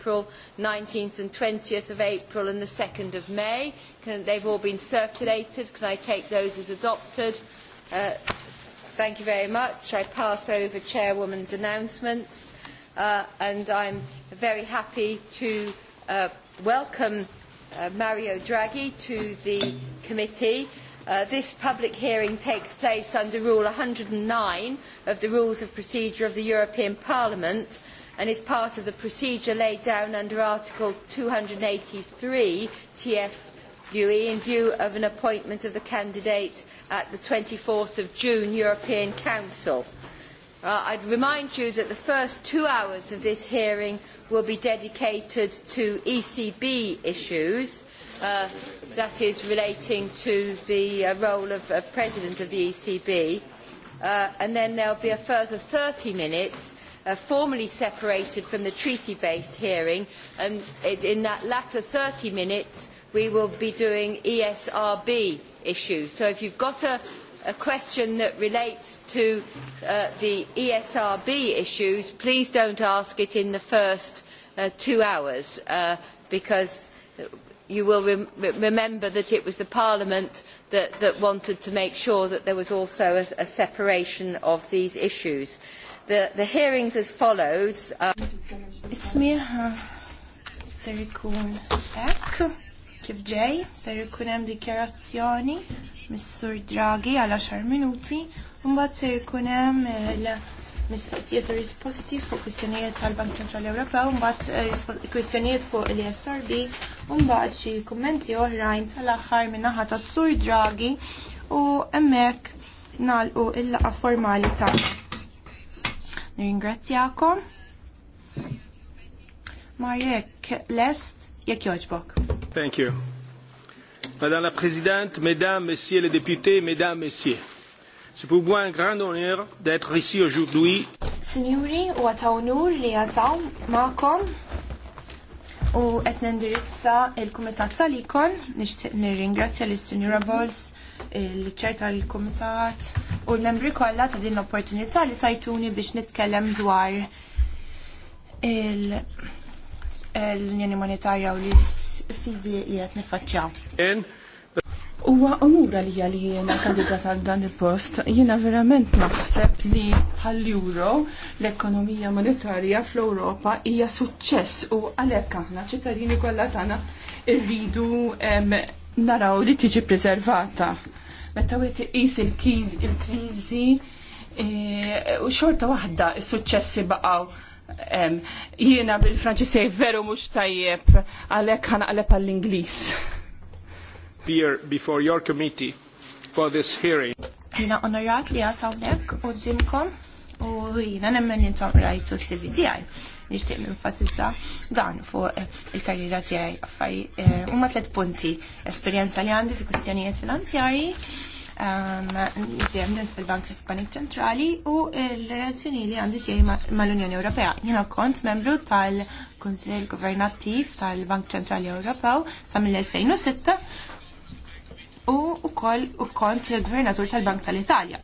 April, 19th and 20th of April and the 2nd of May. Can, they've all been circulated. Can I take those as adopted? Uh, thank you very much. I pass over Chairwoman's announcements uh, and I'm very happy to uh, welcome uh, Mario Draghi to the committee. Uh, this public hearing takes place under Rule 109 of the Rules of Procedure of the European Parliament and is part of the procedure laid down under Article 283 TFUE in view of an appointment of the candidate at the 24th of June European Council. Uh, I'd remind you that the first two hours of this hearing will be dedicated to ECB issues, uh, that is relating to the uh, role of uh, President of the ECB, uh, and then there will be a further 30 minutes uh, formally separated from the treaty-based hearing. And um, in that latter 30 minutes, we will be doing ESRB issues. So if you've got a, a question that relates to uh, the ESRB issues, please don't ask it in the first uh, two hours, uh, because you will rem remember that it was the Parliament that, that wanted to make sure that there was also a, a separation of these issues. The, the hearings as follows. Uh, Ismiħa uh, ser ikun ek, kif ġej, ser ikun hemm dikjarazzjoni mis-Sur Draghi għal 10 minuti, mbagħad ser ikun hemm eh, mistoqsijiet u risposti fuq kwistjonijiet tal-Bank Ċentrali Ewropew, mbagħad eh, kwistjonijiet fuq l-ESRB, u mbagħad xi kummenti oħrajn tal-aħħar min-naħa tas-Sur Draghi u hemmhekk nagħlqu il-laqa formali tagħna. Nirringrazzjakom. Marjek Lest, jekk joġbok. Thank you. Madame la Présidente, Mesdames, Messieurs les députés, Mesdames, Messieurs, c'est pour moi un grand honneur d'être ici aujourd'hui. Signori, ou à għatawnur li à għataw ou et għetnendirizza il-Kumitat tal-Ikon, nishtiq nirringrazzja l signora Bols il ċerta l komitat u l-membri kollha ta' din l-opportunità li tajtuni biex nitkellem dwar l-Unjoni Monetarja u l fidi li qed nifaċċjaw. Huwa umura li li jena kandidat għal dan il-post, jiena verament naħseb li għall-Euro l-ekonomija monetarja fl-Ewropa hija suċċess u għalhekk aħna ċittadini kollha tagħna rridu naraw li tiġi preservata meta wieħed iqis il-kriżi e, u xorta waħda s-suċċessi baqgħu jiena bil-Franċisej veru mhux tajjeb għalhekk ħanaqleb għall-Ingliż. Here before your committee for this hearing. Jiena onorat li għatawnek u dimkom u jiena nemmen jintom rajtu s-CV nixtieq nenfasizza dan fuq eh, il-karriera tiegħi affari eh, huma tliet punti esperjenza li għandi fi kwistjonijiet finanzjarji dejjem ehm, fil-Bank fil-Banik Ċentrali u l-relazzjoni li għandi tiegħi mal-Unjoni Ewropea. Jiena kont membru tal-Kunsill Governattiv tal-Bank Ċentrali Ewropew sa mill-2006 u wkoll u kont Gvernatur tal-Bank tal-Italja.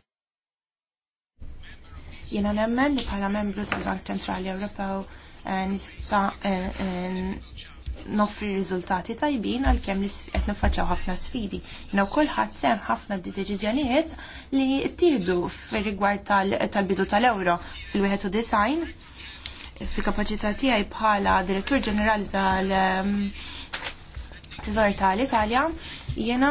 Jiena nemmen li bħala membru tal-Bank Ċentrali Ewropew Eh, nista' eh, eh, noffri riżultati tajbin għal li qed nifaċċaw ħafna sfidi. Jew kulħadd sem ħafna deċiżjonijiet li ttieħdu fir-rigward tal-bidu tal-ewro fil-wieħed u design fil-kapaċità tiegħi bħala Direttur Ġenerali tal- ehm, Teżor tal-Italja, jena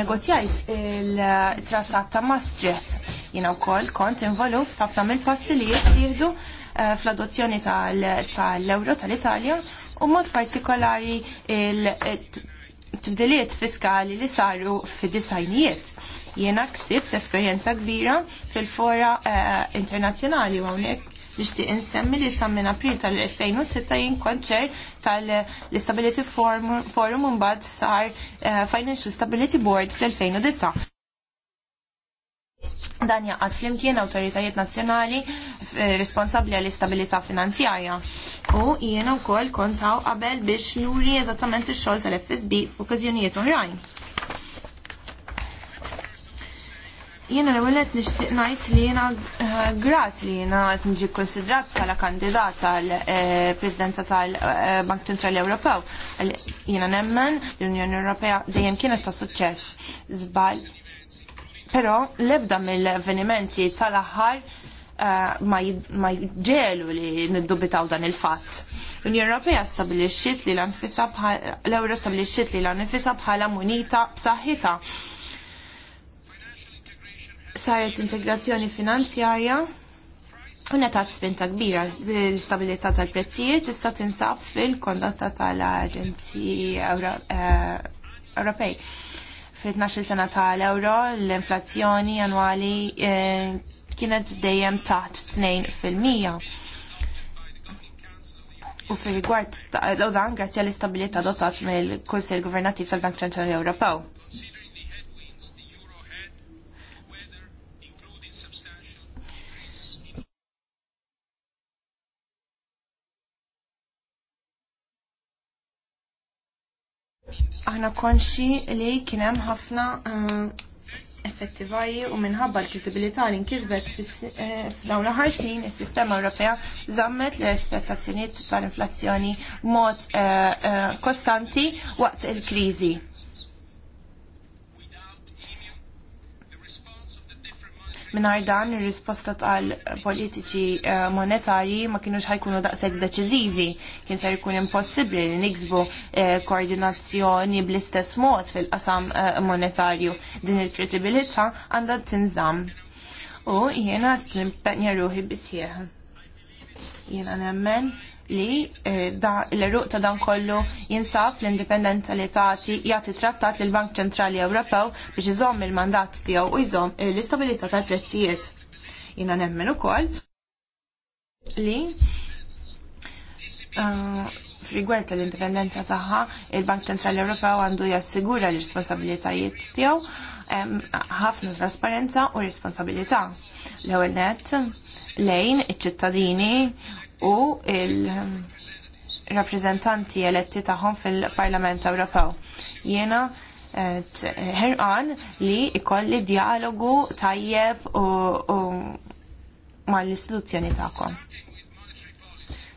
negozjajt il-trattat ta' Maastricht. Jena u kont involut ħafna mill-passi li jittieħdu Eh, fl-adozzjoni tal-euro tal-Italja u mod partikolari il eh, tbdiliet fiskali li saru fid-disajnijiet. Jiena ksibt esperjenza kbira fil-fora eh, internazzjonali u hawnhekk nixtieq insemmi li sa minn April tal-2006 jien konċer tal-Stability Forum un sar Financial Stability Board fl-2009. Dan jaqgħad flimkien awtoritajiet nazzjonali eh, responsabbli għall istabilità finanzjarja. U jiena wkoll kontaw qabel biex nuri eżattament ix-xogħol tal-FSB f'okkażjonijiet oħrajn. Jiena l-ewwel qed nixtieq ngħid li jiena eh, grat li jiena qed niġi konsidrat bħala kandidat tal-Presidenza eh, tal-Bank Ċentrali Ewropew. Jiena nemmen l-Unjoni Ewropea dejjem kienet ta' suċċess. Żball Però l-ebda mill-avvenimenti tal-aħħar eh, ma jġelu li niddubitaw dan il-fatt. L-Unjoni Ewropea stabilixxiet li l-anfisa l ewro stabilixxiet li l-anfisa bħala munita b'saħħitha. Saret integrazzjoni finanzjarja u netat spinta kbira l-istabilità tal-prezzijiet issa tinsab fil-kondotta tal-Aġenziji eh, Ewropej fit-12 sena tal-euro l-inflazzjoni annwali eh, kienet dejjem taħt 2%. U fil rigward, u dan grazzi għall-istabilità dotat mill kunsill Governattiv tal-Bank Ċentrali Ewropew. aħna konxi li kienem ħafna eh, effettivaji u minħabba l-kredibilità li nkisbet eh, f'dawn l-aħħar snin is-sistema Ewropea żammet l-espettazzjonijiet tal-inflazzjoni mod eh, kostanti waqt il-kriżi. Minar dan ir-risposta tal politiċi eh, monetarji ma kienux ħajkunu daqshekk deċiżivi, kien ser ikun impossibbli li niksbu eh, koordinazzjoni bl-istess mod fil-qasam eh, monetarju. Din il-kredibilità għandha tinżamm. U jiena timpenja ruħi bisħieħ. Jiena nemmen li eh, l-eruq ta' dan kollu jinsab l-indipendenza li tagħti jagħti trattat lill bank Ċentrali Ewropew biex iżomm il-mandat tiegħu u jżomm l-istabilità tal-prezzijiet. Jiena nemmen ukoll li eh, frigwert tal-indipendenza tagħha, il-Bank Ċentrali Ewropew għandu jassigura l-responsabilitajiet tiegħu ħafna trasparenza u responsabilità. L-ewwel nett lejn iċ-ċittadini u il-rappresentanti eletti tagħhom fil-Parlament Ewropew. Jiena eh, ħerqan li ikolli dialogu tajjeb u mal-istituzzjoni tagħkom.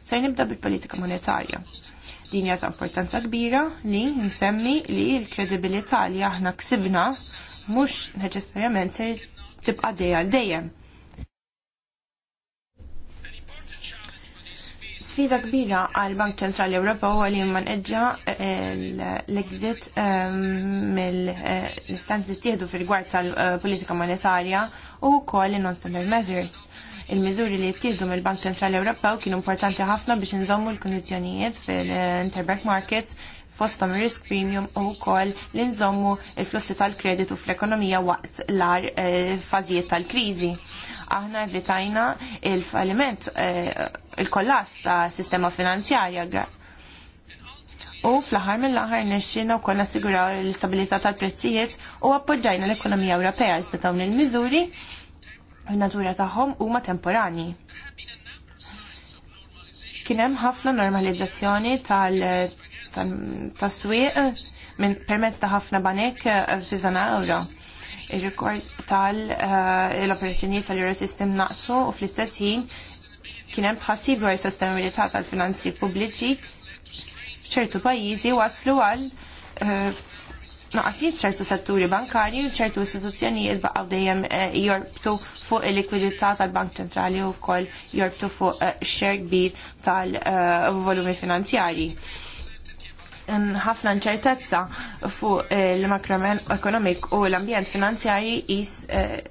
Se nibda bil-politika monetarja din hija ta' importanza kbira li nsemmi li l-kredibilità li aħna ksibna mhux neċessarjament tibqa' dejja l dejjem. sfida kbira għal Bank Ċentrali Ewropew għal eġġa eh, l-exit eh, mill-istanzi li fil-rigward tal-politika monetarja u wkoll non-standard measures. Il-miżuri li jittieħdu mill-Bank Ċentrali Ewropew kienu importanti ħafna biex nżommu l-kundizzjonijiet fil-interbank markets fostom risk premium u wkoll li nżommu l flussi tal-kreditu fl-ekonomija waqt l-ar eh, fazijiet tal-kriżi aħna evitajna il-falliment, eh, il-kollas ta' sistema finanzjarja. U fl-ħar mill-ħar nixxina u konna siguraw l-istabilità tal-prezzijiet u appoġġajna l-ekonomija Ewropea iżda dawn il-miżuri natura tagħhom huma temporani. Kien hemm ħafna normalizzazzjoni tal swieq permezz ta' ħafna banek eh, fi żona ir-rikors tal-operazzjonijiet eh, tal-Eurosystem naqsu u fl-istess ħin kien hemm tħassib dwar sostenibilità tal-finanzi pubbliċi f'ċertu pajjiżi waslu għal eh, naqsin f'ċertu setturi bankarji u ċertu istituzzjonijiet baqgħu dejjem eh, jorbtu fuq il-likwidità tal-Bank Ċentrali u wkoll jorbtu fuq xer kbir tal-volumi finanzjarji ħafna nċertezza fuq il-makramen eh, ekonomik u l-ambjent finanzjari is eh,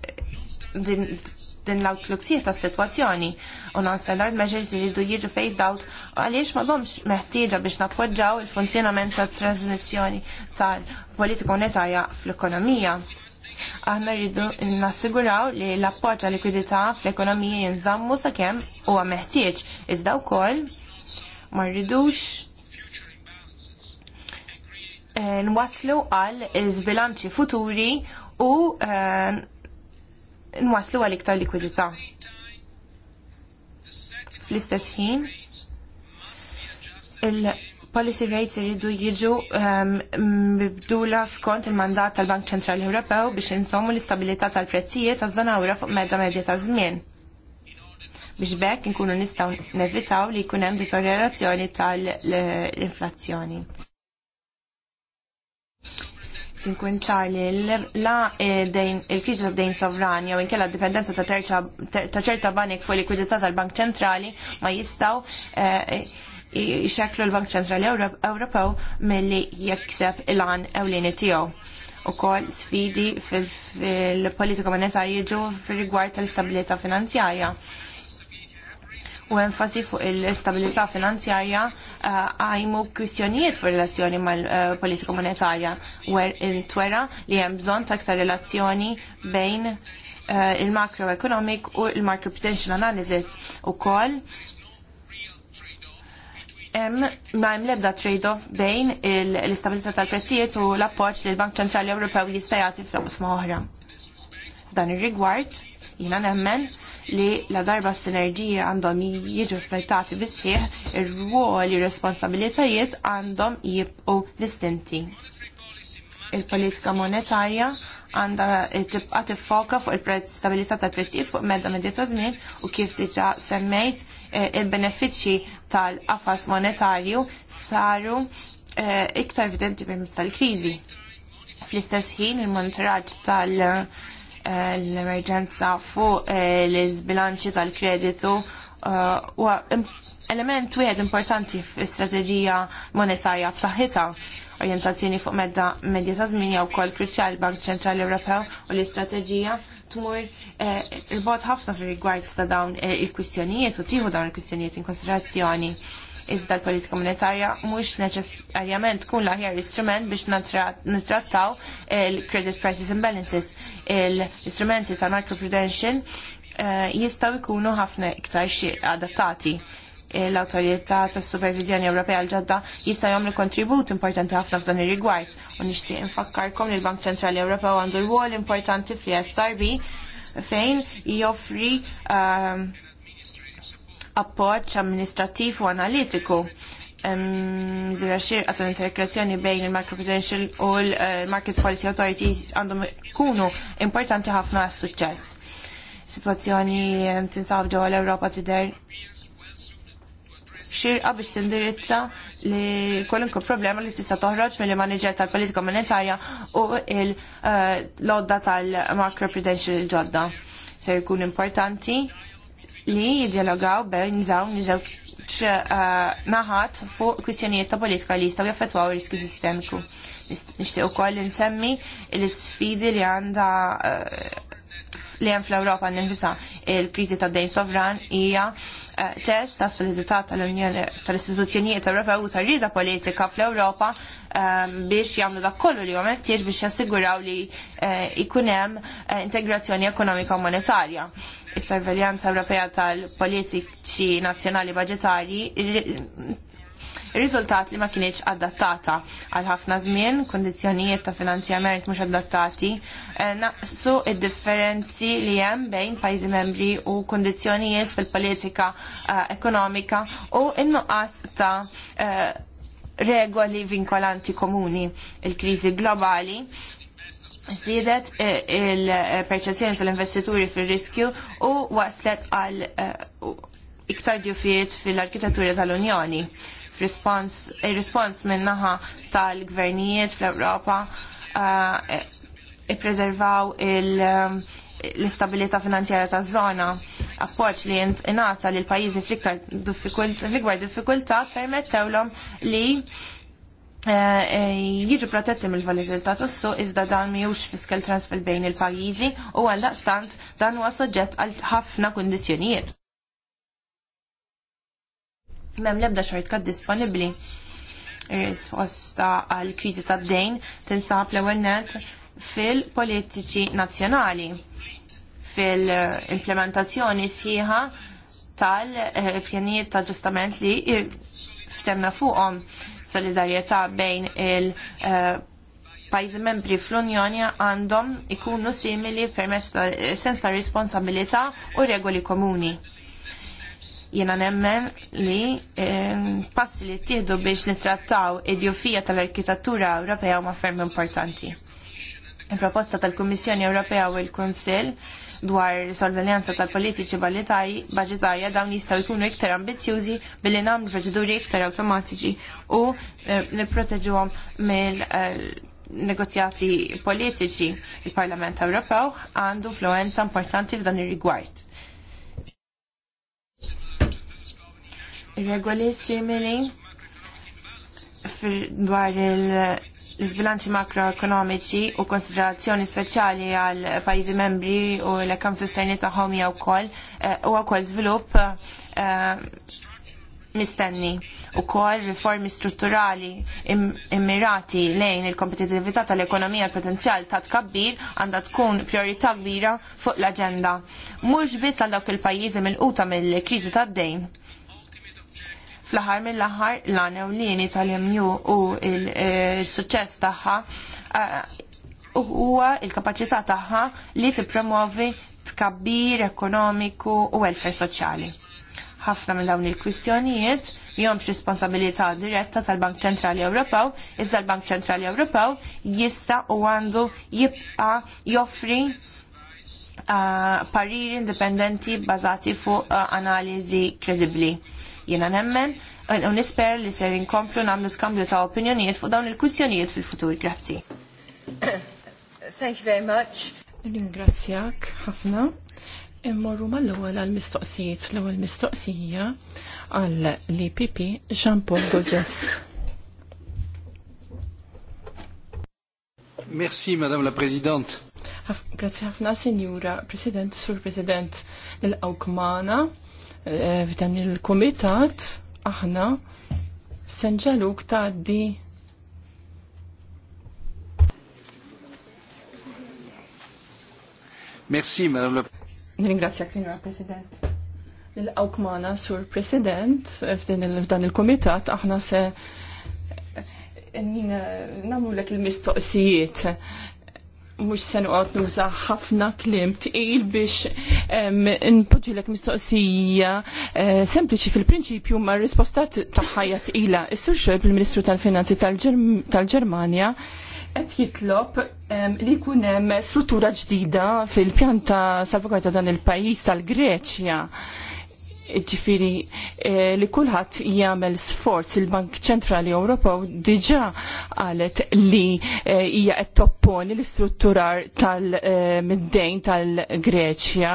din l-outlook tiegħek tas-sitwazzjoni u non-standard measures jridu jiġu phased out għaliex ma domx meħtieġa biex napoġġaw il-funzjonament tat trasmissjoni tal-politika monetarja fl-ekonomija. Aħna rridu nassiguraw li l appoġġa likwidità fl-ekonomija jinżammu sakemm huwa meħtieġ iżda wkoll ma rridux Eh, nwaslu għal zbilanċi futuri u eh, nwaslu għal iktar likwidità. Fl-istess ħin, il-policy rates iridu jiġu mibdula ehm, skont il-mandat tal-Bank Ċentrali Ewropew biex insomu l-istabilità tal-prezzijiet taż-żona ura fuq medda medja ta' żmien biex bekk nkunu nistaw nevitaw li jkun hemm deteriorazzjoni tal-inflazzjoni tinkwintar ċarli, la il-kriżi ta' dejn sovrani jew inkella dipendenza ta' ċerta banek fuq likwidità tal-Bank Ċentrali ma jistaw jxeklu l-Bank Ċentrali Ewropew milli jekseb il-għan ewlieni tiegħu u kol sfidi fil-politika monetarja ġu fil-rigward tal-istabilita finanzjarja u enfasi fuq il-stabilità finanzjarja eh, għajmu kwistjonijiet fuq relazzjoni mal-politika monetarja u twera li hemm bżonn ta' aktar relazzjoni bejn eh, il-macroeconomic u il-macroprudential analysis u koll hemm ma hemm l-ebda trade-off bejn l-istabilità tal-prezzijiet u l-appoġġ li l-Bank Ċentrali Ewropew jista' jagħti fl oqsma oħra. F'dan ir-rigward, Jina nemmen li la darba s-sinerġija għandhom jiġu bisħiħ il ir-ruoli responsabilitajiet għandhom jibqu distinti. Il-politika monetarja għandha tibqa tiffoka fuq il-stabilità tal-prezzijiet fuq medda medja ta' żmien u kif diġà semmejt eh, il-benefiċċji tal-qafas monetarju saru eh, iktar evidenti permezz tal-kriżi. Fl-istess ħin il-monitoraġġ tal- l-emerġenza fuq eh, l-izbilanċi tal-kreditu eh, huwa element wieħed importanti fl-istrateġija monetarja b'saħħitha orientazzjoni fuq medda medja ta' żmien jew ukoll kruċjal Bank Ċentrali Ewropew u l-istrateġija tmur eh, irbot ħafna fir rigward ta' dawn il-kwistjonijiet u tieħu dawn il-kwistjonijiet in konsiderazzjoni iżda l-politika monetarja mhux neċessarjament tkun l-aħjar istrument biex nittrattaw il-credit prices imbalances. Il-istrumenti ta' macroprudential eh, jistaw ikunu ħafna iktar adattati l-autorità tas supervizjoni Ewropea l-ġodda jista' jagħmlu kontribut importanti ħafna f'dan ir-rigward u nixtieq infakkarkom li l-Bank Ċentrali Ewropew għandu rwol importanti fl-SRB fejn joffri um, appoġġ amministrattiv u analitiku mżura xirqa ta' interkrezzjoni bejn il-Microprudential u l-Market Policy Authorities għandhom kunu importanti ħafna għas suċċess Situazzjoni tinsab ġewwa l-Ewropa tidher xirqa biex tindirizza li kwalunkwe problema li tista' toħroġ mill-manager tal-politika monetarja u l-lodda eh, tal-macroprudential ġodda. Se jkun importanti li jidjalogaw bejn dawn iż-żewġ uh, naħat fuq kwistjonijiet ta' politika li jistgħu jaffetwaw ir-riskju sistemiku. Nixtieq ukoll nsemmi l-isfidi li għandha uh, li hemm fl-Ewropa nifisha il-kriżi ta' dejn sovran hija uh, test ta' solidità tal-Unjoni tal-istituzzjonijiet Ewropew u tar-rieda politika fl-Ewropa um, biex jagħmlu dak kollu li huwa meħtieġ biex jassiguraw li jkun hemm integrazzjoni ekonomika u monetarja is-sorveljanza Ewropea tal-politiċi nazzjonali budġetarji Ir-riżultat li ma kienieċ adattata għal ħafna żmien, kundizzjonijiet ta' finanzjament mhux adattati, eh, naqsu id-differenzi li hemm bejn pajjiżi membri u kundizzjonijiet fil-politika eh, ekonomika u n-nuqqas ta' eh, regoli vinkolanti komuni. Il-kriżi globali Zidet eh, il-perċezzjoni tal-investituri fil-riskju u waslet għal eh, iktar ġufiet fil-arkitettura tal-Unjoni. Il-respons minnaħa tal-gvernijiet fl-Europa eh, i prezervaw l-istabilita finanzjara ta' zona. Appoċ li jint inata li l-pajizi fl-iktar diffikulta permettewlom li Eh, eh, jiġu protetti mill-validità tossu iżda dan miħux fiscal transfer bejn il-pajizi u għal stant dan huwa soġġett għal ħafna kondizjonijiet. Mem lebda kad disponibli risposta eh, għal kriżi tad dejn tinsab l-ewwel net fil-politiċi nazzjonali fil-implementazzjoni sħiħa tal-pjanijiet ta' ġustament li ftemna fuqhom solidarjetà bejn il- eh, pajzi membri fl-Unjoni għandhom ikunu simili permezz ta' sens ta' responsabilità u regoli komuni. Jena nemmen li eh, passi li tieħdu biex nittrattaw id-jufija tal-arkitettura Ewropea huma ferm importanti il-proposta tal-Kummissjoni Ewropea u l-Kunsill dwar sorveljanza tal-politiċi budgetarja dawn jistgħu jkunu iktar ambizjużi billi nagħmlu proċeduri iktar automatiċi u eh, nipproteġuhom mill eh, negozjati politiċi. Il-Parlament Ewropew għandu influenza importanti f'dan ir-rigward. Regoli simili dwar il-sbilanċi makroekonomiċi u konsiderazzjoni speċjali għal pajjiżi membri u l-ekam sistajni tagħhom jew ukoll eh, u wkoll żvilupp eh, mistenni u kol riformi strutturali immirati lejn il-kompetitività tal-ekonomija potenzjal ta' tkabbir għandha tkun priorità kbira fuq l-agenda. Mhux biss għal dawk il-pajjiżi mill-quta mill-kriżi tad-dejn fl-aħħar mill-aħħar l-għana tal-MU u il-suċċess tagħha huwa il-kapaċità tagħha li tippromovi tkabbir ekonomiku u welfare soċjali. Ħafna minn dawn il-kwistjonijiet jomx responsabilità diretta tal-Bank Ċentrali Ewropew, iżda l-Bank Ċentrali Ewropew jista' u għandu jibqa' joffri uh, pariri indipendenti bbażati fuq uh, analiżi kredibbli Jiena nemmen eh, u nisper li ser inkomplu namlu skambju ta' opinjonijiet fuq dawn il-kwistjonijiet fil-futur. Grazzi. Thank you very much. Ringrazzjak ħafna. Immorru mal-ewwel għall-mistoqsijiet. L-ewwel mistoqsija għal l-IPP Jean-Paul Gozes. Merci, Madame la Présidente. Grazie ħafna, Signora President, Sur President l-Awkmana. Eh, f'dan il-kumitat aħna senġaluk tgħaddi Merci, Madame Le Nringrazzjak, Signora President. il awkmana Sur President, f'dan il-komitat, aħna se namlu l-ek il-mistoqsijiet mux senu għot nuża ħafna klim tqil biex npoġilek mistoqsija eh, sempliċi fil-prinċipju ma' ta' taħħajja tqila. Is-sur il-Ministru tal-Finanzi tal-Ġermanja qed jitlob li jkun hemm struttura ġdida fil-pjanta salvaguarda dan il-pajjiż tal-Greċja. tal greċja ġifiri eh, li kulħadd jagħmel sforz il-Bank Ċentrali Ewropew diġà qalet li eh, hija qed topponi l-istrutturar tal-middejn eh, tal-Greċja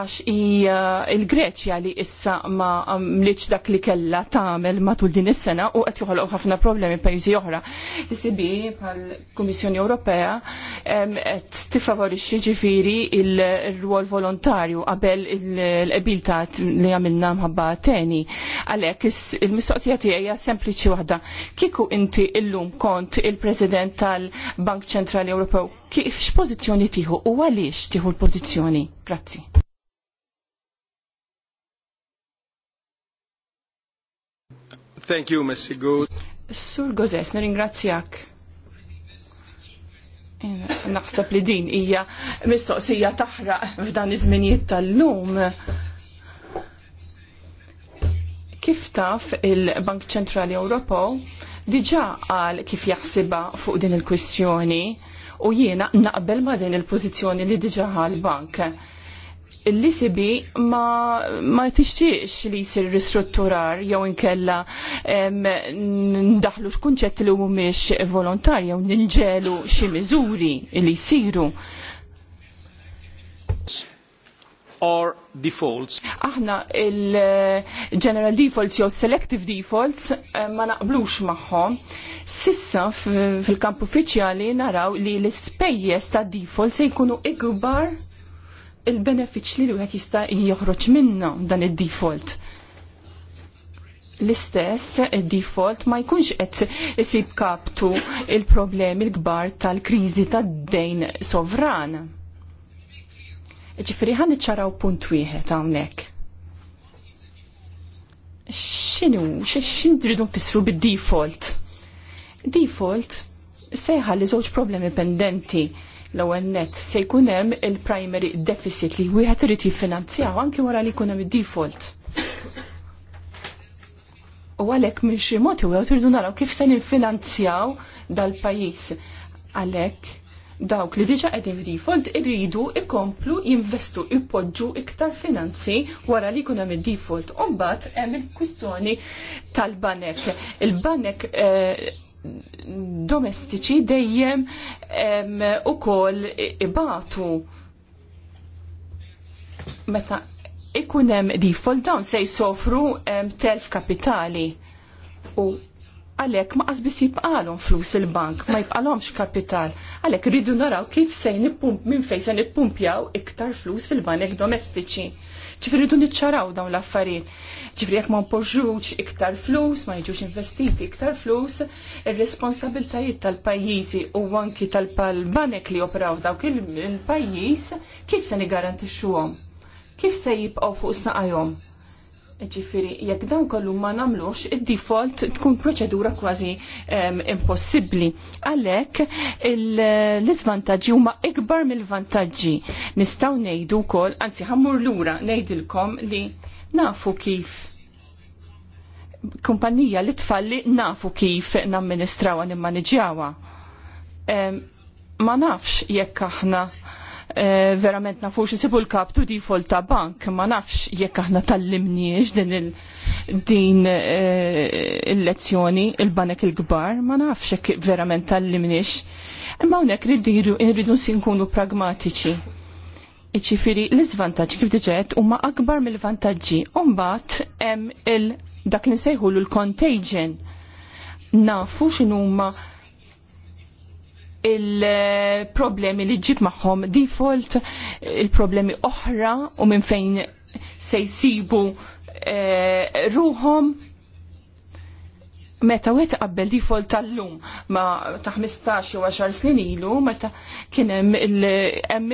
għax hija il-Greċja li issa ma mliċ dak li kellha tagħmel matul din is-sena u qed joħolqu ħafna problemi pajjiżi oħra. Isibi bħal-Kummissjoni Ewropea qed tiffavorixxi ġifiri il-rwol volontarju qabel il-qbil li li għamilna mħabba teni. Għalek, il-mistoqsija tiegħi hija sempliċi waħda. Kieku inti illum kont il-President tal-Bank Ċentrali Ewropew, kif x'pożizzjoni tieħu u għaliex tieħu l-pożizzjoni? Grazzi. Thank you, Mr. Good. Sur Gozes, nirringrazzjak. Naħseb li din hija mistoqsija taħraq f'dan iż-żminijiet tal-lum. Kif taf il-Bank Ċentrali Ewropew diġà qal kif jaħsiba fuq din il-kwistjoni u jiena naqbel ma din il-pożizzjoni li diġà għal-bank. L-ICB ma, ma tixtiex li jsir ristrutturar jew inkella ndaħlu x'kunċett li mhumiex volontarji jew ninġelu xi miżuri li jsiru or defaults. Aħna il-general defaults jew selective defaults eh, ma naqblux magħhom. Sissa fil-kamp uffiċjali naraw li l-ispejjeż ta' defaults se jkunu ikbar il-benefiċ li wieħed jista' joħroġ minnha dan id-default l-istess default ma jkunx qed isib kaptu il-problemi l-kbar tal-kriżi tad-dejn sovran Ġifiri ħan iċċaraw punt wieħed hawnhekk. X'inhu x'indridu nfissru bid-default? Default se li żewġ problemi pendenti l-ewwel net se jkun hemm il-primary deficit li wieħed irid jiffinanzjaw anke wara li jkun hemm id-default. U għalhekk minn xi mod tridu naraw kif se niffinanzjaw dal-pajjiż. Għalhekk dawk li diġa qegħdin f'default iridu ikomplu jinvestu jpoġġu iktar finanzi wara li jkun hemm id-default. U mbagħad hemm il-kwistjoni tal-banek. Il-banek eh, domestiċi dejjem ukoll ibatu meta ikun hemm default dawn se jsofru telf kapitali u għalek ma qasbis jibqalhom flus il-bank, ma jibqalhomx kapital. Għalek ridu naraw kif sej nippump minn fejn se nippumpjaw iktar flus fil-banek domestiċi. Ċifri ridu niċċaraw dawn l-affarijiet. Ċifri jek ma npoġġux iktar flus, ma jiġux investiti iktar flus, ir-responsabiltajiet tal-pajjiżi u anki tal-banek li operaw dawk il-pajjiż kif se nigarantixxuhom? Kif se jibqgħu fuq saqajhom? Ġifiri, jekk dan kollu ma namlux, il-default tkun proċedura kważi impossibli. Għalek, l-izvantagġi huma ikbar mill-vantagġi. Nistaw nejdu kol, anzi ħammur lura nejdilkom li nafu kif kumpanija li tfalli nafu kif namministrawa nimmaniġjawa. Um, ma nafx jekk aħna Eh, verament nafux isibu l-kap tu default ta' bank, ma nafx jekk aħna tal-limniex din il-din eh, il-lezzjoni, il-banek il-gbar, ma nafx jekk verament tal-limniex. Ma unek rridu sinkunu pragmatiċi. Iċifiri, l-izvantaġġi kif diġet huma akbar mill-vantaġġi. Umbat hemm il dak li nsejħu l-contagion. Nafu x'inhuma ma' il-problemi li ġib maħħom default, il-problemi oħra u minn fejn se jisibu e, eh, ruhom meta wieħed qabbel default tal-lum ma ta' 15 u 10 snin ilu meta kien hemm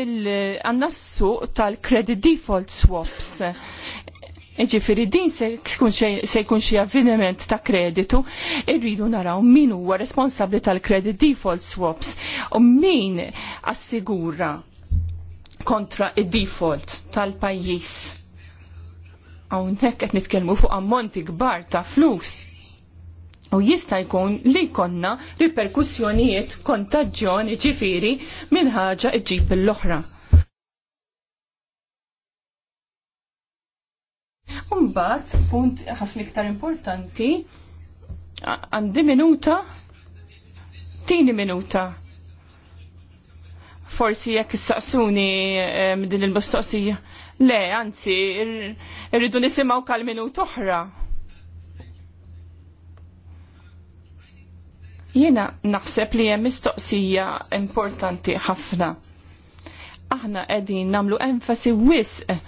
il-annassu tal-credit default swaps Ġifiri din se jkun xi avveniment ta' kreditu, irridu naraw min huwa responsabbli tal-credit default swaps u min assigura kontra id-default tal-pajjiż. Hawnhekk qed nitkellmu fuq ammonti kbar ta' flus. U jista' jkun li jkollna riperkussjonijiet kontaġġjoni ġifiri minn ħaġa ġib l-oħra Umbat, punt ħafna iktar importanti, għandi minuta, tini minuta. Forsi jekk saqsuni eh, din il-mistoqsija. Le, anzi, irridu nisimaw kal minut oħra. Jena naħseb li hemm mistoqsija importanti ħafna aħna qegħdin nagħmlu enfasi wisq eh,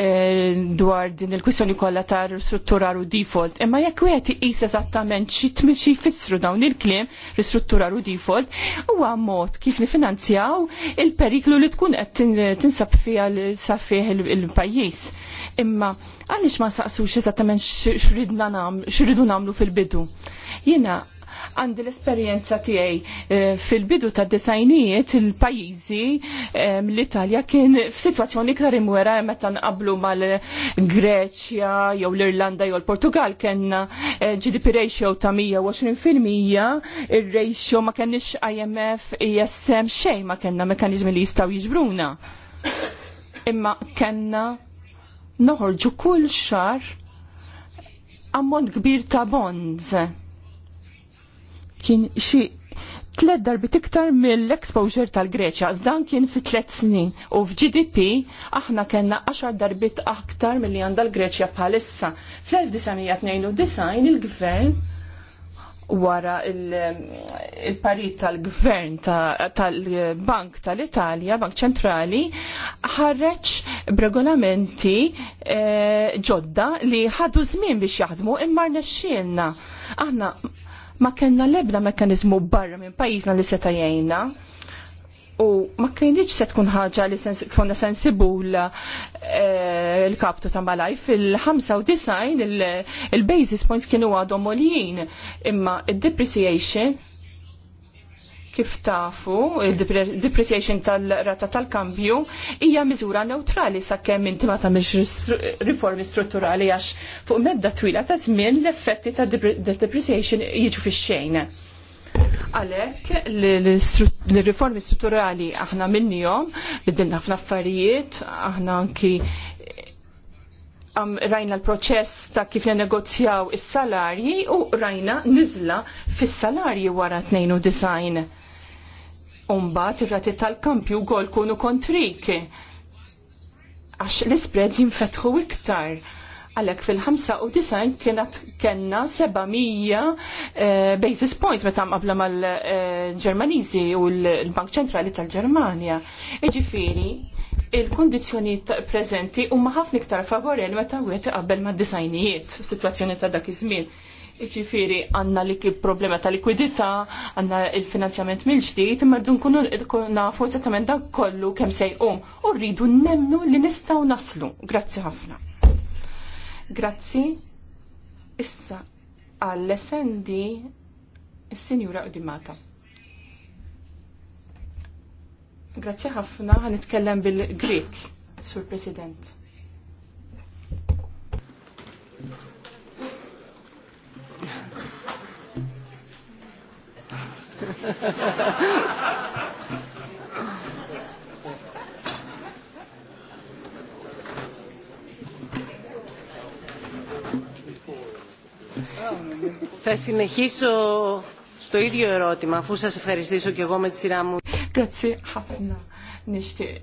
eh, dwar din il-kwistjoni kollha ta' ristrutturar u default. Imma jekk wieħed iqis eżattament xi jfissru dawn il-kliem ristrutturar u default, huwa mod kif nifinanzjaw il-periklu li tkun qed tinsab fiha fih il-pajjiż. Imma għaliex ma saqsux eżattament x'ridna x'ridu nagħmlu fil-bidu. Jiena għandi l-esperienza tiegħi eh, fil-bidu ta' disajnijiet il-pajjiżi eh, l-Italja kien f'sitwazzjoni iktar imwera meta nqablu mal-Greċja jew l-Irlanda jew l-Portugal kellna eh, GDP ratio ta' 120% ir-ratio ma kenniex IMF ISM xejn ma kellna mekkaniżmi li jistgħu jiġbruna. Imma kellna noħorġu kull xar ammont kbir ta' bonds kien xi tlet darbit iktar mill-exposure tal-Greċja. Dan kien fi tlet snin. U f'GDP aħna kena 10 darbit aktar mill-li għanda l-Greċja bħalissa. Fl-1992 il-gvern wara il-parit il gvern wara il parit tal-Bank tal-Italja, Bank Ċentrali, ħarreċ b'regolamenti eh, ġodda li ħadu żmien biex jaħdmu imma rnexxielna. Aħna ma kellna l-ebda barra minn pajjiżna li seta' jgħinna. U ma kienx se tkun ħaġa li tkun sensibula eh, l-kaptu ta' malaj fil-95 il-basis points kienu għadhom imma il depreciation Kif tafu, il-depreciation tal-rata tal-kambju hija miżura neutrali sakemm inti ma tagħmilx riformi strutturali għax fuq medda twila ta' żmien l-effetti ta' depreciation jiġu fix-xejn. Għalhekk l-riformi strutturali aħna minnihom bidilna ħafna affarijiet, aħna anki rajna l-proċess ta' kif negozjaw is-salarji u rajna nizla fis-salarji wara 92. Umbat ir-rati tal-kampju gol kunu kontrik. Għax l spread jinfetħu iktar. Għalek fil-95 kienet kena 700 eh, basis points meta qabla mal-Ġermaniżi eh, u l-Bank Ċentrali tal-Ġermanja. Iġifieri, il-kondizjoni preżenti huma ħafna iktar favorel meta wieħed qabel mad-disajnijiet f'sitwazzjoni ta' dak iż-żmien Iċifiri, għanna li kib problema ta' likwidita, għanna il-finanzjament mill-ġdijt, imma rridu nkunu nafu esattament dak kollu kemm sejqum u rridu nemnu li nistaw naslu. Grazzi ħafna. Grazzi. Issa għall-essendi il-Sinjura dimata. Grazzi ħafna, għanitkellem bil-Grik, Sur President. Θα συνεχίσω στο ίδιο ερώτημα, αφού σας ευχαριστήσω και εγώ με τη σειρά μου. Grazie, ħafna. Nishtiq.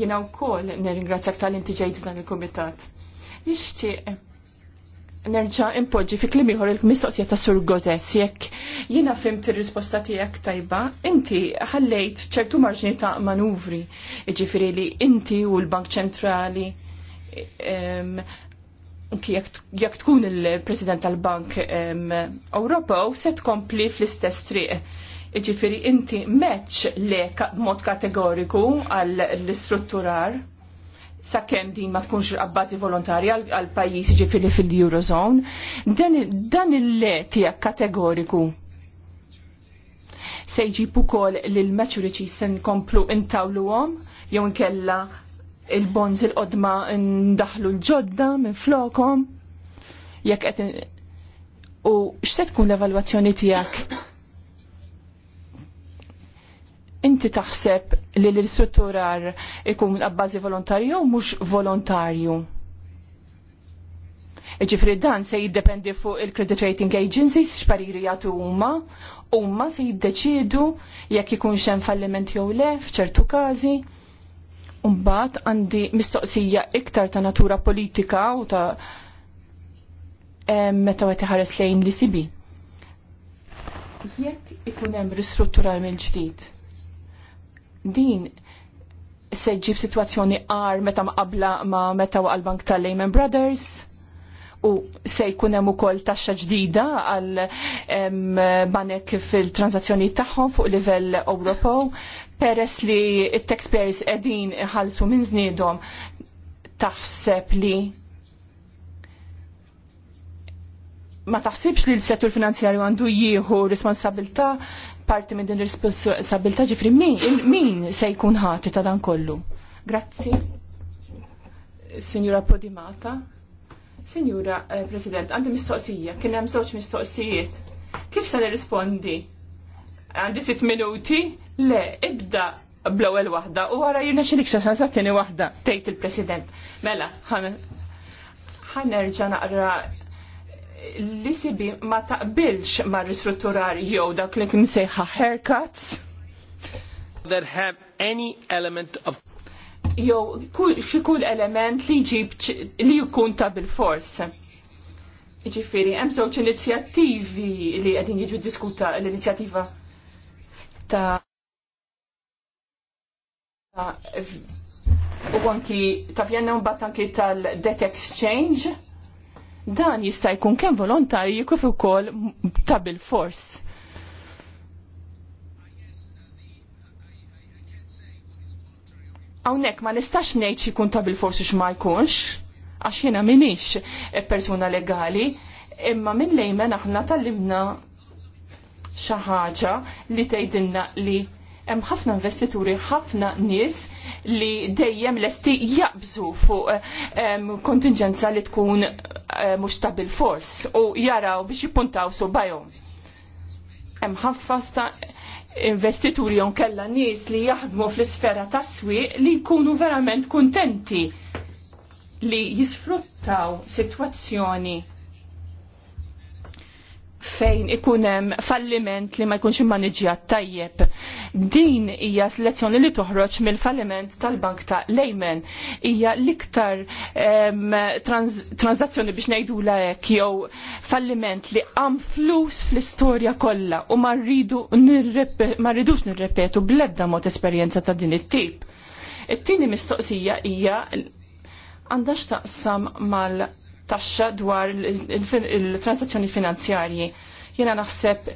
Jena u kol, neringrazzjak tal-inti ġejt dan il-komitat nerġa' impoġi fi klim il-mistoqsija ta' Sur Gozes jekk jiena fimt il risposta tiegħek tajba, inti ħallejt ċertu marġni ta' manuvri, jiġifieri li inti u l-Bank Ċentrali jekk tkun il-President tal-Bank Ewropew se tkompli fl-istess triq. Jiġifieri inti meċ le mod kategoriku għall-istrutturar sakemm din ma tkunx abbażi volontarja għal pajjiż ġifiri fil-Eurozone, dan il-le tiegħek kategoriku se jġib ukoll lil maturities se nkomplu għom, jew nkella il bonzi il-qodma ndaħlu l-ġodda minn flokom jekk qed u x'se tkun l-evalwazzjoni tiegħek inti taħseb li l-istrutturar ikun għabbażi volontarju u mux volontarju? Ġifri dan se jiddependi fuq il-credit rating agencies xpariri jagħtu huma, huma se jiddeċiedu jekk ikun xem falliment jew le f'ċertu każi. Mbagħad għandi mistoqsija iktar ta' natura politika u ta' meta għet ħares lejn li sibi. Jekk ikun hemm ristrutturar mill-ġdid din se ġib situazzjoni għar meta qabla ma meta waqal bank tal Lehman Brothers u se jkun hemm ukoll taxxa ġdida għal banek fil-transazzjoni tagħhom fuq livell Ewropew peress li t taxpayers qegħdin iħallsu minn żniedhom taħseb li ma taħsibx li l-settur finanzjarju għandu jieħu responsabilta parti minn din responsabilta ġifri min, min se jkun ħati ta' dan kollu. Grazzi. Signora Podimata. Signora eh, President, għandi mistoqsija, kien hemm żewġ mistoqsijiet. Kif se nirrispondi? Għandi sitt minuti? Le, ibda bl-ewwel waħda u wara jirna xi nikxa sa tieni waħda, tgħid il-President. Mela, ħanerġa' naqra li sibi ma taqbilx ma ristrutturar jew dak li kien sejħa haircuts. That have any element of jew xi kull element li jġib li jkun ta' bil-fors. Ġifiri, hemm żewġ inizjattivi li qegħdin jiġu diskuta l-inizjattiva ta' u anki ta' Vjenna u anki tal-Debt Exchange Dan jista' jkun kemm volontarju kif ukoll ta' bil-fors. Hawnhekk ma nistax ngħid xi jkun ta' bil u x'ma jkunx, għax jiena minix persuna legali, imma minn lejmen aħna tallimna xi ħaġa li tgħidilna li hemm ħafna investituri, ħafna nies li dejjem lesti jaqbżu fuq ehm, kontingenza li tkun eh, mhux ta' bilfors fors u jaraw biex jippuntaw su bajhom. Hemm ħafna investituri jon kella nies li jaħdmu fl-isfera tas-swieq li jkunu verament kuntenti li jisfruttaw sitwazzjoni fejn ikun hemm falliment li ma jkunx immaniġjat tajjeb. Din hija lezzjoni li toħroġ mill-falliment tal-bank ta' Lejmen. hija l-iktar tranzazzjoni biex ngħidula hekk jew falliment li għam flus fl-istorja kollha u ma rridux nirrepetu bl-ebda mod esperjenza ta' din it-tip. It-tieni mistoqsija hija għandha x'taqsam mal- taxxa dwar il-transazzjoni finanzjarji. Jiena naħseb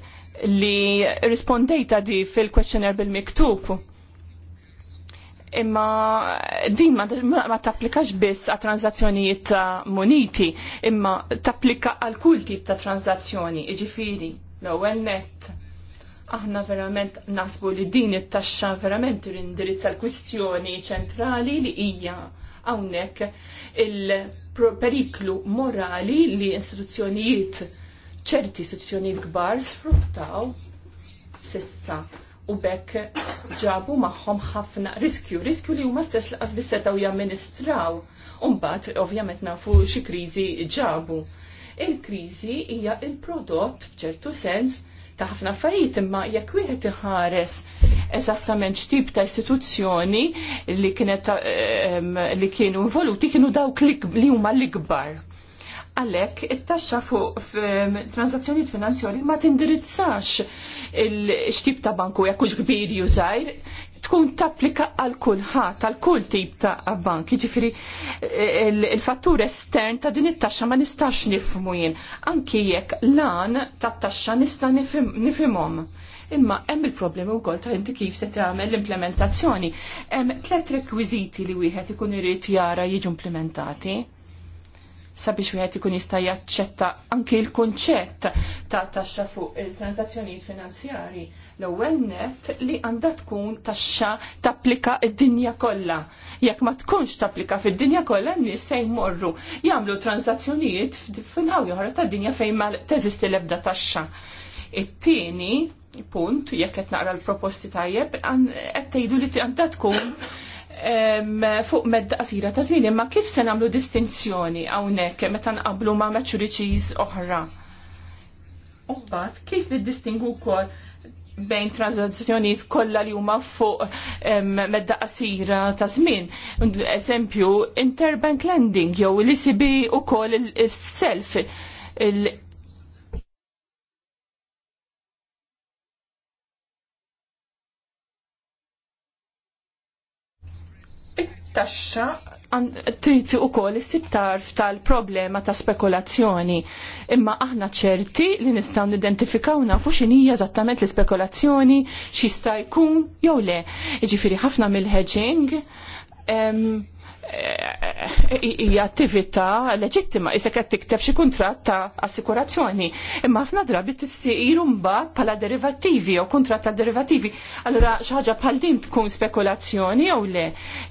li rispondejta di fil-questionnaire bil-miktub imma din ma, tapplikax biss għat transazzjonijiet ta' moniti, imma tapplika għal kull tip ta' transazzjoni iġifiri, l-ewwel net. Aħna verament nasbu li din it-taxxa verament rindirizza l-kwistjoni ċentrali li hija hawnhekk il- periklu morali li istituzzjonijiet ċerti istituzzjonijiet kbar sfruttaw sissa u bekk ġabu magħhom ħafna riskju, riskju li huma stess laqas setgħu jamministraw. mbagħad ovvjament nafu xi kriżi ġabu. Il-kriżi hija il-prodott f'ċertu sens ta' ħafna affarijiet imma jekk wieħed iħares eżattament x'tip ta' istituzzjoni li kienet ehm, li kienu involuti kienu dawk li huma l-ikbar. Għalhekk it-taxxa fuq ehm, transazzjonijiet finanzjarji ma tindirizzax x'tip ta' banku jekk hux kbir jew tkun tapplika għal kulħadd għal kull tip ta' banki, Jiġifieri il-fattur estern ta' din it-taxxa ma nistax nifhmu jien. Anki jekk lan tat-taxxa nista' nifhimhom. Imma hemm il-problemi wkoll ta' inti kif se tagħmel l-implementazzjoni. Hemm tliet rekwiżiti li wieħed ikun irid jara jiġu implementati sabiex wieħed ikun jista' jaċċetta anke l-kunċett ta' taxxa fuq il-transazzjonijiet finanzjarji l-ewwel net li għandha tkun taxxa tapplika d-dinja kollha. Jekk ma tkunx tapplika fid-dinja kollha n-nies se jmorru jagħmlu transazzjonijiet f'inħawi oħra tad-dinja fejn ma teżisti l-ebda taxxa. It-tieni punt, jekk qed naqra l-proposti tajjeb, qed tgħidu li għandha tkun fuq medda qasira ta' żmien, imma kif se nagħmlu distinzjoni hawnhekk meta nqablu ma' maturities oħra. U mbagħad kif niddistingu wkoll bejn transazzjoni kollha li huma fuq medda qasira ta' żmien. Eżempju, interbank lending jew l icb ukoll is self Taxxa, taxxa triti u kol tarf tal-problema ta' spekulazzjoni. Imma aħna ċerti li nistaw nidentifikaw nafu xinija eżattament l-spekulazzjoni, xista jkun jew le. jiġifieri ħafna mill-hedging hija attività leġittima isek qed tikteb xi kuntratt ta' assikurazzjoni. Imma ħafna drabi tissir mbagħad bħala derivattivi jew kuntratt ta' derivattivi. Allura xi ħaġa bħal din tkun spekulazzjoni jew le.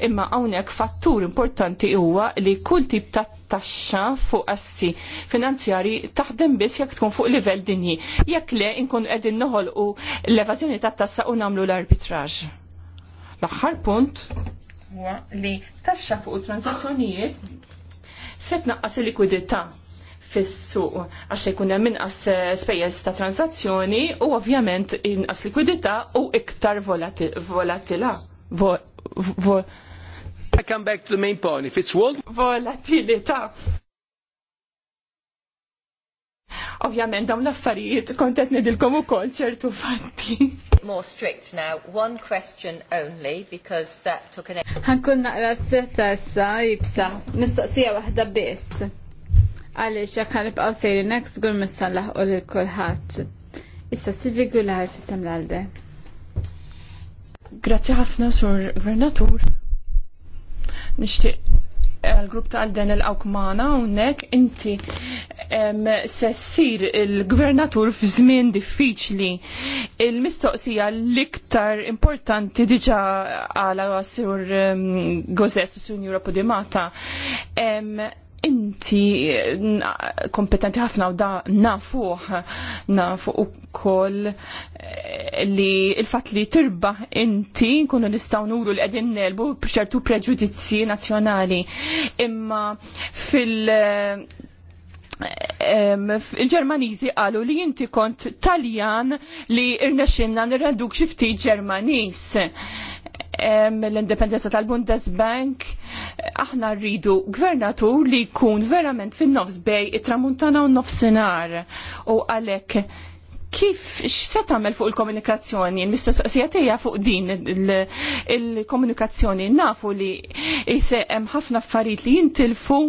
Imma hawnhekk fattur importanti huwa li kull tip ta' taxxa fuq assi finanzjari taħdem biss jekk tkun fuq livell dinji. Jekk le nkunu qegħdin noħolqu l-evażjoni tat-tassa u nagħmlu l-arbitraġ. L-aħħar punt huwa li taxxa fuq transazzjonijiet se tnaqqas il-likwidità fis-suq għax ikun hemm inqas eh, spejjeż ta' transazzjoni u ovvjament inqas likwidità u iktar volatila. I come back to the main point. If it's world volatilità. Ovvjament dawn l-affarijiet kontet nidilkom ukoll ċertu fatti more strict now. One question only because that took an... Għankun naqra s-setta issa jibsa. Mistoqsija wahda bis. Għalix jek ħanibqaw sejri next għur missan laħqu l-kulħat. Issa Silvi Gular fissam l-għalde. Grazie ħafna sur Vernatur. Nishtiq għal-grupp ta' Al-Den il-Awkmana unnek inti sessir il-gvernatur f'żmien diffiċli. Il-mistoqsija l-iktar importanti diġa għala għasur Gozes u Sunjura Podimata inti eh, kompetenti ħafna u da nafuħ nafu u koll eh, li il-fat li tirba inti kunu nistaw nuru li għedin nelbu bċertu preġudizzi nazjonali imma fil- eh, il-Ġermaniżi qalu li inti kont Taljan li irnexinna nirreduk xi ftit Ġermaniż l-indipendenza tal-Bundesbank, aħna rridu gvernatur li jkun verament fin-nofs bej it-tramuntana u nofsinhar u għalhekk kif x'se tagħmel fuq il-komunikazzjoni, l-mistoqsija tiegħek fuq din il-komunikazzjoni nafu li hemm ħafna affarijiet li jintilfu,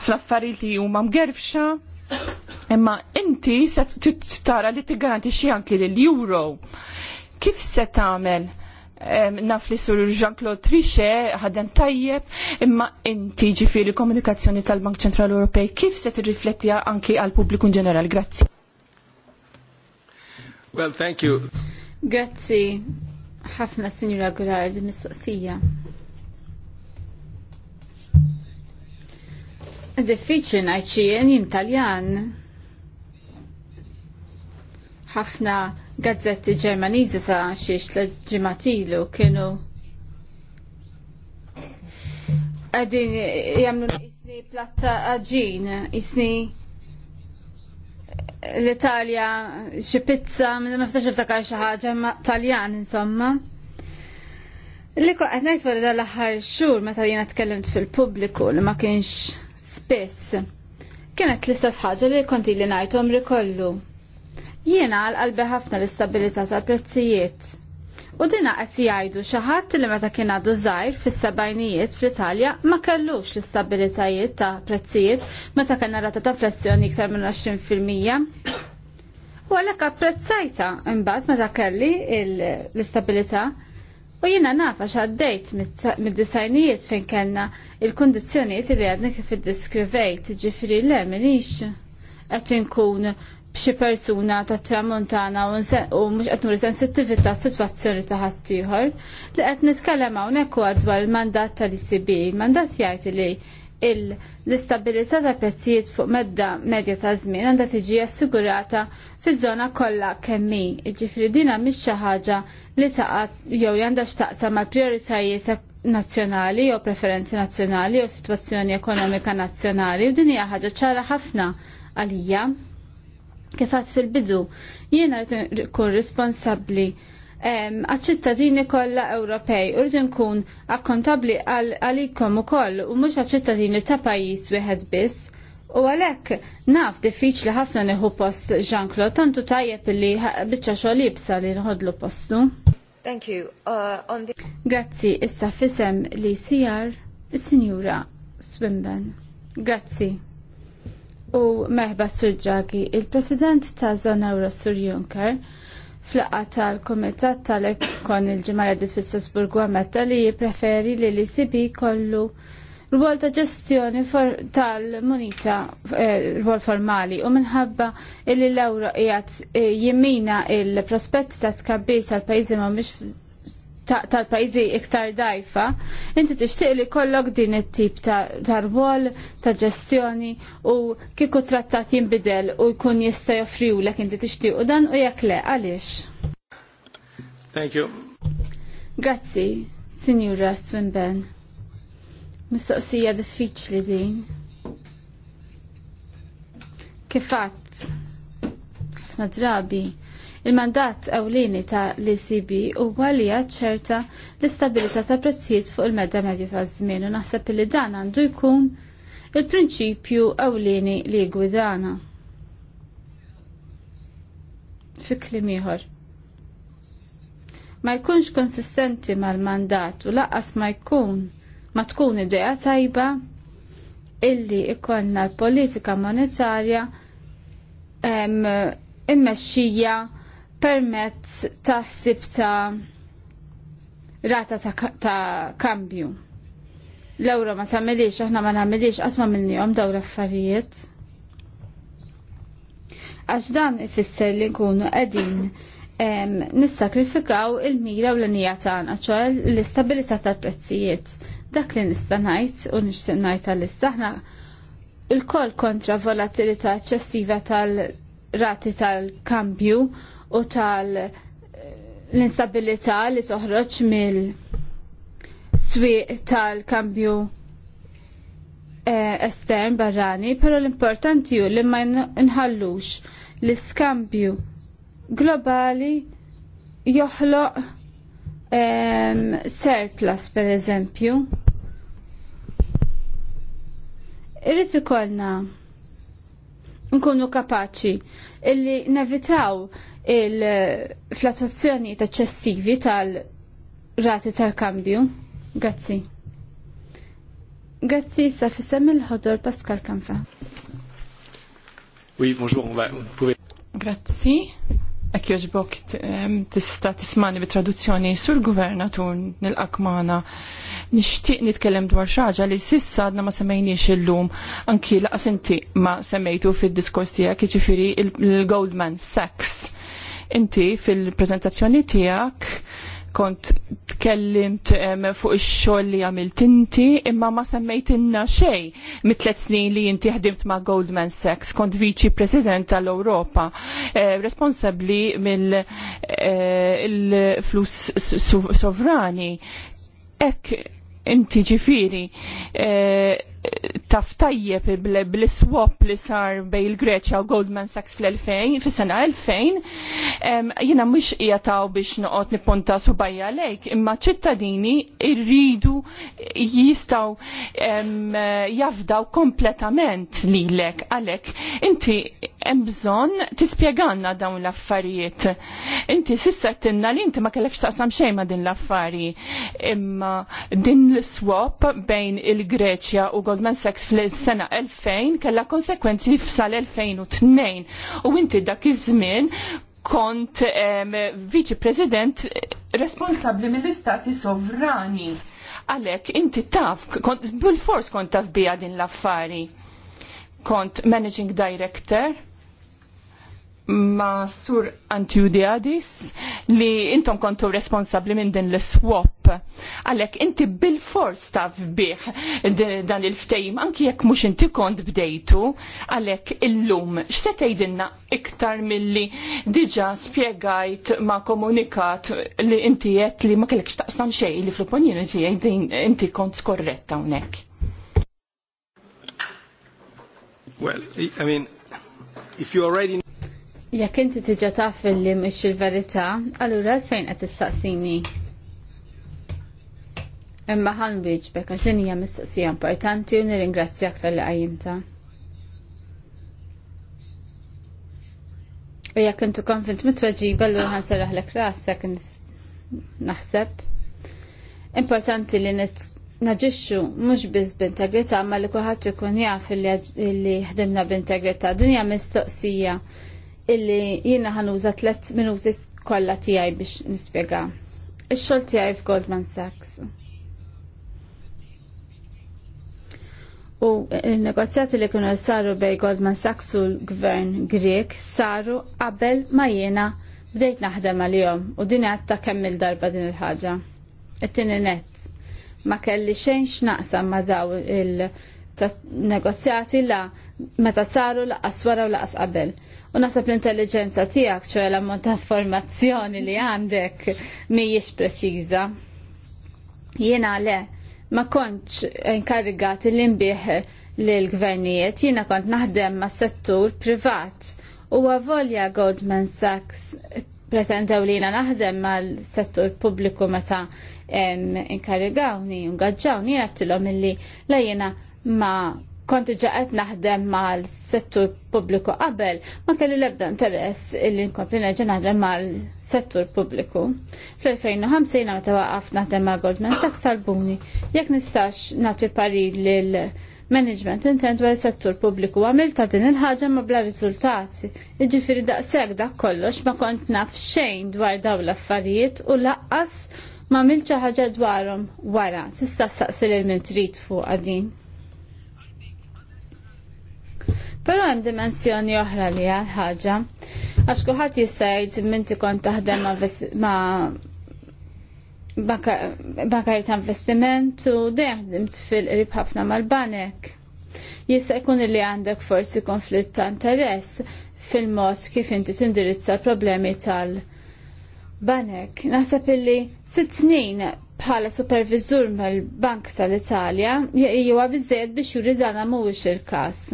ħafna affarijiet li huma mgerfxa. Imma inti se tara li tiggarantixxi anki lill-euro. Kif se tagħmel? naf li sur Jean-Claude Trichet ħadem tajjeb imma inti ġifiri komunikazzjoni tal-Bank Ċentrali Ewropej kif se tirrifletti anki għal pubbliku in ġeneral. Grazzi. Well, thank you. Grazzi ħafna Sinjura di mistoqsija. Diffiċli ngħid xi jien Taljan. Ħafna gazzetti ġermaniżi ta' xiex l-ġimatilu kienu għadin jamlu isni platta għagġin, isni l-Italja xi pizza, ma ftax iftakar xi ħaġa Taljan insomma. Li qed ngħid wara l-aħħar xhur meta jiena tkellimt fil-pubbliku li ma kienx spiss. Kienet l-istess ħaġa li konti li ngħidhom rikollu. kollu Jiena għal-qalbi ħafna l-istabilità tal-prezzijiet. U dina qed jgħidu xi ħadd li meta kien għadu żgħir fis-sebgħinijiet fl-Italja ma kellux l-istabilitajiet ta' prezzijiet meta kellna rata ta' inflazzjoni iktar minn 20 fil-mija. U għalhekk apprezzajta imbagħad meta kelli l-istabilità u jiena nafa x'għaddejt mid-disajnijiet fejn kellna il-kundizzjonijiet li għadni kif iddiskrivejt, ġifieri le minix qed inkun Xi persuna ta' tramuntana u mhux qed nuri sensittività sitwazzjoni ta' ħaddieħor li qed nitkellem hawnhekk huwa dwar il-mandat tal-ICB. Il-mandat jgħid li l-istabilità ta' prezzijiet fuq medda medja ta' żmien għandha tiġi assigurata fiż-żona kollha kemm hi. Jiġifieri din mhix xi ħaġa li taqa' jew għandha x'taqsam mal-prijoritajiet nazzjonali jew preferenzi nazzjonali jew sitwazzjoni ekonomika nazzjonali u din hija ħaġa ċara ħafna għalija Kif fil-bidu, jiena rrid nkun responsabbli għal-ċittadini kollha Ewropej u nkun akkontabbli għalikom ukoll u mhux għal-ċittadini ta' pajjiż wieħed biss. U għalhekk naf li ħafna neħu post Jean-Claude, tantu tajjeb li biċċa xogħol jibsa li nħodlu postu. Thank you. Uh, on the... Grazzi, issa fisem li sijar is-Sinjura Swimben. Grazzi. U meħba Sur Draghi, il-President ta' Zona Euro Sur Juncker, fl tal-Komitat tal-ek kon il-ġimgħa d Strasburgu għametta li jippreferi li l sibi kollu rwol ta' ġestjoni tal-munita eh, rwol formali u minħabba il l-euro jgħat eh, jimmina il-prospetti ta' tkabbir tal-pajjiżi ma' tal-pajzi iktar dajfa, inti tixtieq li kollok din it-tip ta' rwol, ta' ġestjoni u kieku trattat jinbidel u jkun jista' joffriwlek inti tixtieq u dan u jekk le għaliex. Thank you. Grazzi, Sinjura Swinben. Mistoqsija diffiċli din. Kifat, ħafna drabi Il-mandat ewlieni ta' l-ECB huwa li ċerta l-istabilità ta' prezzijiet fuq il-medda medja ta' żmien u naħseb li dan għandu jkun il-prinċipju ewlieni li Gwidana. Fi kliem ieħor ma jkunx konsistenti mal-mandat u laqas ma jkun ma tkun idea tajba illi ikollna l-politika monetarja immexxija permezz ta' ħsib ta' rata ta' kambju. L-ewro ma tagħmilix, aħna ma nagħmilix qatt ma minnihom dawn l-affarijiet. Għax dan ifisser li nkunu qegħdin nissakrifikaw il-mira u l-nija tagħna, ċoħe l-istabilità tal-prezzijiet. Dak li nista' ngħid u nixtieq ngħid għall-issa il kol kontra volatilità eċċessiva tal-rati tal-kambju u tal eh, l-instabilità li toħroġ mill swieq tal-kambju eh, estern barrani, pero l-importanti ju li ma nħallux l-iskambju globali joħloq um, surplus per eżempju. Irrid ikollna nkunu kapaċi illi nevitaw il-flatuazzjoni eċċessivi tal-rati tal-kambju. Grazzi. Grazzi, sa fissem il-ħodor Pascal Kanfa. Oui, bonjour, on va, pouvez... Grazzi. Ek joġbok tista tismani bit-traduzzjoni sur guvernatur nil-akmana. Nishtiq nitkellem dwar xaġa li sissa għadna ma semmejniex illum anki laqas inti ma semmejtu fid-diskors tiegħek jiġifieri il-Goldman Sachs Inti fil-prezentazzjoni tiegħek kont tkellimt fuq ix-xogħol li għamilt inti, imma ma inna xejn mit-tliet snin li inti ħdimt ma' Goldman Sachs, kont viċi President tal-Ewropa, eh, responsabbli mill-flus eh, sovrani. Ek inti ġifiri, eh, taf tajjeb bl-swap li sar bej il-Greċja u Goldman Sachs fl-2000, fis-sena 2000, jiena mhux jataw biex noqgħod nipponta subajja lejk, imma ċittadini rridu jistgħu jafdaw kompletament lilek għalhekk inti hemm bżonn tispjeganna dawn l-affarijiet. Inti sissa tinna li inti ma kellekx taqsam xejn ma din l-affari, imma din l-swap bejn il-Greċja u Goldman Sachs fl-sena 2000 kella konsekwenzi f'sal-2002 u inti dak iż-żmien kont um, viċi president eh, responsabli mill-istati sovrani. Għalek, inti taf, kont, bil-fors kont taf bija din l-affari. Kont managing director ma' Sur Antiudiadis li intom kontu responsabli minn din l-swap. Għalek inti bil-fors taf bih dan il-ftejm, anki jekk mux inti kont bdejtu, għalek illum, x'se tgħidilna iktar milli diġa spiegajt ma' komunikat li inti qed li ma kellekx taqsam xej li fl-opinjoni tiegħi inti kont skorretta unek. Well, I mean, if you already Jekk inti tiġa taf li mhix il-verità, allura fejn qed tistaqsini? Imma ħan biġbek għax din hija mistoqsija importanti u nirringrazzjak sal li qajjimta. U jekk intu konfint mitweġiba l ħan serraħ l rasek naħseb. Importanti li naġixxu mhux biss b'integrità ma li kulħadd ikun jaf li ħdimna b'integrità. Dinja mistoqsija illi jiena ħanuża tlet minuti kollha tiegħi biex nispjega. Ix-xogħol tiegħi f'Goldman Sachs. U il-negozjati li kienu saru bej Goldman Sachs u l-gvern Grek saru qabel ma jiena bdejt naħdem għalihom u din għad kemm il-darba din il-ħaġa. It-tieni net ma kelli xejn x'naqsam ma daw il- ta' negozjati la meta saru la wara u laqas qabel. U nasab l-intelligenza tiegħek ċoħe l-ammont ta' informazzjoni li għandek mhijiex preċiża. Jiena le, ma kontx inkarrigat li nbih lill gvernijiet jiena kont naħdem ma' settur privat u għavolja Goldman Sachs pretendew li jena naħdem mal-settur pubbliku meta inkarrigawni, ungaġġawni, t-tilom li la jena ma konti ġaqet naħdem mal settur pubbliku qabel, ma kelli lebda interess illi nkompli neġa naħdem mal settur pubbliku. Fl-2005 jina meta waqaf naħdem ma' Goldman Sachs tal-buni, jekk nistax nagħti parir l management intent dwar settur pubbliku għamil ta' din il ħagġa ma bla riżultati. Iġifieri daqshekk dak kollox ma kont naf xejn dwar dawn l-affarijiet u laqqas ma milċa ħaġa dwarhom wara, sista saqsil il-mintrit fuq għadin. Però hemm dimensjoni oħra li għalħħġa. ħaġa. Għax kulħadd jista' jgħid minti kont taħdem ma' bankari ta' investiment u deħdim fil-qrib ħafna mal-banek. Jista' jkun li għandek forsi konflitt ta' interess fil-mod kif inti tindirizza problemi tal- Banek, naħseb illi sitt snin bħala supervizur mal-Bank tal-Italja jew biżejjed biex juri dana mhuwiex il-każ.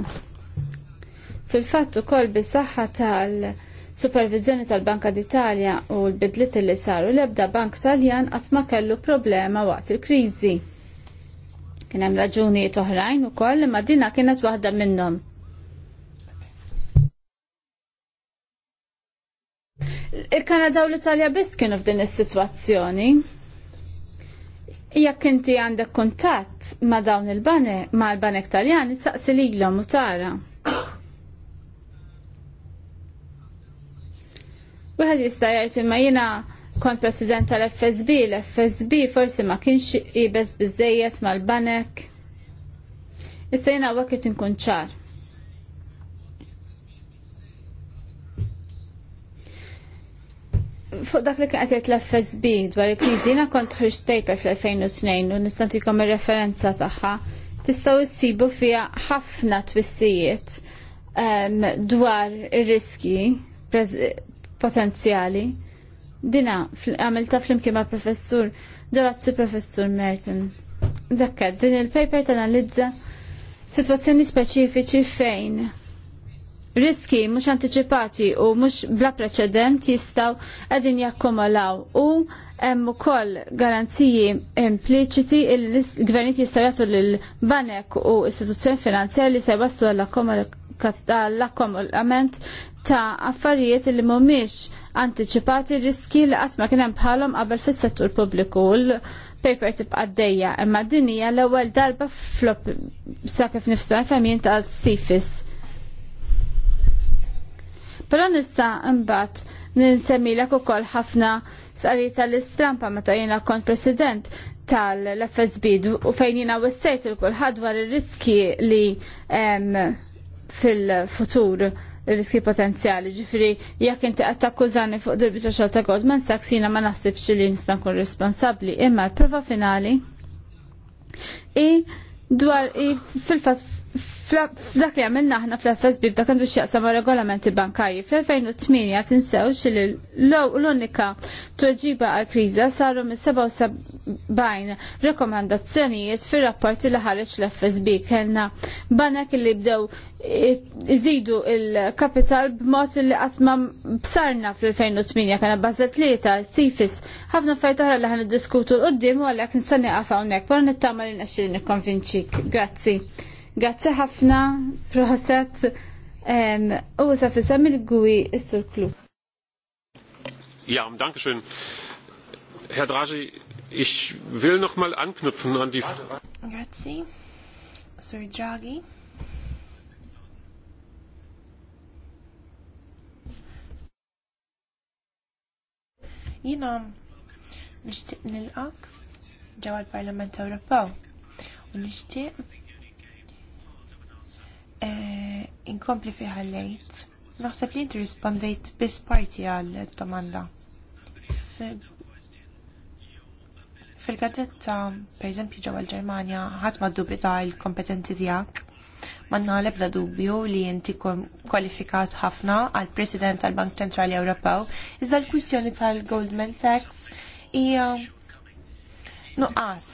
Fil-fatt ukoll bis-saħħa tal-supervizjoni tal-Banka d'Italja u l bidlit li saru l-ebda bank Taljan qatt ma kellu problema waqt il-kriżi. Kien hemm raġunijiet oħrajn ukoll ma' dina kienet waħda minnhom. Il-Kanada u l-Italja biss kienu f'din is-sitwazzjoni. Jekk inti għandek kuntatt ma' dawn il-banek, ma' l-banek Taljan, saqsi lilhom u tara. Wieħed jista' jgħid imma jiena kont president tal-FSB, l-FSB forsi ma kienx qibes biżejjed mal-banek. Issa jiena waqt inkun ċar. fuq dak li kienet l-FSB dwar il-kriżi, jiena kont ħriġt paper fl-2002 u nistantikom ir-referenza tagħha. Tistgħu issibu fiha ħafna twissijiet ehm, dwar ir-riski potenzjali. Dina, għamilta fl-imkien professur, ġalazzu professur Merton. Dakka, din il-paper tanalizza situazzjoni speċifiċi fejn riski mhux antiċipati u mhux bla preċedent jistgħu qegħdin jakkumulaw u hemm ukoll garanziji impliċiti il-gvernijiet jistgħu jagħtu lil banek u istituzzjoni finanzjarji li se jwassu għall-akkomodament ta' affarijiet li mhumiex antiċipati riski li qatt ma kien hemm bħalhom qabel fis-settur pubbliku l-paper tip għaddejja imma din hija l-ewwel darba flop sa kif nifsa nifhem ta' sifis. Però nista' imbagħad ninsemmilek ukoll ħafna sqarijiet tal-istrampa meta jiena kont president tal-FSB u fejn jiena wissejt il kulħadd dwar ir-riski li fil-futur riski potenzjali. Ġifiri, jekk inti qed takkużani fuq dirbiċa xogħol ta' Goldman Sachs jiena ma naħsibx li nista' nkun responsabbli, imma l-prova finali i dwar i fil-fatt F'dak li għamilna aħna fl-FSB f'dak għandu x'jaqsam regolamenti bankarji. Fl-2008 nsew xil l-unika tuġiba għal kriża saru minn 77 rekomandazzjonijiet fir-rapporti li ħareġ l-FSB kellna banek li bdew iżidu il-kapital b'mod li għatma b'sarna fl-2008 kena bazzet li ta' sifis ħafna fajt oħra li ħan diskutu l-qoddim u għalek nistani għafa unnek, bħan nittama li naxxirin nikkonvinċik. Grazzi. Grazzi ħafna, proħasat u sa fissam il-gwi il-surklu. Ja, danke schön. Herr Draghi, ich will noch mal anknüpfen an die... Grazie, Sir Draghi. jina nishtiq nil-ak ġewwa l-Parlament Ewropew u nishtiq Eh, inkompli lejt. Naħseb li inti rispondejt biss parti għal domanda. Fil-gazzetta, per eżempju, ġewwa l-Ġermanja, ħadd ma ddubita l-kompetenzi tiegħek. Manna l-ebda dubju li inti kwalifikat ħafna għal President tal-Bank Ċentrali Ewropew, iżda l-kwistjoni tal-Goldman Sachs hija nuqqas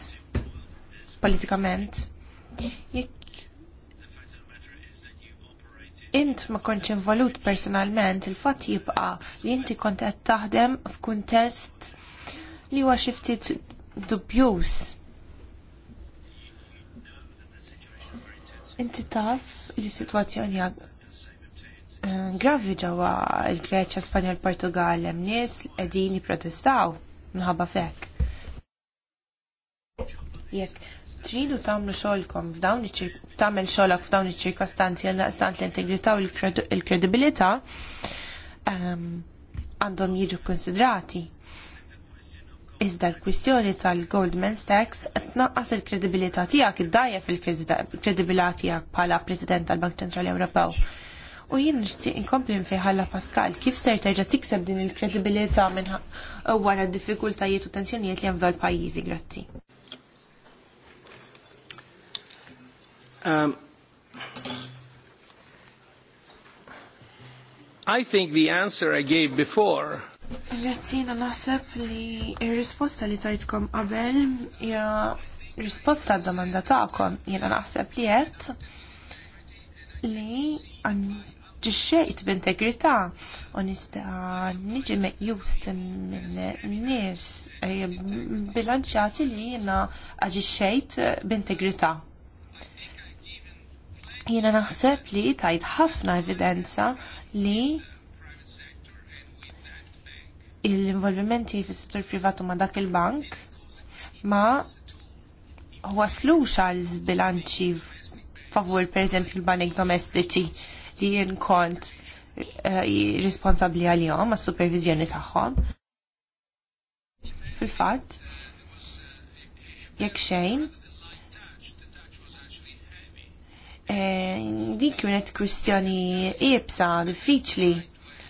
politikament. Jekk int ma kontx involut personalment, il-fatt jibqa li inti kont qed taħdem f'kuntest li huwa xi ftit dubjuż. Inti taf li situazzjoni eh, gravi ġewwa l-Greċja, Spanjol, Portugal hemm nies qegħdin jipprotestaw minħabba fek. Jekk tridu tagħmlu xogħolkom f'dawn tagħmel xogħolok f'dawn iċ-ċirkostanzi għal naqstant l-integrità u l-kredibilità ehm, għandhom jiġu konsidrati. Iżda l-kwistjoni tal-Goldman Sachs tnaqqas il-kredibilità tiegħek iddajja fil-kredibilità tiegħek bħala President tal-Bank Ċentrali Ewropew. U jien nixtieq inkompli ħalla Pascal kif ser terġa' tikseb din il-kredibilità minn wara d-diffikultajiet u tensjonijiet li hemm f'dal pajjiżi grazzi. Um, I think the answer I gave before li il-risposta li tajtkom qabel hija risposta domanda li li b'integrità u nista' niġi minn nies eh, li b'integrità. Jiena naħseb li tajt ħafna evidenza li l-involvimenti fis settur privatu ma dak il-bank ma waslux għal zbilanċi favur per eżempju l-banek domestiċi li jien kont responsabbli eh, responsabli għal-jom, għas supervizjoni tagħhom. Fil-fatt, jekk xejn, Eh, Dik kienet kwistjoni iebsa, diffiċli.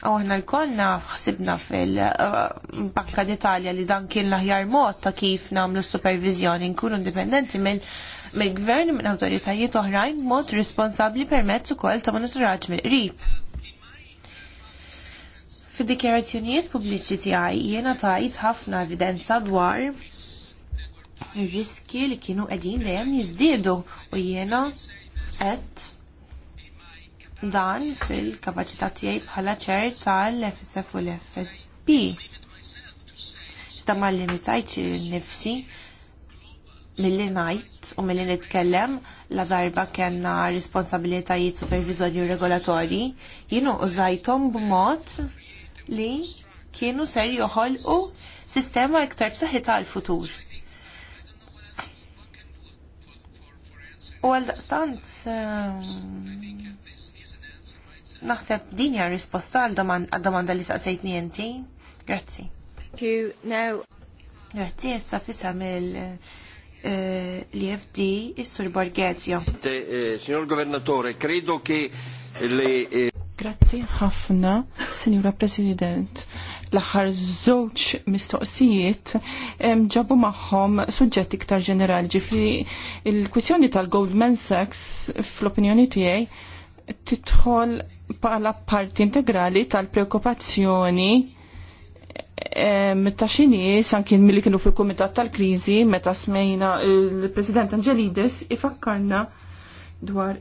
U aħna l-konna ħsibna fil-Banka eh, d'Italja li dan kien l-aħjar mod ta' kif namlu supervizjoni nkunu indipendenti mill-gvern minn awtoritajiet oħrajn mod responsabli permezz ukoll ta' monitoraġġ mill-qrib. Fid-dikjarazzjonijiet pubbliċi tiegħi jiena tajt ħafna evidenza dwar ir-riski li kienu qegħdin dejjem jiżdiedu u jiena qed dan fil-kapaċità tiegħi bħala ċer tal-FSF u l fsp Sta ma limitajċ nifsi mill-li najt u mill-li nitkellem la darba kena responsabilitajiet supervizorju regolatori jienu użajtom b'mod li kienu ser joħolqu sistema iktar b'saħħitha għal-futur. U għal-daqstant, eh, naħseb din hija risposta għal-domanda li saqsejtni inti. Grazzi. Grazzi, jessa fissa mill eh, li FD is-Sur Borghezio. Eh, signor Governatore, credo che le Grazzi ħafna, Signora President. L-aħħar żewġ mistoqsijiet ġabu magħhom suġġett iktar ġenerali ġifri il-kwissjoni tal-Goldman Sachs fl-opinjoni tiegħi titħol bħala parti integrali tal-preokkupazzjoni ta' xinis, anki mill milli kienu fil-Kumitat tal-Krizi, meta smejna il-President Angelides, ifakkarna dwar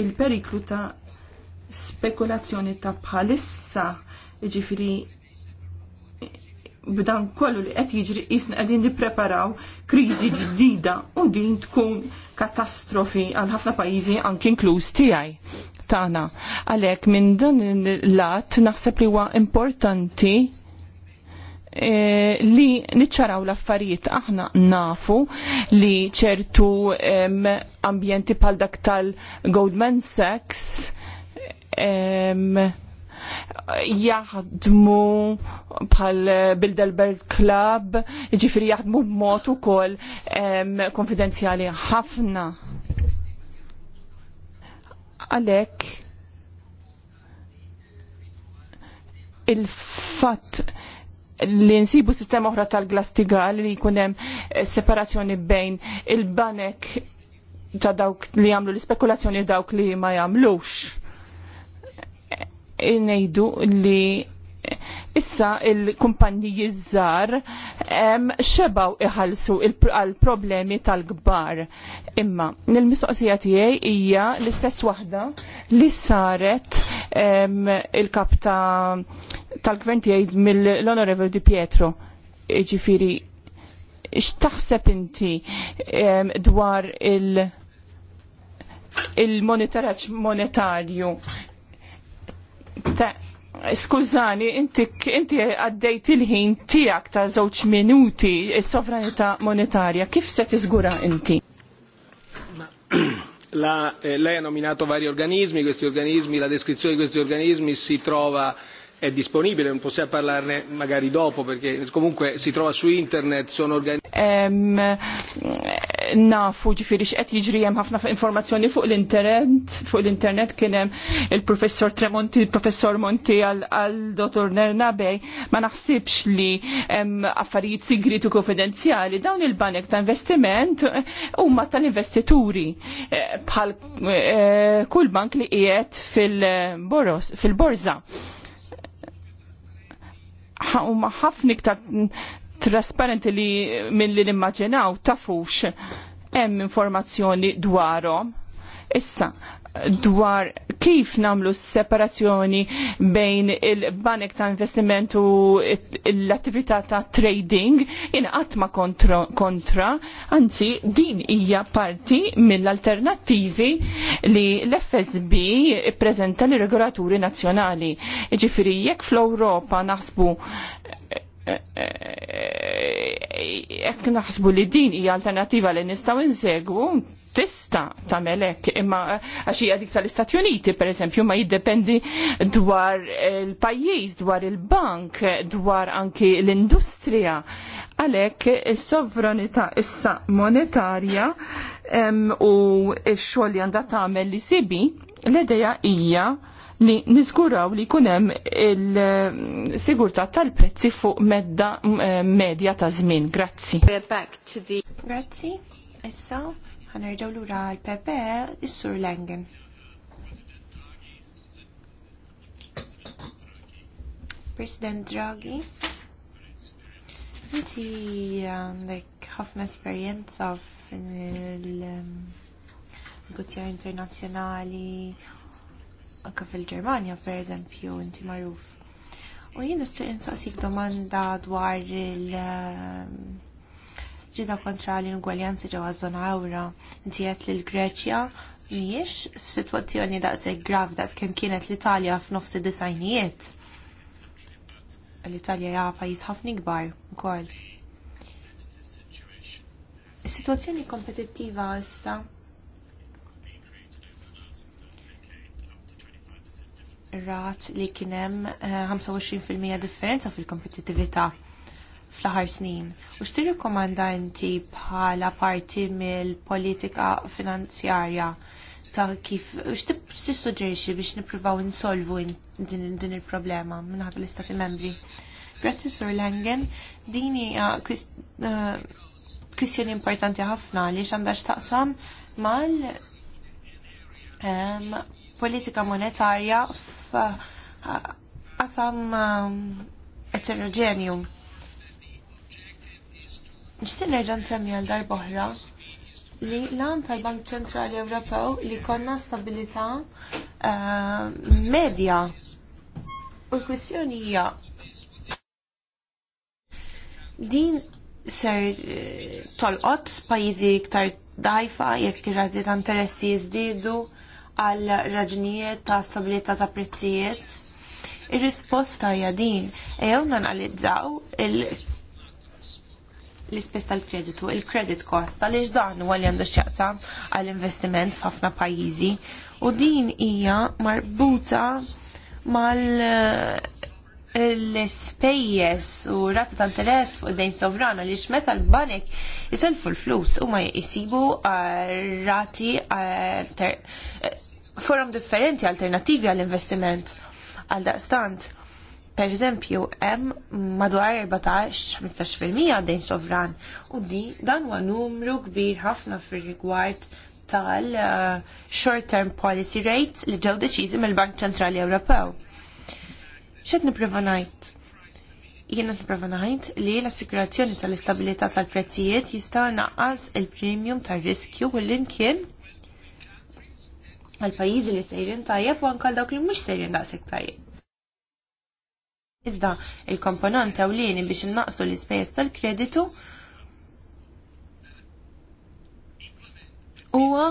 il-periklu ta' spekulazzjoni ta' bħalissa Ġifiri, b'dan kollu li qed jiġri qisna qegħdin nippreparaw kriżi ġdida u din tkun katastrofi għal ħafna pajjiżi anki inkluż tiegħi tagħna. Għalhekk minn dan il-lat naħseb li huwa importanti e, li niċċaraw l-affarijiet aħna nafu li ċertu ambjenti bħal dak tal-Goldman Sachs jaħdmu bħal Bilderberg Club, ġifiri jaħdmu b'mod ukoll konfidenzjali ħafna. Għalhekk il-fatt li nsibu sistema oħra tal-glastigal li jkun hemm separazzjoni bejn il-banek ta' dawk li jagħmlu l-ispekulazzjoni dawk li ma jagħmlux ngħidu li issa il-kumpanniji żgħar xebaw iħallsu il problemi tal-kbar. Imma nil mistoqsija tiegħi hija l-istess waħda li saret il-kap tal-gvern tiegħi mill-Onorevoli Di Pietro. Ġifiri, x'taħseb inti dwar il- il-monitoraċ monetarju Skużani, inti, inti għaddejt il-ħin tijak ta' żewġ minuti il-sovranità monetarja. Kif se tiżgura inti? La, eh, lei ha nominato vari organismi, questi organismi, la descrizione di questi organismi si trova è disponibile, non possiamo parlarne magari dopo perché comunque si trova su internet, sono organizzati. Nafu ġifiri x'qed jiġri hemm ħafna informazzjoni fuq l-internet, fuq l-internet kien hemm il-professor Tremonti, il-professor Monti għal dottor Nernabej, ma naħsibx li hemm affarijiet sigriti konfidenzjali, dawn il-banek ta' investiment eh, huma tal-investituri eh, bħal eh, kull bank li qiegħed fil-borza. fil boros fil borza huma ħafna iktar trasparenti li minn li nimmaġinaw tafux hemm informazzjoni dwarhom. Issa, dwar kif namlu separazzjoni bejn il-banek ta' investiment u l-attività ta' trading inqatma kontra, kontra, anzi din hija parti mill-alternattivi li l-FSB prezenta li regolaturi nazzjonali. Ġifiri, jekk fl-Europa naħsbu Ekk naħsbu li din hija alternativa li nistgħu insegwu, tista tagħmel hekk imma għax hija dik tal-Istati Uniti pereżempju ma jiddependi dwar il-pajjiż, dwar il-bank, dwar anki l-industrija. Għalhekk is-sovranità issa monetarja u x-xogħol li għandha tagħmel li sibi l-idea hija li niżguraw li kunem il sigurta tal-prezzi fuq medda eh, medja ta' zmin. Grazzi. Grazzi. Issa ħanerġgħu lura l-Pepe is-Sur Langen. President Draghi, inti għandek ħafna esperjenza fil-negozjar ehm, internazjonali anka fil-Ġermanja pereżempju inti magħruf. U jien nistgħu insaqsik domanda dwar il ehm, ġida kontra l-ingwaljanzi ġewwa żona ewra, inti qed l Greċja mhijiex f'sitwazzjoni daqshekk grav daqskemm kienet l-Italja f'nofs id-disajnijiet. L-Italja hija pajjiż ħafna kbar ukoll. Is-sitwazzjoni kompetittiva issa rat li kienem 25% eh, differenza fil-kompetitività fl-ħar snin. U xti rikomanda inti bħala parti mill-politika finanzjarja ta' kif, xti suġġerixi biex niprivaw insolvu din il-problema minnaħat l-istati membri. Grazzi Sur Langen, dini eh, kwistjoni importanti ħafna li xandax taqsam mal politika monetarja għasam eh, eh, eterogenju. Nixtieq nerġa' nsemmi għal darboħra li lan tal-Bank Ċentrali Ewropew li konna stabilità eh, medja. U l-kwistjoni hija din ser tolqot pajjiżi iktar dajfa jekk ir ta' interessi jiżdiedu għal raġnijiet ta' stabilità ta' prezzijiet. Ir-risposta hija din ejjew nanalizzaw il- l-ispess tal-kreditu, il kredit cost, għaliex dan huwa li għandu x'jaqsam għall-investiment f'ħafna pajjiżi u din hija marbuta mal l-spejjes u rata ta' interess fuq id-dejn sovrana li meta l-banek jiselfu l-flus u ma jisibu uh, rati uh, uh, forum differenti alternativi għall-investiment għal daqstant. Per eżempju, hemm madwar 14-15% dejn sovran u di dan huwa numru kbir ħafna fir-rigward tal-short-term policy rates li ġew deċiżi mill-Bank Ċentrali Ewropew Xed niprofa ngħid? Jiena niprofa ngħid li l-assikurazzjoni tal-istabilità tal-prezzijiet jista' naqqas il-premium tar-riskju u l-imkien għal pajjiżi li sejrin tajjeb u għankal dawk li mhux sejrin daqsik tajjeb. Iżda il-komponent ewlieni biex naqsu l-ispejjeż tal-kreditu huwa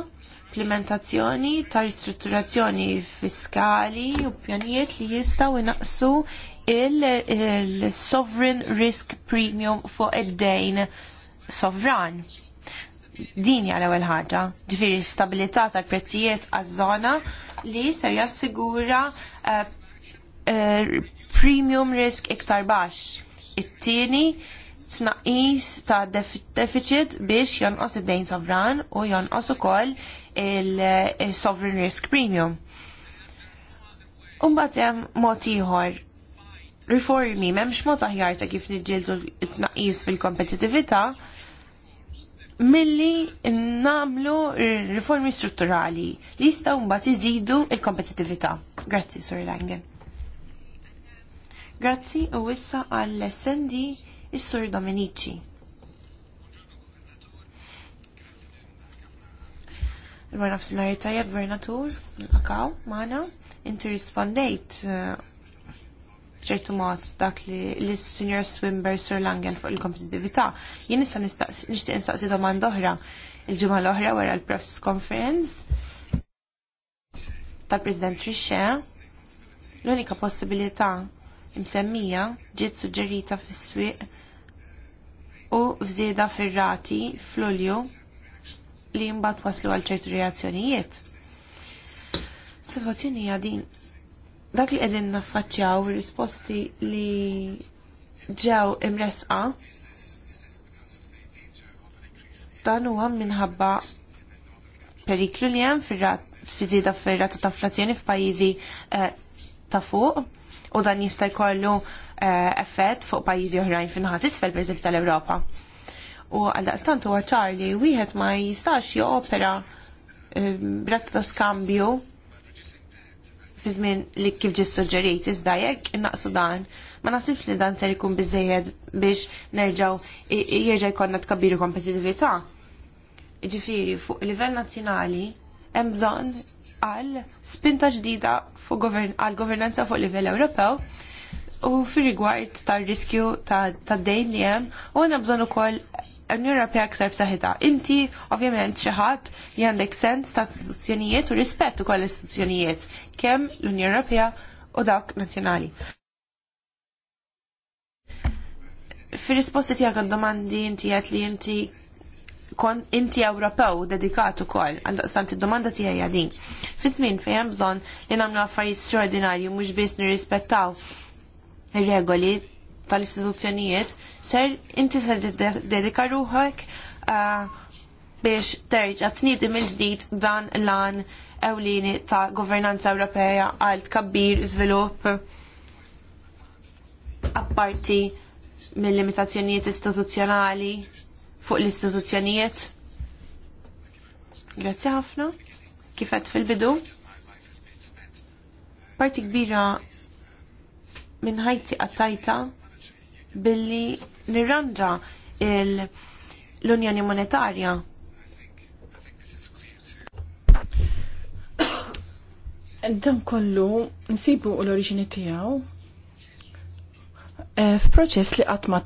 implementazzjoni ta' ristrutturazzjoni fiskali u pjanijiet li jistaw inaqsu il-sovereign il risk premium fuq id-dejn sovran din hija l-ewwel ħaġa, ġifieri stabilità tal-prezzijiet għaż-żona li se jassigura uh, uh, premium risk iktar baxx. It-tieni tnaqqis ta' deficit biex jonqos id-dejn sovran u jonqos ukoll il-sovereign risk premium. Umbat hemm mod ieħor riformi m'hemmx mod aħjar ta' kif niġġieldu t-tnaqqis fil-kompetittività milli nagħmlu riformi strutturali li jistgħu mbagħad iżidu il-kompetittività. Grazzi, Sur Langen. Grazzi u issa għall-SND is-Sur Domenici. Rwana f-sinari tajab vernatur, l-akaw, maħna, inti rispondejt eh, ċertu mod dak li l-Sinjor Swimber Sur Langen fuq il-kompetitività. Jien issa nixtieq nistaqsi domanda oħra il-ġimgħa l-oħra wara l-press conference tal-President Trichet l-unika possibilità imsemmija ġiet suġġerita fis-swieq u fżieda fir-rati fl-ulju li mbagħad waslu għal ċertu reazzjonijiet. Situazzjoni hija din dak li qegħdin naffaċċjaw risposti li ġew imresqa dan huwa minħabba periklu li hemm fiżida fir ta' inflazzjoni f'pajjiżi eh, ta' fuq u dan jista' jkollu Eh, effett fuq pajjiżi oħrajn fin-naħat isfel pereżempju tal-Ewropa. U għaldaqstant huwa ċar li wieħed ma jistax joopera ehm, bratta ta' skambju fi żmien li kif ġis suġġerit iżda jekk innaqsu dan ma naħsibx li dan ser ikun biżejjed biex nerġgħu jerġa' jkollna tkabbiru kompetitività. Jiġifieri fuq livell nazzjonali hemm bżonn għal spinta ġdida għal governanza fuq livell Ewropew u fir rigward tar riskju ta' dejn li hemm u għandna bżonn ukoll Unjoni Ewropea aktar b'saħħitha. Inti ovvjament xi ħadd li għandek sens ta' istituzzjonijiet u rispett ukoll istituzzjonijiet kemm l-Unjoni Ewropea u dawk nazzjonali. fir risposti tiegħek għad-domandi inti qed li inti kon inti Ewropew dedikat ukoll għandaqstant id-domanda tiegħi din. Fi żmien fejn hemm bżonn li nagħmlu affarijiet straordinarji mhux biss nirrispettaw regoli tal-istituzzjonijiet ser inti se dedika ruħek uh, biex terġa' tniedi mill-ġdid dan lan ewlieni ta' governanza Ewropea għal tkabbir żvilupp apparti mill-limitazzjonijiet istituzzjonali fuq l-istituzzjonijiet. Grazzi ħafna. Kifet fil-bidu? Parti kbira minn ħajti għattajta billi nirranġa l-Unjoni Monetarja. Dan kollu nsibu l-oriġini tiegħu eh, f'proċess li qatt ma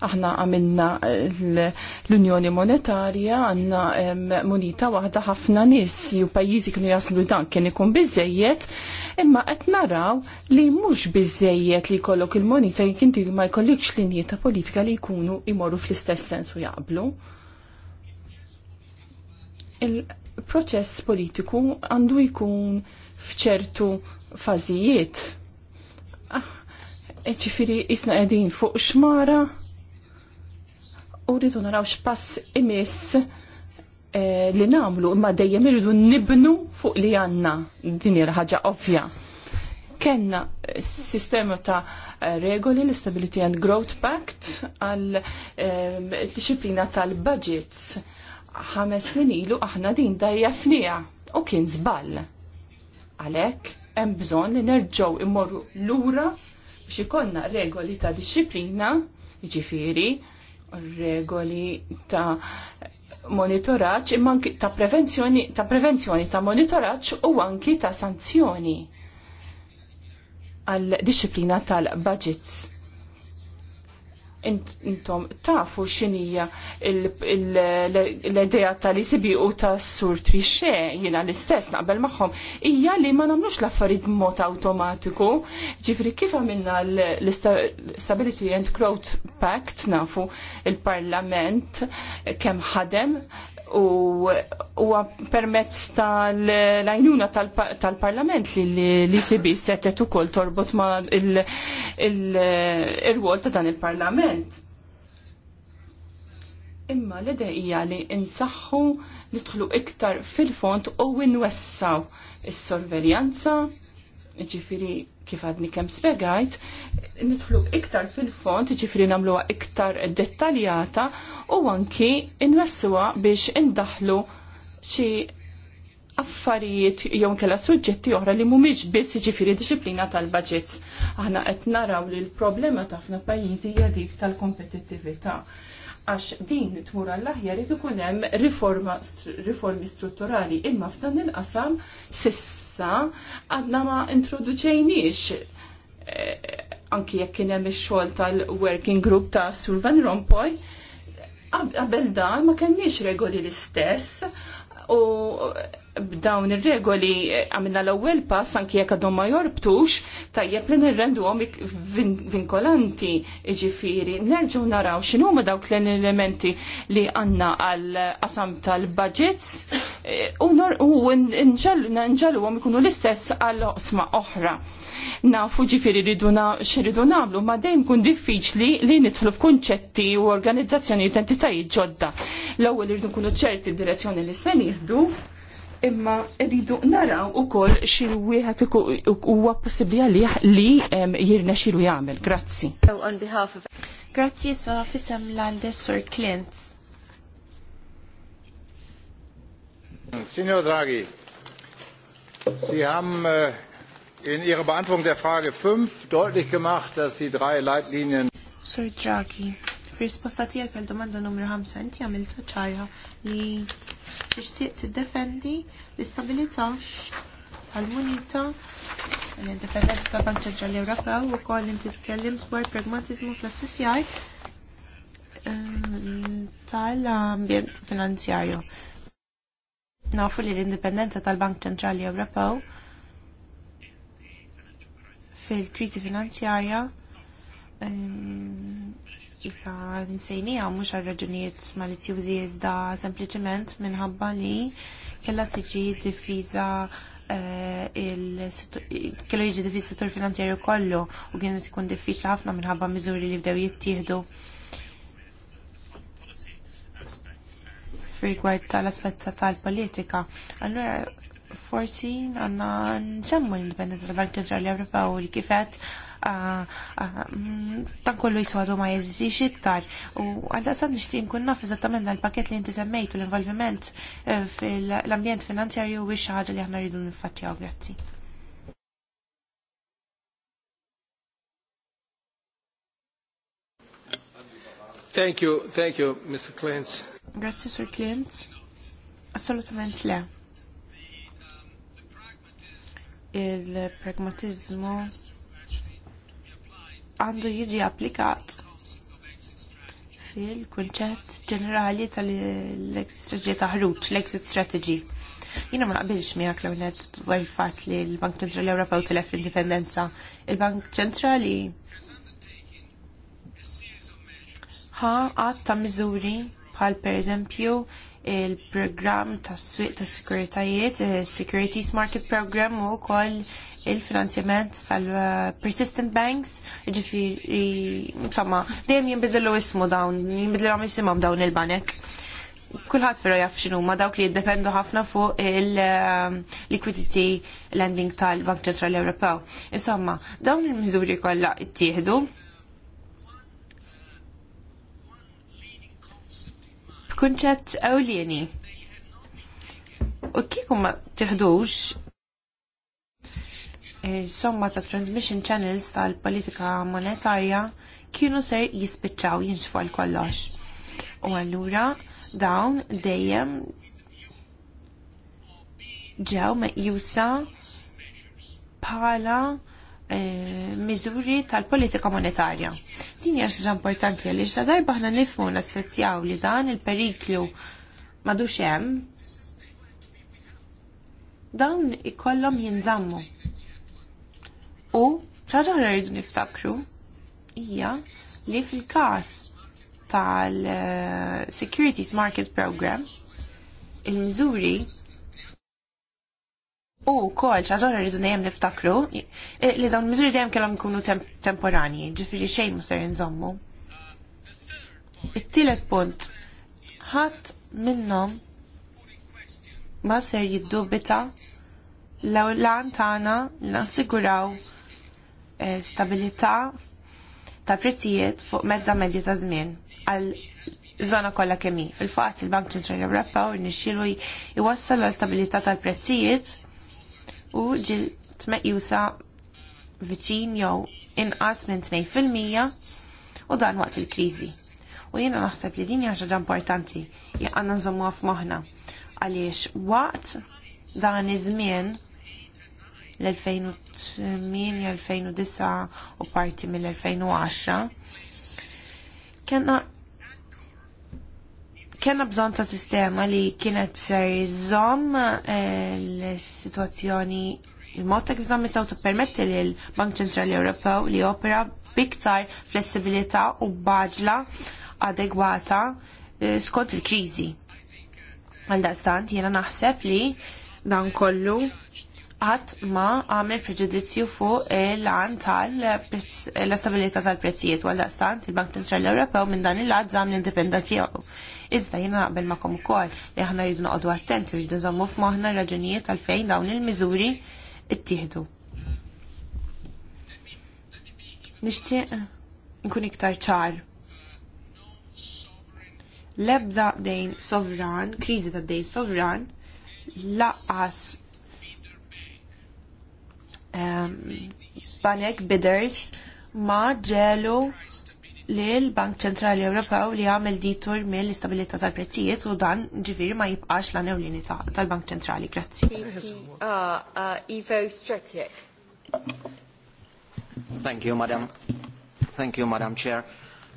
Aħna għamilna l-Unjoni Monetarja, għanna munita waħda ħafna nis, ju pajizi kienu jaslu dan kien ikun bizzejiet, imma qed naraw li mhux bizzejiet li jkollok il-monita jinti ma jkollikx linji ta' politika li jkunu imorru fl-istess sensu jaqblu il-proċess politiku għandu jkun fċertu fażijiet. Ah, Eċifiri isna edin fuq xmara, u rridu naraw x'pass imiss eh, li namlu imma dejjem irridu nibnu fuq li għanna din hija ħaġa ovvja. Kenna eh, sistema ta' eh, regoli l-Stability and Growth Pact għal disciplina tal-budgets ħames snin ilu aħna din dajja fnija u kien żball. Għalhekk hemm bżonn li nerġgħu immorru lura biex ikollna regoli ta' disciplina, jiġifieri, regoli ta' monitoraċ, imma ta' prevenzjoni, ta' prevenzjoni ta' monitoraċ u anki ta' sanzjoni għal disciplina tal-budgets intom tafu xinija l-ideja tal-ICB u tas-sur trixe jina l-istess naqbel maħħom ija li ma namlux l mot automatiku ġifri kif għamilna l-Stability and Growth Pact nafu il-Parlament kem ħadem u huwa permezz tal-għajnuna tal-Parlament li l-ICB setet ukoll torbot ma il-rwol ta' dan il-Parlament. Imma l-idea hija li insaħħu nidħlu iktar fil-font u nwessaw is-sorveljanza, ġifiri kif għadni kem spiegajt, nidħlu iktar fil-font, ġifri namluwa iktar dettaljata u anki inwessuwa biex indaħlu xi affarijiet jew kella suġġetti oħra li mhumiex biss jiġifieri disciplina tal-budgets. Aħna qed naraw li l-problema ta' ħafna pajjiżi hija dik tal-kompetittività għax din tmur għall-aħjar jekk ikun hemm riformi strutturali imma f'dan il-qasam sissa għadna ma introduċejniex eh, anki jekk kien hemm ix-xogħol tal-working group ta' Sur Van Rompuy, qabel dan ma kenniex regoli l-istess u b'dawn ir-regoli eh, għamilna l-ewwel pass anki jekk għadhom ma jorbtux, tajjeb li nirrenduhom vinkolanti jiġifieri. Nerġgħu naraw x'inhu huma dawk l-elementi li għandna għal qasam tal-budgets eh, u nġalluhom ikunu l-istess għal oqsma oħra. Nafu ġifieri rridu x'iridu nagħmlu ma dejjem kun diffiċli li nidħlu f'kunċetti u organizzazzjoni identitajiet ġodda. L-ewwel irridu nkunu ċerti d-direzzjoni li se nieħdu imma rridu naraw u koll xil wieħed huwa possibbli għalih li jirna xilu jagħmel. Grazzi. Grazzi sa fisem l-għandes Sir Clint. Signor Draghi, Sie haben äh, in Ihrer Beantwortung der Frage 5 deutlich gemacht, dass die drei Leitlinien Sir Draghi, risposta tiegħek għal domanda numru 5 inti għamilta ċajja li tixtieq tiddefendi l-istabilità tal-munita l-indipendenza tal-Bank Ċentrali Ewropew ukoll inti titkellem dwar pragmatiżmu fl-assessjaj ehm, tal-ambjent finanzjarju. Nafu li l-indipendenza tal-Bank Ċentrali Ewropew fil-kriżi finanzjarja ehm, Issa nsejnija mhux għal raġunijiet malizzjużi iżda sempliċement minħabba li kellha tiġi diffiża eh, kellu jiġi diffiż settur finanzjarju kollu u qed ikun diffiċli ħafna minħabba miżuri li bdew jittieħdu. Firgwajt tal-aspetta tal-politika. Allura forsi għanna nsemmu l-indipendenza tal-Bank Ċentrali Ewropew li kifet dan kollu jiswadu ma jeżix iktar. U għalda sa' nishtin kun naf eżattament dal-paket li inti semmejtu l-involviment eh, fil-ambjent finanzjarju u biex ħagġa li ħna rridu nifattjaw grazzi. Thank you, thank you, Mr. Clintz. Grazie, Sir Clintz. Assolutament le il-pragmatizmu għandu jiġi applikat fil-kunċett ġenerali tal-exit strategy ta' l-exit strategy. Jina ma naqbilx miegħek l-għunet dwar il-fatt li l-Bank Ċentrali Ewropew telef l-indipendenza. Il-Bank Ċentrali ħa għatta mizuri bħal per eżempju il-programm tas-swieq tas sikuritajiet, eh, Securities Market Program u wkoll il-finanzjament tal-Persistent eh, Banks, ġifiri, insomma, dejjem jimbidlu ismu dawn, jimbidlu għam jisimam dawn il-banek. Kulħadd però jaf xinu ma dawk li jiddependu ħafna fuq il-liquidity eh, lending tal-Bank Ċentrali Ewropew. Insomma, dawn il-miżuri kollha ittieħdu kunċett ewlieni. U kieku ma tiħdux somma ta' transmission channels tal-politika monetarja kienu ser jispiċċaw jinxfu għal kollox. U allura dawn dejjem ġew meqjusa bħala Eh, miżuri tal-politika monetarja. Din hija xi importanti għaliex ta' darba aħna nifhmu nassezzjaw li dan il-periklu madux hemm dawn ikollhom jinżammu. U ċaġa rridu niftakru hija li fil-każ tal-Securities eh, Market Program il-miżuri U kol, ċaġor rridu nejem niftakru li dawn mizuri dejjem kellom kunu temporani, ġifiri xejn muster jinżommu. It-tielet punt, ħadd minnhom ma ser jiddubita l lan tagħna nassiguraw eh, stabilità ta' prezzijiet fuq medda medja ta' żmien għal żona kollha kemm Fil-fatt il-Bank Ċentrali Ewropa u nixxielu jwassal għal stabilita tal-prezzijiet u ġilt meqjusa viċin jew inqas minn 2% u dan waqt il-kriżi. U jiena naħseb li din hija ħaġa importanti li għandna nżommuha f'moħħna għaliex waqt dan iż-żmien l-2008, 2009 u parti mill-2010 kena kena bżon ta' sistema li kienet ser jżomm eh, l-situazzjoni il-mod ta' kif zammittaw ta' permetti li l-Bank Ċentrali Ewropew li opera biktar flessibilità u baġla adegwata eh, skont il-kriżi. Għal daqstant jiena naħseb li dan kollu għat ma għamil preġudizzju fuq l-għan tal-istabilità tal-prezzijiet għal daqstant il-Bank Ċentrali Ewropew minn dan il-għad zam l-indipendenzi Iżda jina naqbel kom kol li aħna rridu noqogħdu attenti rridu nżommu f'maħna raġunijiet għalfejn dawn il-miżuri ttieħdu. Nixtieq nkun iktar ċar. L-ebda dejn sovran, kriżi ta' dejn sovran, laqas um, banek bidders ma ġelu li l-Bank Ċentrali Ewropew li għamil ditur mill-istabilità tal-prezzijiet u dan ġifir ma jibqax la newlini tal-Bank Ċentrali. Grazzi. Uh, uh, Ivo Stretic. Thank you, Madam. Thank you, Madam Chair.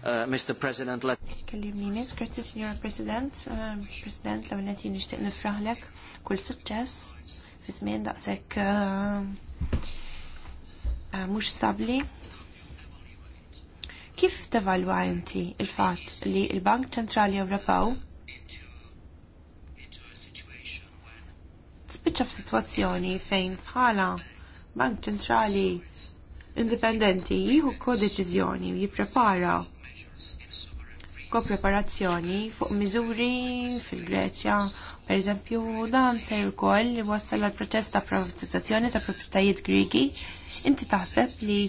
Uh, Mr. President, let... Kellimni nis, grazzi, Signor President. Uh, President, la minnet jinnishtiq nifraħlek kull suċċess fizmien daqsek mux stabli. Kif tevalwa inti il-fatt li il-Bank Ċentrali Ewropew spiċċa f'sitwazzjoni fejn bħala Bank Ċentrali indipendenti jieħu kodeċiżjoni jipprepara kopreparazzjoni fuq miżuri fil-Greċja, per eżempju, dan wkoll li wassal għal proċess ta' privatizzazzjoni ta' proprjetajiet Griegi. inti taħseb li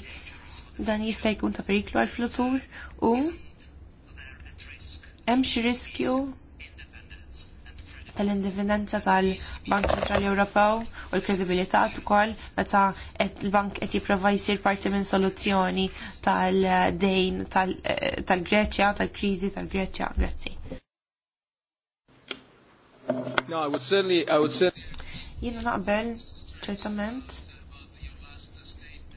dan jista' jkun ta' periklu għal flutur u hemm xi riskju tal-indipendenza tal-Bank Ċentrali Ewropew u l-kredibilità wkoll meta il-bank qed jipprova jsir parti minn soluzzjoni tal-dejn eh, tal-Greċja, tal-kriżi tal-Greċja. Grazzi. No, I would certainly, I would certainly... Jiena naqbel ċertament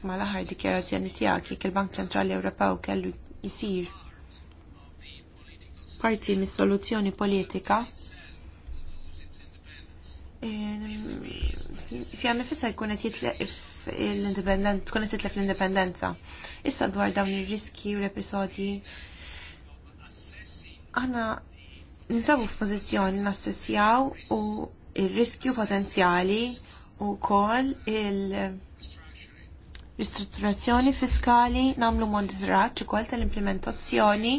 mal aħħar dikjarazzjoni tiegħek jekk il-Bank Ċentrali Ewropew kellu jsir parti mis-soluzzjoni politika fjan nifissa jkun qed l-indipendenza, tkun qed titlef l-indipendenza. Issa dwar dawn ir-riski u l-episodji aħna ninsabu f'pożizzjoni nassessjaw u ir-riskju potenzjali u kol il- ristrutturazzjoni fiskali, namlu monitoraġġ ukoll tal-implementazzjoni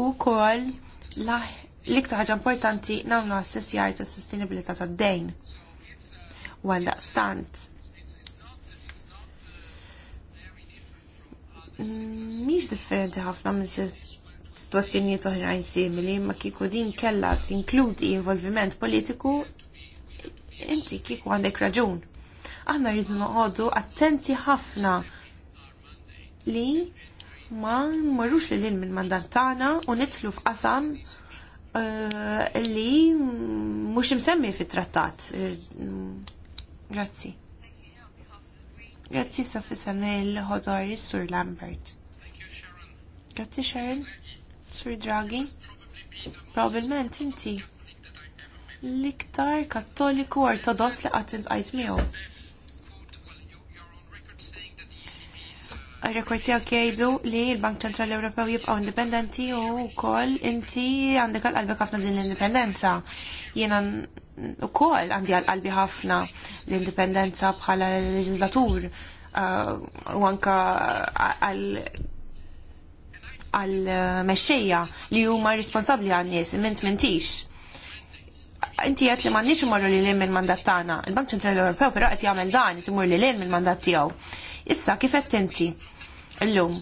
u wkoll l-iktar ħaġa importanti namlu assessjar tas sostenibilità tad-dejn. Għal daqstant, miex differenti ħafna minn sitwazzjonijiet oħrajn simili, ma kieku din kella tinkludi involviment politiku, inti kieku għandek raġun. Aħna rridu noqogħdu attenti ħafna li ma marrux li lil minn mandat tagħna u nitlu f'qasam eh, li mhux imsemmi fit-trattat. Eh, grazzi. Grazzi sa fissame l Sur Lambert. Grazzi Sharon, Sur Draghi. Probabilment inti l-iktar kattoliku ortodoss li qatt intqajt miegħu. il-rekordi għak jgħidu li l-Bank Ċentrali Ewropew jibqgħu indipendenti u wkoll inti għandek qalbi ħafna din l-indipendenza. u kol għandi għal qalbi ħafna l-indipendenza bħala l l-leġizlatur uh, u anka għal għal-mexxejja li huma responsabbli għan-nies, mint mentix inti għet li m'għandniex imorru li l-in mandat tagħna. Il-Bank Ċentrali Ewropew però qed jagħmel dan, imur li l-in mandat tiegħu. Issa kif qed inti? Illum,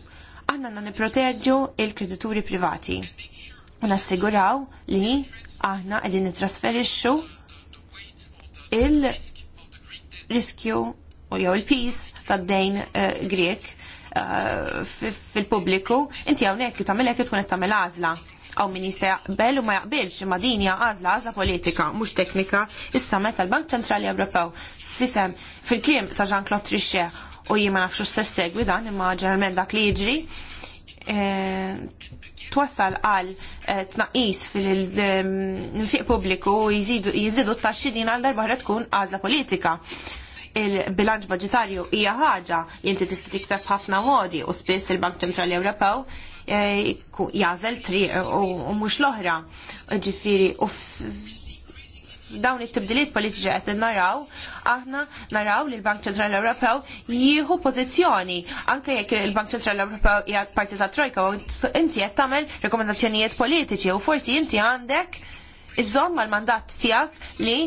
aħna għandna niproteġu il-kredituri privati u nassiguraw li aħna qegħdin nitrasferixxu il-riskju u jew il-pis tad-dejn uh, Grek uh, fil-pubbliku, inti hawnhekk tagħmel hekk tkun qed tagħmel għażla għaw min jista' jaqbel u ma jaqbilx imma din hija għażla għażla politika mhux teknika issa meta l-Bank Ċentrali Ewropew fisem fil-kliem ta' Jean-Claude Trichet u jima nafxu s se segwi dan imma ġeneralment dak li jiġri eh, twassal għal eh, tnaqis ehm, fil-fiq pubbliku jiżidu t-taxxi din għal darba tkun għażla politika il-bilanċ budgetarju hija ħaġa inti tista' tikseb ħafna modi u spiss il-Bank Ċentrali Ewropew eh, jażel triq u mhux l-oħra. Ġifieri u dawn it-tibdiliet politiċi qed naraw, aħna naraw li l-Bank Ċentrali Ewropew jieħu pożizzjoni anke jekk il-Bank Ċentrali Ewropew hija parti ta' Trojka u inti qed tagħmel rekomendazzjonijiet politiċi u forsi inti għandek iżomm mal-mandat tiegħek li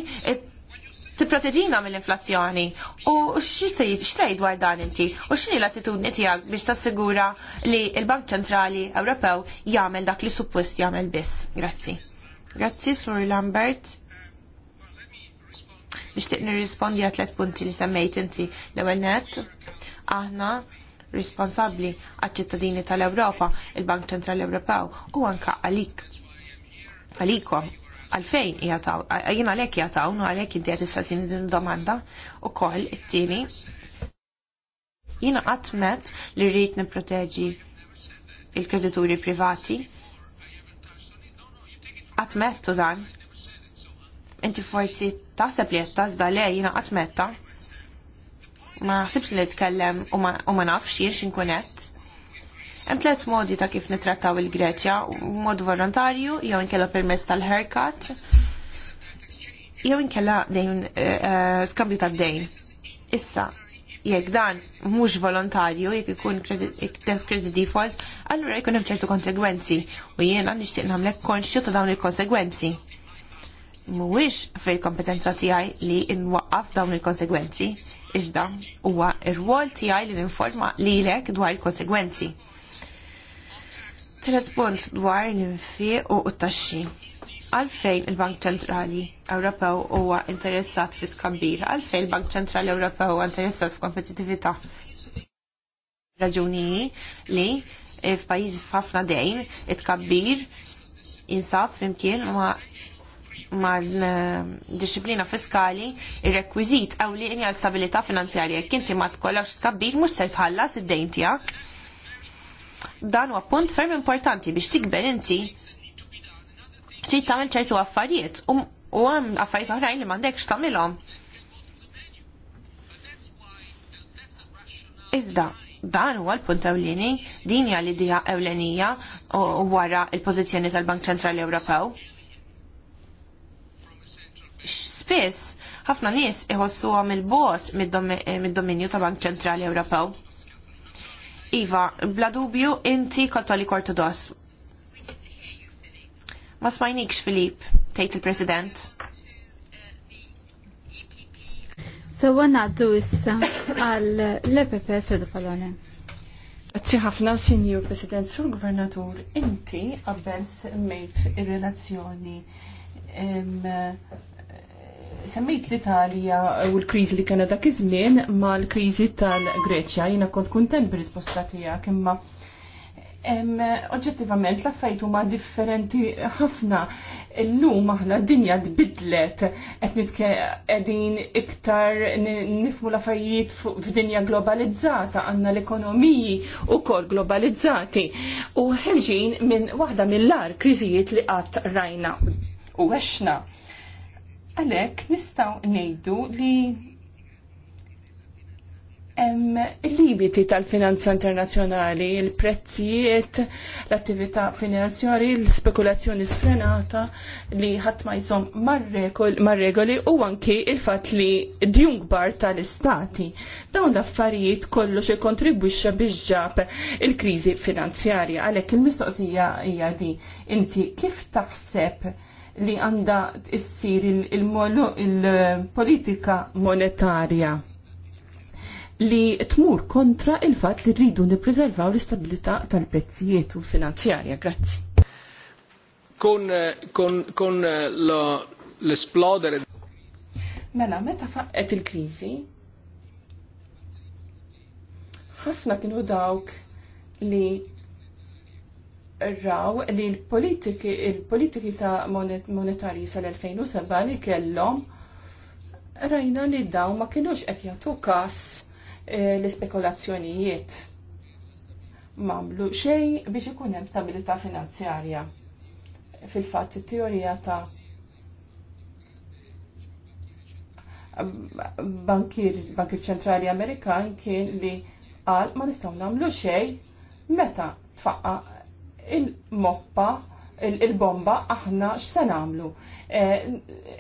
tipproteġina mill-inflazzjoni. U x'tej dwar dan inti? U x'inhi l-attitudni tiegħek biex tassigura li l-Bank Ċentrali Ewropew jagħmel dak li suppost jagħmel biss? Grazzi. Grazzi, Sur Lambert. Nixtieq nirrispondi għat tliet punti li semmejt inti l-ewwel nett aħna responsabbli għaċ-ċittadini tal-Ewropa, il-Bank Ċentrali Ewropew u anka għalik. Għalikom, għalfejn jgħataw, jina għalek jgħataw, nu għalek inti għad istazzjoni din domanda u koll it-tini. Jina għatmet li rrit niproteġi il-kredituri privati. Għatmet dan Inti forsi taħseb li jattazda zda jina għatmetta. Ma naħsibx li jitkellem u ma nafx jiex inkunet. Hemm tliet modi ta' kif nitrattaw il-Greċja, mod volontarju, jew inkella permezz tal-haircut, jew inkella dejn eh, eh, skambju tad-dejn. Issa, jekk dan mhux volontarju, jekk ikun credit default, allura jkun hemm ċertu konsegwenzi u jiena nixtieq nagħmlek konxju ta' dawn il-konsegwenzi mhuwiex fil-kompetenza tiegħi li nwaqqaf dawn il-konsegwenzi, iżda huwa r-rwol tiegħi li ninforma lilek dwar il-konsegwenzi. Tret punt dwar l-infiq u t-taxxi. Għalfejn il-Bank Ċentrali Ewropew huwa interessat fi skambir, għalfejn il-Bank Ċentrali Ewropew huwa interessat f'kompetitività. Raġuni li f'pajjiżi f'ħafna dejn it-kabbir jinsab flimkien ma mal-disciplina fiskali il rekwizit għaw li għal stabilita finanzjarja kinti ma tkollax tkabbir mux ser tħallas id-dejn tijak. Dan huwa punt ferm importanti biex tikber inti trid tagħmel ċertu affarijiet u hemm affarijiet oħrajn li m'għandekx tagħmilhom. Iżda, dan huwa l-punt ewlieni, din hija l-idea ewlenija wara l pożizzjoni tal-Bank Ċentrali Ewropew spiss ħafna nies iħossu għom il-bot eh, mid-dominju ta' bank Ċentrali Ewropew. Iva, bla dubju inti katolik ortodoss. Ma smajnikx Filip, tgħid il-President. So, Sewa għaddu issa għal uh, epp fil-Palone. Grazzi ħafna, Sinjur President, Sur Gvernatur, inti għabbens mejt il relazzjoni semmejt l-Italja u l-kriżi li kena dak iż-żmien ma l-kriżi tal-Greċja. Jiena kont kuntent bir-risposta tiegħek imma oġġettivament l-affarijiet huma differenti ħafna. Illum aħna d-dinja tbidlet qed qegħdin iktar nifmu l-affarijiet f'dinja globalizzata, għandna l-ekonomiji ukoll globalizzati u ħerġin minn waħda mill-ar kriżijiet li qatt rajna u għexna Għalhekk nistgħu ngħidu li il-libiti tal-finanza internazjonali, il-prezzijiet, l-attività finanzjari, l-spekulazzjoni sfrenata li ħadd ma jżomm mar-regoli u anki il-fatt li djungbar tal-istati. Dawn l-affarijiet kollox ikkontribwixxa biex ġab il-kriżi finanzjarja. Għalhekk il-mistoqsija hija di inti kif taħseb li għanda issir il-politika il il eh, monetarja li tmur kontra il-fat li rridu nipreservaw l-istabilità tal-prezzijiet u finanzjarja. Grazzi. Kon, kon, eh, kon eh, l-esplodere. Mela, meta faqqet il-krizi, ħafna kienu dawk li raw li l-politiki ta' monetari sal-2007 li kellhom rajna li daw ma kienux qed jagħtu każ eh, l-ispekulazzjonijiet. Mamlu xejn biex ikun hemm stabilità finanzjarja. Fil-fatt it-teorija ta' bankir, bankir ċentrali Amerikan kien li qal ma nistgħu nagħmlu xejn meta tfaqqa il-moppa, il-bomba, aħna x'se nagħmlu? Eh,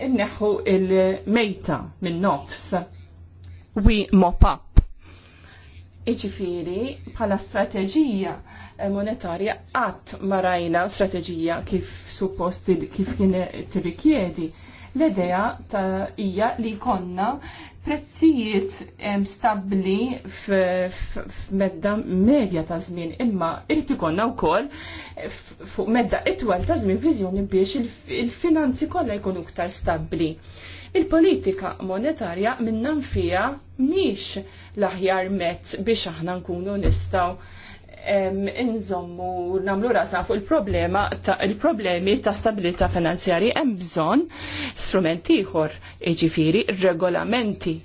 Inneħu il-mejta minn nofs. We mop up iġifiri bħala strateġija monetarja għat marajna strateġija kif suppost kif kien tirrikjedi L-idea ta' hija li jkollna prezzijiet stabbli medda medja ta' żmien, imma konna u wkoll fuq medda itwal ta' żmien viżjoni biex il-finanzi kollha jkunu iktar stabbli. Il-politika monetarja minnan fija miex l-aħjar mezz biex aħna nkunu nistaw inżommu namlu rasa fuq il-problema il-problemi ta' stabilità finanzjari hemm bżonn strumenti ieħor, jiġifieri regolamenti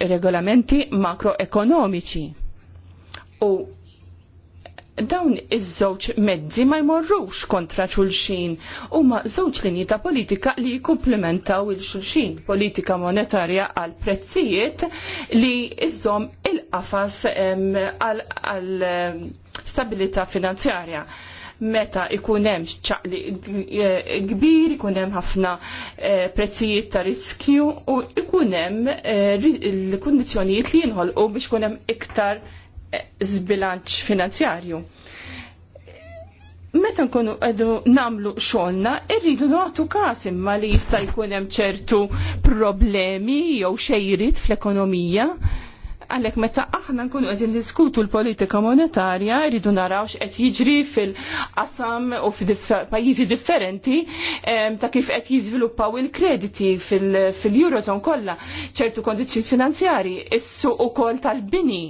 regolamenti makroekonomiċi. U dawn iż-żewġ mezzi ma jmorrux kontra xulxin huma żewġ linji ta' politika li jikkumplementaw il-xulxin politika monetarja għal prezzijiet li iżom il-qafas għal stabilità finanzjarja meta ikun hemm ċaqli eh, kbir, ikun hemm ħafna eh, prezzijiet ta' riskju u ikun hemm eh, il-kundizzjonijiet li jinħolqu biex ikun hemm iktar zbilanċ finanzjarju. Meta nkunu għedu namlu xolna, irridu nagħtu każ imma li jista' jkun hemm ċertu problemi jew xejrit fl-ekonomija. Għalhekk meta aħna nkunu qegħdin niskutu l-politika monetarja, irridu naraw x'qed jiġri fil-qasam u f'pajjiżi differenti ta' kif qed jiżviluppaw il-krediti fil-Eurozone kollha, ċertu kondizjoni finanzjari, is-suq ukoll tal-bini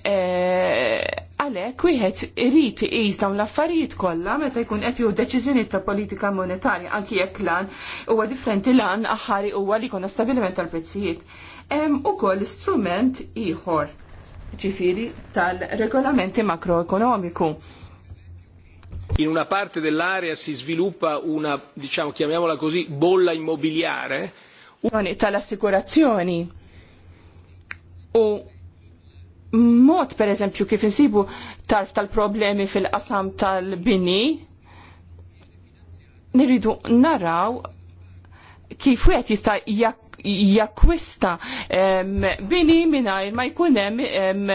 Eh, għalek wieħed irid iqis dawn l-affarijiet kollha meta jkun qed jew deċiżjonijiet ta' politika monetarja anki jekk lan huwa differenti lan aħħari huwa li jkun stabilment tal-prezzijiet. Hemm ukoll strument ieħor ġifiri tal-regolamenti makroekonomiku. In una parte dell'area si sviluppa una, diciamo, chiamiamola così, bolla immobiliare. tal assicurazzjoni U mod per eżempju kif insibu tarf tal-problemi fil-qasam tal-bini, niridu naraw kif wieħed jista' jakkwista bini mingħajr ma jkun hemm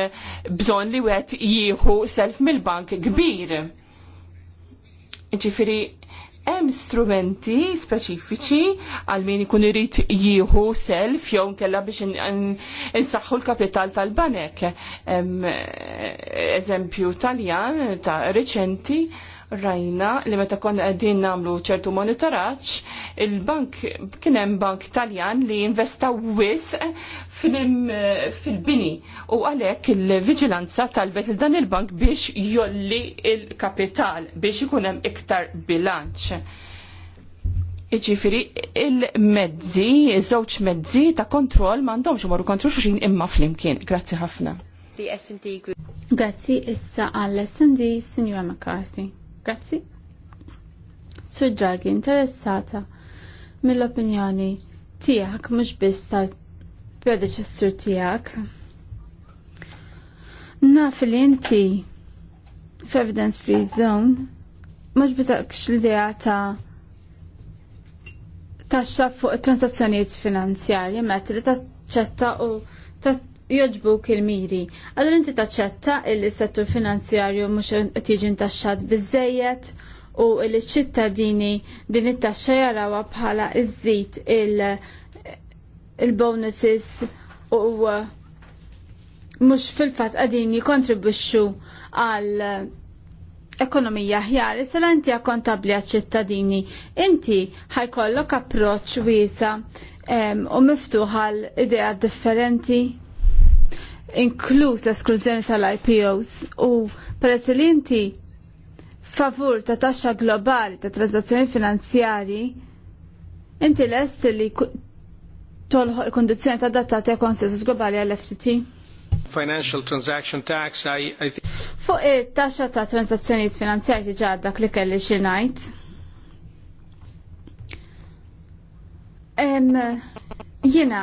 bżonn li wieħed jieħu self mill-bank kbir. Jiġifieri hemm strumenti speċifiċi għal min ikun irid jieħu self jew nkella biex insaħħu l-kapital tal-banek. Eh, eżempju Taljan ta' reċenti rajna li meta konna qegħdin nagħmlu ċertu monitoraġġ, il-bank kien hemm bank Taljan li investa wisq fil-bini u għalhekk il-viġilanza talbet il dan il-bank biex jolli il-kapital biex ikun hemm iktar bilanċ. Iġifiri, il-mezzi, iż-żewġ mezzi ta' kontroll m'għandhomx imorru kontru xuxin imma flimkien. Grazzi ħafna. Grazzi issa għall-SND, Signora McCarthy. Grazzi. Sur Draghi, interessata mill-opinjoni tiegħek mhux biss tal-predeċessur tiegħek. Naf li inti f'evidence free zone mhux bitakx l-idea ta' taxxa fuq transazzjonijiet finanzjarji meta li taċċetta u joġbuk il-miri. Allora inti taċċetta il-settur finanzjarju mux tiġi ntaxxat bizzejiet u il-ċittadini din it-taxxa jarawa bħala iżżid il-bonuses u mux fil-fat għadin jikontribuxxu għal ekonomija ħjar, issa inti għakontabli għal-ċittadini, inti ħajkollok approċ wiesa u miftuħ għal idea differenti inkluż l-esklużjoni tal-IPOs u peress li inti favur ta' taxxa globali ta' transazzjoni finanzjari, inti lest li tolħu il-kondizjoni ta' data ta' konsensus globali għall-FTT? Financial Transaction Tax, I, I think. Fuq it-taxxa ta' transazzjonijiet finanzjari diġà dak li kelli xi ngħid. Jiena,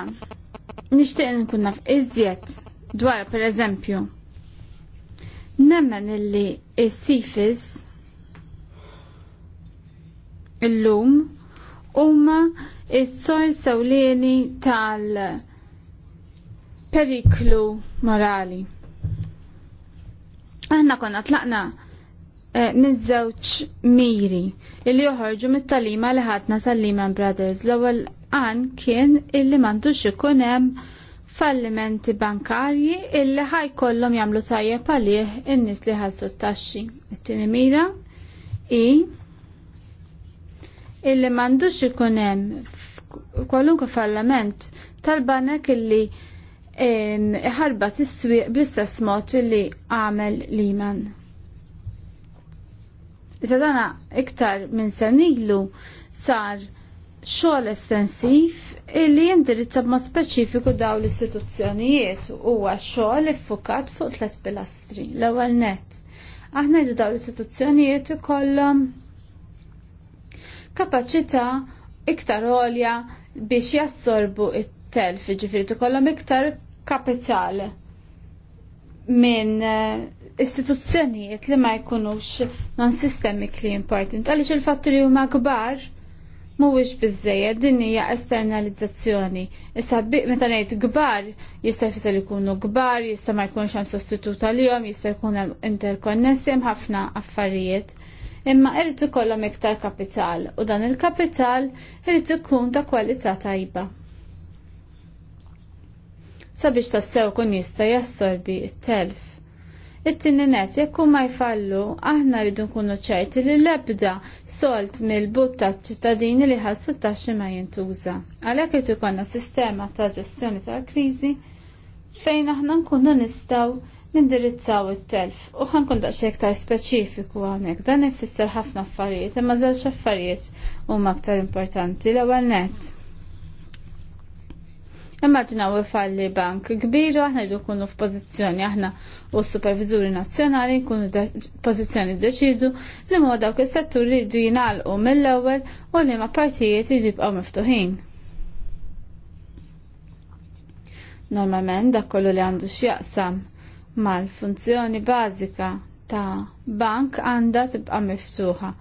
nixtieq nkun naf iżjed dwar per eżempju nemmen illi s-sifis illum huma s-sor sawlieni tal-periklu morali. Aħna konna tlaqna eh, minn żewġ miri illi joħorġu mit-talima li ħatna sal-Lehman Brothers. L-ewwel għan kien illi m'għandux ikun hemm fallimenti bankarji illi ħajkollhom jagħmlu tajjeb għalih in-nies li ħassu t-taxxi. It-tieni mira i illi m'għandux ikun hemm kwalunkwe falliment tal-banek illi ħarba is-swieq bl-istess mod li għamel Lehman. Iżda dana iktar minn sen sar xogħol estensiv illi jindirizza ma speċifiku daw l-istituzzjonijiet huwa xogħol iffukat fuq tliet pilastri. L-ewwel net. Aħna li daw l-istituzzjonijiet ikollhom kapaċità iktar għolja biex jassorbu it-telf, ġifieri kollom iktar kapitali minn eh, istituzzjonijiet li ma jkunux non-systemically important. Għaliex il-fatt li huma kbar mhuwiex biżejja din hija esternalizzazzjoni. Issa meta ngħid kbar jista' jfisser ikunu kbar, jista' ma jkunx hemm sostitut għalihom, jista' jkun hemm interkonnessi hemm ħafna affarijiet. Imma irid ikollhom iktar kapital u dan il-kapital irid ikun ta' kwalità tajba. Sabiex tassew kun jista' jassorbi t-telf it net jekk ma jfallu aħna rridu nkunu ċerti li l-ebda solt mill-but taċ-ċittadini li ħassu taxxi ma jintuża. Għalhekk irid ikollna sistema ta' ġestjoni tal-kriżi fejn aħna nkunu nistgħu nindirizzaw it-telf u ħankun daqsxejn iktar speċifiku hawnhekk dan ifisser ħafna affarijiet imma żewġ affarijiet huma aktar importanti l-ewwel nett u falli bank kbiru, aħna jdu kunu f'pożizzjoni aħna u s-supervizuri nazzjonali kunu pożizzjoni deċidu li ma dawk is li jdu jingħalqu mill-ewwel u li ma partijiet jdu jibqgħu miftuħin. Normalment dak kollu li għandu x'jaqsam mal-funzjoni bażika ta' bank għandha tibqa' miftuħa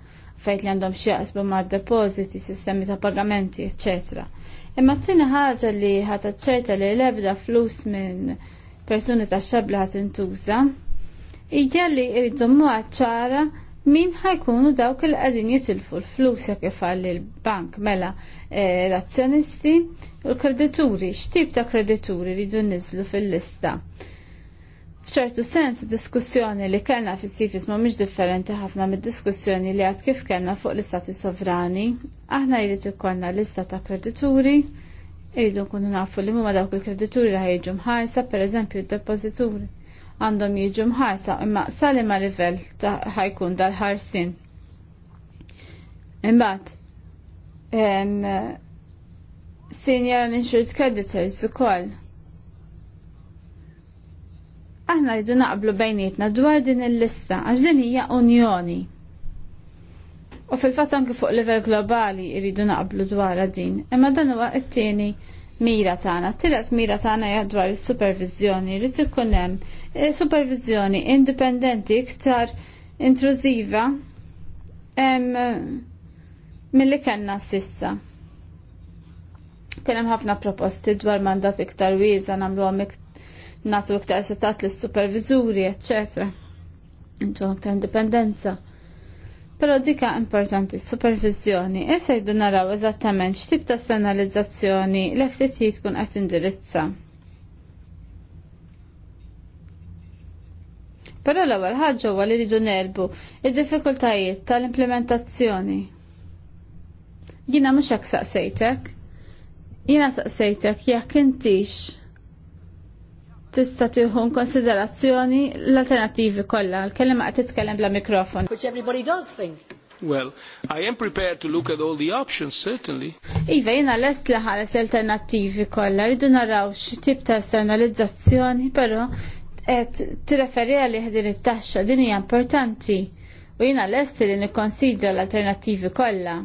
fejt li għandhom x'jaqsbu mad depositi sistemi ta' pagamenti, eccetera. Imma t-tina ħaġa li ħat ċerta li lebda flus minn persuni ta' xabla ħat intuża, ija li irridommu ċara min ħajkunu dawk il qadin jitilfu l-flus jekk ifalli l-bank mela l-azzjonisti eh, u l-kredituri, x'tip ta' kredituri li niżlu fil-lista f'ċertu sens diskussjoni li kellna fis sifis ma mhix differenti ħafna mid-diskussjoni li għad kif kellna fuq l-istati sovrani. Aħna jrid ikollna lista ta' kredituri, jrid nkunu nafu li huma dawk il-kredituri li ħajġu mħarsa, pereżempju d-depożituri għandhom jiġu mħarsa imma sali ma livell ta' ħajkun dal-ħarsin. Imbagħad senior insured creditors ukoll aħna rridu naqblu bejnietna dwar din il-lista għax din hija unjoni. U fil-fatt anke fuq livell globali rridu naqblu dwar din. Imma dan huwa t-tieni mira tagħna. Tilet mira tagħna hija dwar is-supervizjoni rrid ikun hemm eh, supervizjoni indipendenti iktar intruziva mill-li kellna sissa kien hemm ħafna proposti dwar mandat iktar wiesa nagħmluhom iktar natu iktar setat l-supervizuri, eccetera. Intu iktar indipendenza. Pero dika importanti, supervizjoni, issa e jiddu naraw eżattament x'tip ta' sanalizzazzjoni l-FTT tkun qed indirizza. Però l-ewwel ħaġa huwa li rridu nerbu id-diffikultajiet tal-implementazzjoni. Jina mhux hekk saqsejtek. Jina saqsejtek jekk intix tista' tiħu konsiderazzjoni l-alternattivi kollha. L-kelma qed titkellem bla mikrofon. Which everybody does think. Well, I am prepared to look at all the options, certainly. Iva, jena lest laħares alternativi kollha, rridu naraw x'tip ta' esternalizzazzjoni, però qed referi għalli għedin it-taxxa din hija importanti. U l-est li nikkonsidra l-alternativi kollha.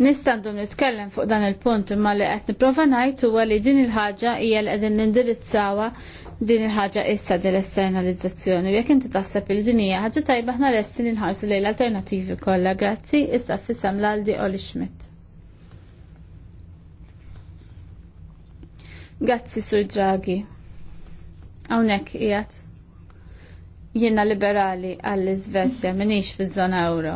Nistandu nitkellem fuq dan il-punt imma li qed nipprova ngħid huwa li din il-ħaġa hija li qegħdin nindirizzawha din il-ħaġa issa din l-esternalizzazzjoni. Jekk inti taħseb il din hija ħaġa tajba aħna lesti nħarsu lejn alternattivi kollha. Grazzi, issa fissam l-Aldi Oli Schmidt. Grazzi Sur Draghi. Hawnhekk qiegħed. Jiena liberali għall-Iżvezja minix fiż-żona Ewro.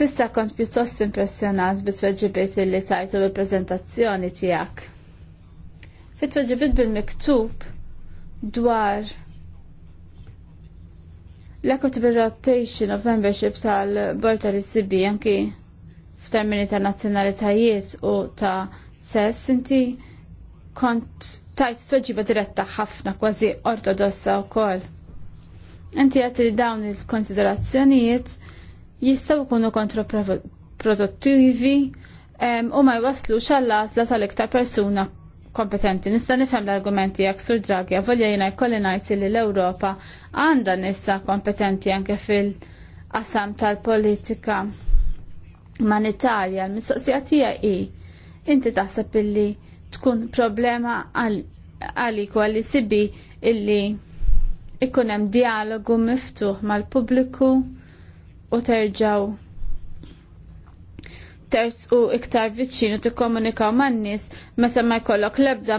Sissa kont pjuttost impressjonat bit tweġibiet li tajtu bil-prezentazzjoni tiegħek. Fit tweġibiet bil-miktub dwar l-equitable rotation of membership tal bolta tal-ICB anki f'termini ta' nazzjonalitajiet u ta' sess inti kont tajt tweġiba diretta ħafna kważi ortodossa u kol. Inti għati li dawn il-konsiderazzjonijiet jistaw ikunu kontraproduttivi u ma jwaslu għall-għażla tal-iktar persuna kompetenti. Nista' nifhem l-argumenti jekk sur dragi, għavolja jina jkolli ngħid li l-Ewropa għandha nista kompetenti anke fil-qasam tal-politika manitarja L-mistoqsija tiegħi inti taħseb illi tkun problema għalik għalli sibi illi ikun hemm dialogu miftuħ mal-pubbliku u terġaw ters u iktar viċċin u tikkomunikaw man-nies meta ma jkollok l-ebda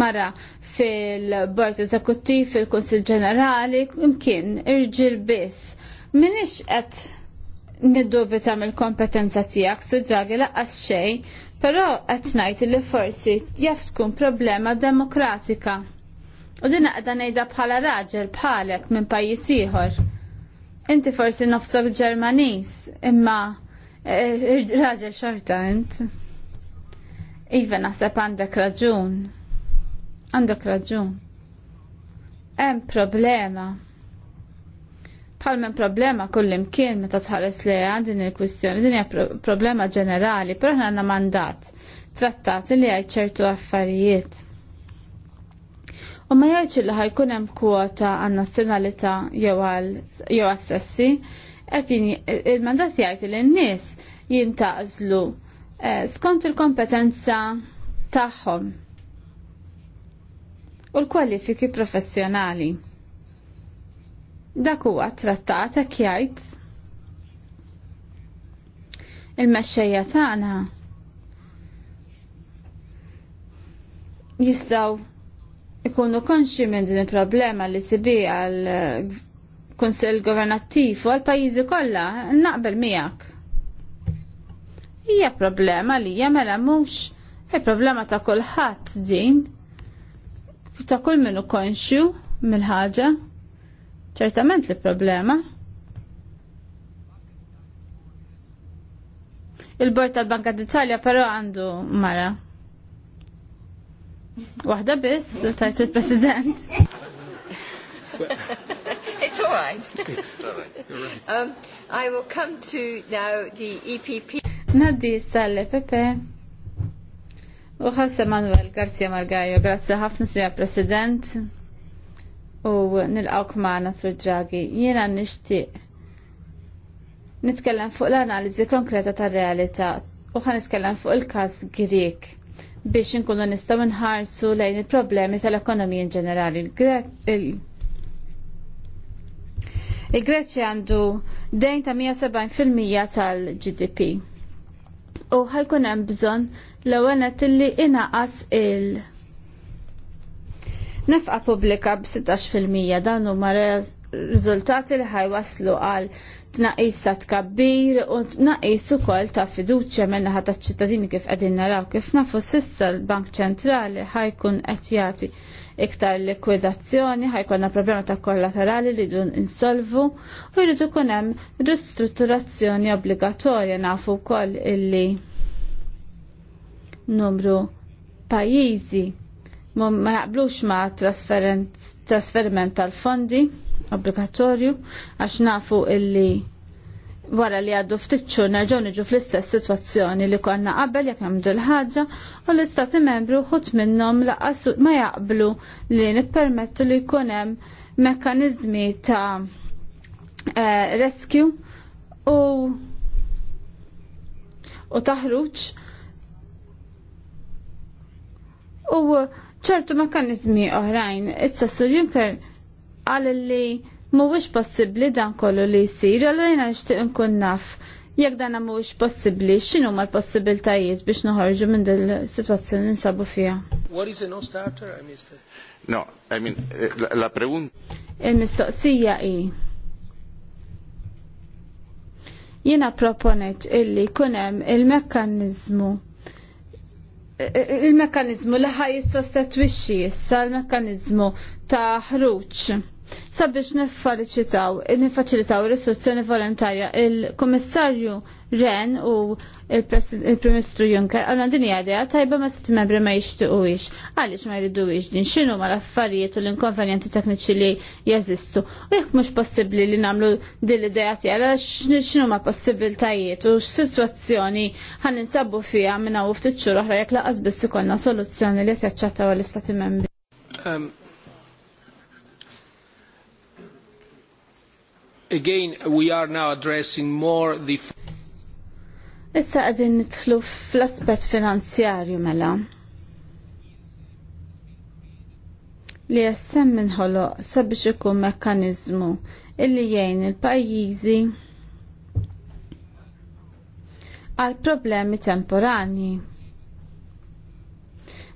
mara fil-Bord Eżekuttiv fil-Kunsil Ġenerali imkien irġiel biss. Minix qed niddubita mill-kompetenza tiegħek su dragi laqas xejn, però qed ngħid li forsi jaf tkun problema demokratika. U din qeda ngħidha bħala raġel bħalek minn pajjiż ieħor. Inti forsi nofsok Ġermaniż, imma eh, raġel xorta int. Iva naħseb għandek raġun. Għandek raġun. Hemm problema. Bħal minn problema kullimkien meta tħares leja din il-kwistjoni, din hija problema ġenerali, però aħna għandna mandat trattat li għaj ċertu affarijiet u ma jgħidx li ħajkun hemm kwota għan nazzjonalità jew għal sessi, assessi, il-mandat jgħid li n-nies jintaqżlu eh, skont il-kompetenza tagħhom u l-kwalifiki professjonali. Dak huwa trattat hekk jgħid. Il-mexxejja tagħna jistgħu ikunu konxi minn din il-problema li sibi għal konsil governattiv u għal pajizi kolla, naqbel miegħek. Hija problema li jemela mhux hija problema ta' kulħadd din. Ta' kull minnu konxju mill-ħaġa. Ċertament li problema. Il-bord tal-Banka d'Italja però għandu mara Wahda biss, tajt il-President. It's all right. Um, I will come to now the EPP. Naddi sal Pepe. U Jose Manuel Garcia Margajo, grazie ħafna sija President. U nil-għawk maħna sur Draghi. Jena nishtiq. Nitkellem fuq l-analizi konkreta tal realita u ħan nitkellem fuq il kas Grieg biex inkunu nistgħu nħarsu lejn il-problemi tal-ekonomija in ġenerali. il greċi għandu dejn ta' 170% tal-GDP. U ħajkun hemm bżonn l-ewwel nett illi inaqas il- nefqa pubblika b'16% dan huma riżultati li ħajwaslu għal tnaqis ta' tkabbir u tnaqis ukoll ta' fiduċja menna taċ ċittadini kif qegħdin naraw kif nafu sissa l-Bank Ċentrali ħajkun qed jagħti iktar likwidazzjoni, ħajkonna problema ta' kollaterali li dun insolvu u jridu kunem hemm ristrutturazzjoni obbligatorja nafu wkoll illi numru pajjiżi ma jaqblux ma' trasferiment tal-fondi obbligatorju għax nafu illi wara li għaddu ftitxu nerġaw nerġgħu niġu fl-istess sitwazzjoni li konna qabel jekk hemm il ħaġa u l-istati membru ħut minnhom laqas ma jaqblu li nippermettu li jkun hemm mekkaniżmi ta' eh, rescue u u taħruġ u ċertu mekkaniżmi oħrajn. Issa Sur Juncker għal li mhuwiex possibbli dan kollu li jsir, allura jiena nixtieq nkun naf jekk dan mhuwiex possibbli, x'inhu ma l-possibbiltajiet biex noħorġu minn din is-sitwazzjoni li nsabu fiha. What is a no starter I uh, missed it. No, I mean, eh, la pregunta. Il-mistoqsija hi jiena proponet illi kunem il-mekkanizmu eh, il-mekkanizmu li ħaj jissostetwixxi issa l-mekkanizmu ta' ħruġ sabiex niffaċilitaw niffaċilitaw l-istruzzjoni volontarja. Il-Kummissarju Ren u il primistru ministru Juncker għandna din idea tajba ma sitt membri ma jixtiqux. Għaliex ma ix din xinu ma l-affarijiet u l-inkonvenjenti tekniċi li jeżistu. U jekk mhux possibbli li nagħmlu din l-idea xinu ma possibli possibiltajiet u x'sitwazzjoni għan ninsabbu fiha minn hawn ftit xhur oħra jekk laqas biss ikollna soluzzjoni li jtjaċċata l-Istati Membri. Um, Again, we are now addressing more the... Issa qegħdin nidħlu fl aspett finanzjarju mela. Li jessem minħolo sabiex ikun mekkaniżmu illi jgħin il-pajjiżi għal problemi temporani.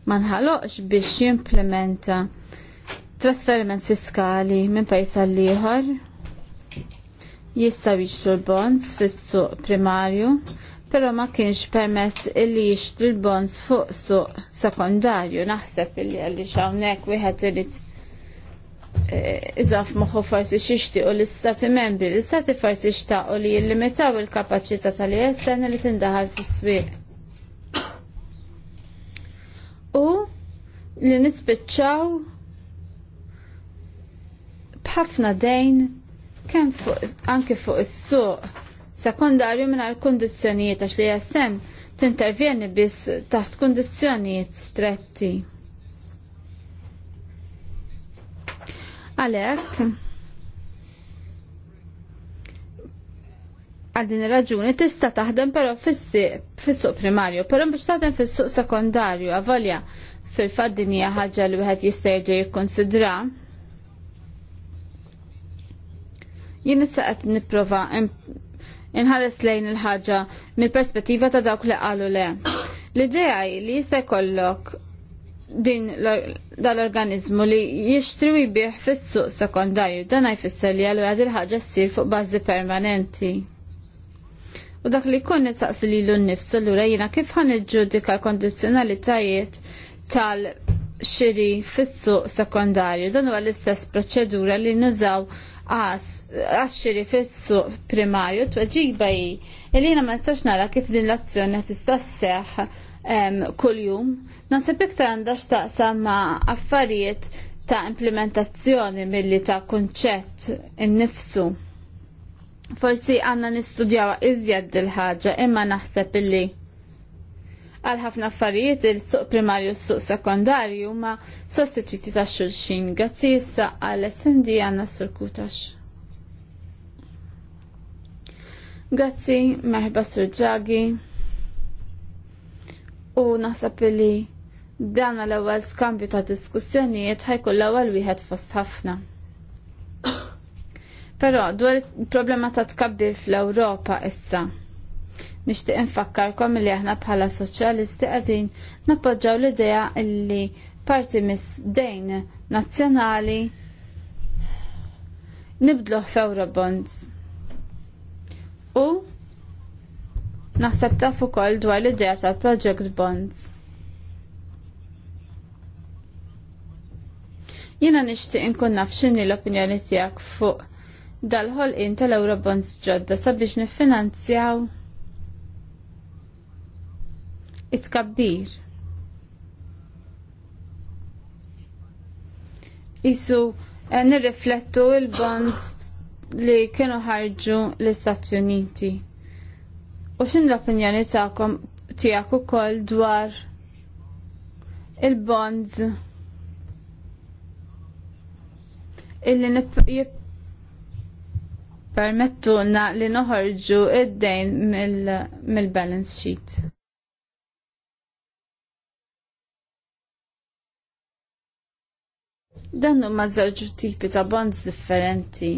Ma nħaloqx biex jimplementa trasferiment fiskali minn pajjiż għal ieħor jistaw jixtru l-bonds fis-suq primarju, però ma kienx permess illi jixtru l-bonds fuq suq sekondarju. Naħseb illi għalli xawnek wieħed irid eh, iżaf moħu forsi xixti u l-istati membri, l-istati forsi u li jillimitaw il-kapacita tal-ISN li tindaħal fis swieq U li nispiċċaw bħafna dejn kemm fuq anke fuq is-suq sekondarju mingħajr kundizzjonijiet għax li jassem tintervjeni biss taħt kundizzjonijiet stretti. Għalhekk għal din raġuni tista' taħdem però fis-suq primarju, però biex taħdem fis-suq sekondarju, avolja fil-faddinija ħaġa li wieħed jista' jerġa' jikkonsidra. Jien issa qed nipprova inħares lejn il-ħaġa mill-perspettiva ta' dawk li qalu le. L-idea li jista' jkollok din dal-organizmu li jixtri u jbieħ fis-suq sekondarju dan jfisser li allura din ħaġa ssir fuq bażi permanenti. U dak li jkun nistaqsi nifsu nnifsu ura jiena kif ħan iġġudika l-kondizzjonalitajiet tal-xiri fis-suq sekondarju dan huwa l-istess proċedura li nużaw għaxxiri fissu primarju tweġiba hi li ma nistax nara kif din l-azzjoni tista' sseħħ kuljum. Nasib iktar għandax taqsam ma' affarijiet ta' implementazzjoni milli ta' kunċett innifsu. Forsi għanna nistudjawa iżjed dil-ħaġa imma naħseb illi għal ħafna affarijiet il-suq primarju u s-suq sekondarju ma sostituti ta' xulxin. Grazzi issa għal SND għanna s-surkutax. Grazzi, merħba surġagi. U naħseb li dan l-ewwel skambju ta' diskussjonijiet ħajkun l-ewwel wieħed fost ħafna. Però dwar il-problema ta' tkabbir fl-Ewropa issa Nixtieq infakkarkom li aħna bħala soċjalisti qegħdin nappoġġaw l-idea li parti mis dejn nazzjonali nibdluh f'Eurobonds. U naħseb taf ukoll dwar l-idea tal-Project Bonds. Jiena nixtieq inkun naf x'inhi l-opinjoni tiegħek fuq dal-ħolqien tal-Eurobonds ġodda sabiex niffinanzjaw it-kabbir. Isu eh, nirriflettu il-bond li kienu ħarġu l-Istati Uniti. U xin l-opinjoni ta'kom tijak u dwar il-bonds illi permettuna li noħorġu id-dejn mill-balance sheet. Dan huma żewġ tipi ta' bonds differenti.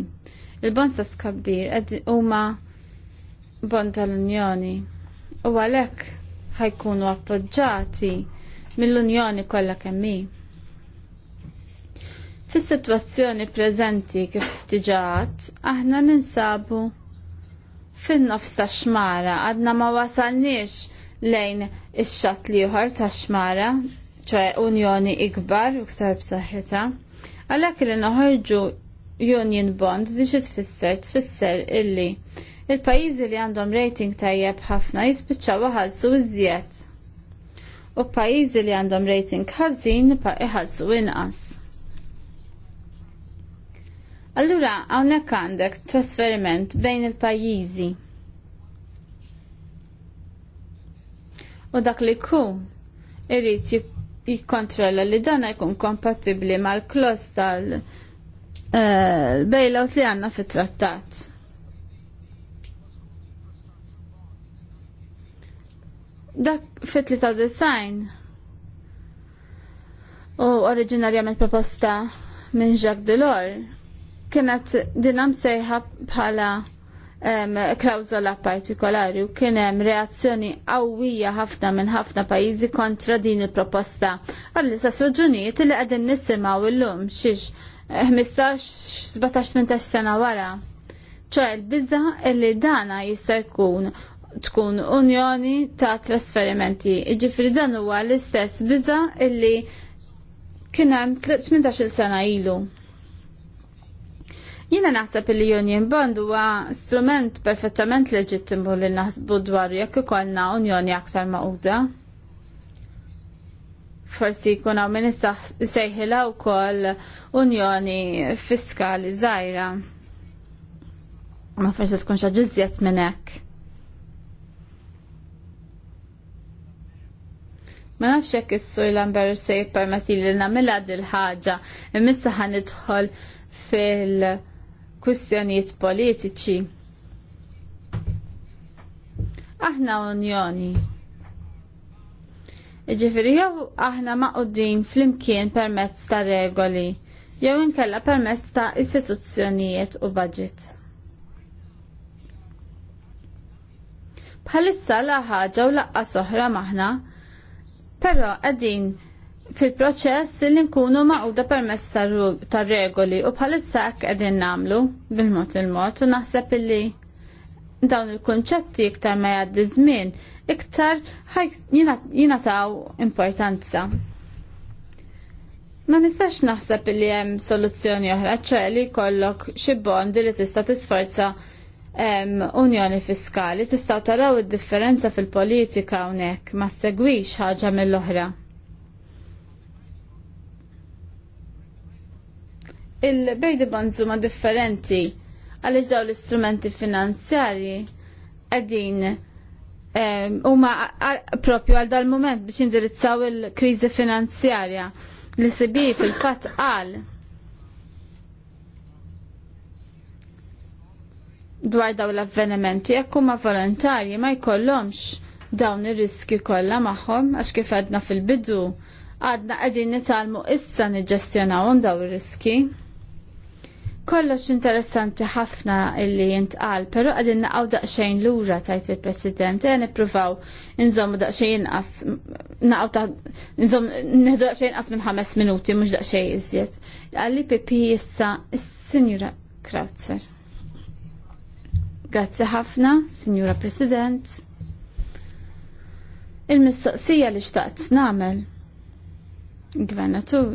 Il-bonds ta' skabbir qed huma bond tal-Unjoni u għalhekk ħajkunu appoġġati mill-Unjoni kollha kemm hi. Fis-sitwazzjoni preżenti kif tiġat, aħna ninsabu fin-nofs ta' xmara, għadna ma wasalniex lejn ix-xatt ieħor ta' xmara, ċe unjoni ikbar u ktar b'saħħitha. Għalhekk li naħarġu Union Bond di tfisser tfisser illi il-pajjiżi li għandhom rating tajjeb ħafna jispiċċaw ħalsu iżjed. U pajjiżi li għandhom rating ħażin iħallsu inqas. Allura, għawnek għandek trasferiment bejn il-pajjiżi. U dak li kum, irrit jikkontrolla li dana jkun kompatibli mal-klos tal-bailout eh, li għanna fit-trattat. Dak fitli ta' design u oriġinarjament proposta minn Jacques Delors kienet dinam sejħa bħala klawzola partikolari u kien hemm reazzjoni qawwija ħafna minn ħafna pajjiżi kontra din il-proposta. Għalli istess raġunijiet li qegħdin nisimgħu illum xiex 15-17 eh, sena wara. ċoħe l-bizza li dana jista' jkun tkun unjoni ta' trasferimenti. Ġifri dan huwa l-istess biza illi kien hemm 18 sena ilu. Jiena naħseb il-Union Bond huwa strument perfettament leġittimu li naħsbu dwar jekk ikollna Unjoni aktar maquda. Forsi jkun hawn min sejħilha wkoll Unjoni Fiskali żgħira. Ma forsi tkun xi ġiżjed minn hekk. Ma nafx hekk is-sur Lamber se jippermetti li nagħmilha dil ħaġa, imissa ħanidħol fil- kwistjonijiet politiċi. Aħna unjoni. Iġifiri, jew aħna uddin fl-imkien permezz ta' regoli, jew inkella permezz ta' istituzzjonijiet u budget. Bħalissa la ħaġa u laqqa soħra maħna, però qegħdin fil-proċess li nkunu maquda permess tar regoli u bħalissa hekk qegħdin nagħmlu bil-mod il-mod u naħseb li dawn il-kunċetti iktar ma jgħaddi żmien iktar jingħataw importanza. Ma nistax naħseb li hemm soluzzjoni oħra, ċe li jkollok xi bondi li tista' tisforza unjoni fiskali, tista' taraw id-differenza fil-politika hawnhekk ma segwix ħaġa mill-oħra. il-bejdi ma differenti għaliex daw l-istrumenti finanzjarji għedin ehm, u ma propju għal dal-moment biex indirizzaw il-krizi finanzjarja li sibi fil-fat għal dwar daw l-avvenimenti jekk huma volontarji ma jkollhomx dawn ir-riski kollha magħhom għax kif għadna fil-bidu għadna qegħdin nitalmu issa niġġestjonawhom daw ir-riski. Kollox interessanti ħafna illi jintqal, pero għadin naqaw l lura tajt il-President, għan ipruvaw nżom daqxajn inqas, naqaw ta' nżom nħedu daqxajn inqas minn ħames minuti, mux daqxajn iżjed. Għalli Pepi jissa, Signora Krautzer. Grazzi ħafna, Signora President. Il-mistoqsija li xtaqt namel, Gvernatur,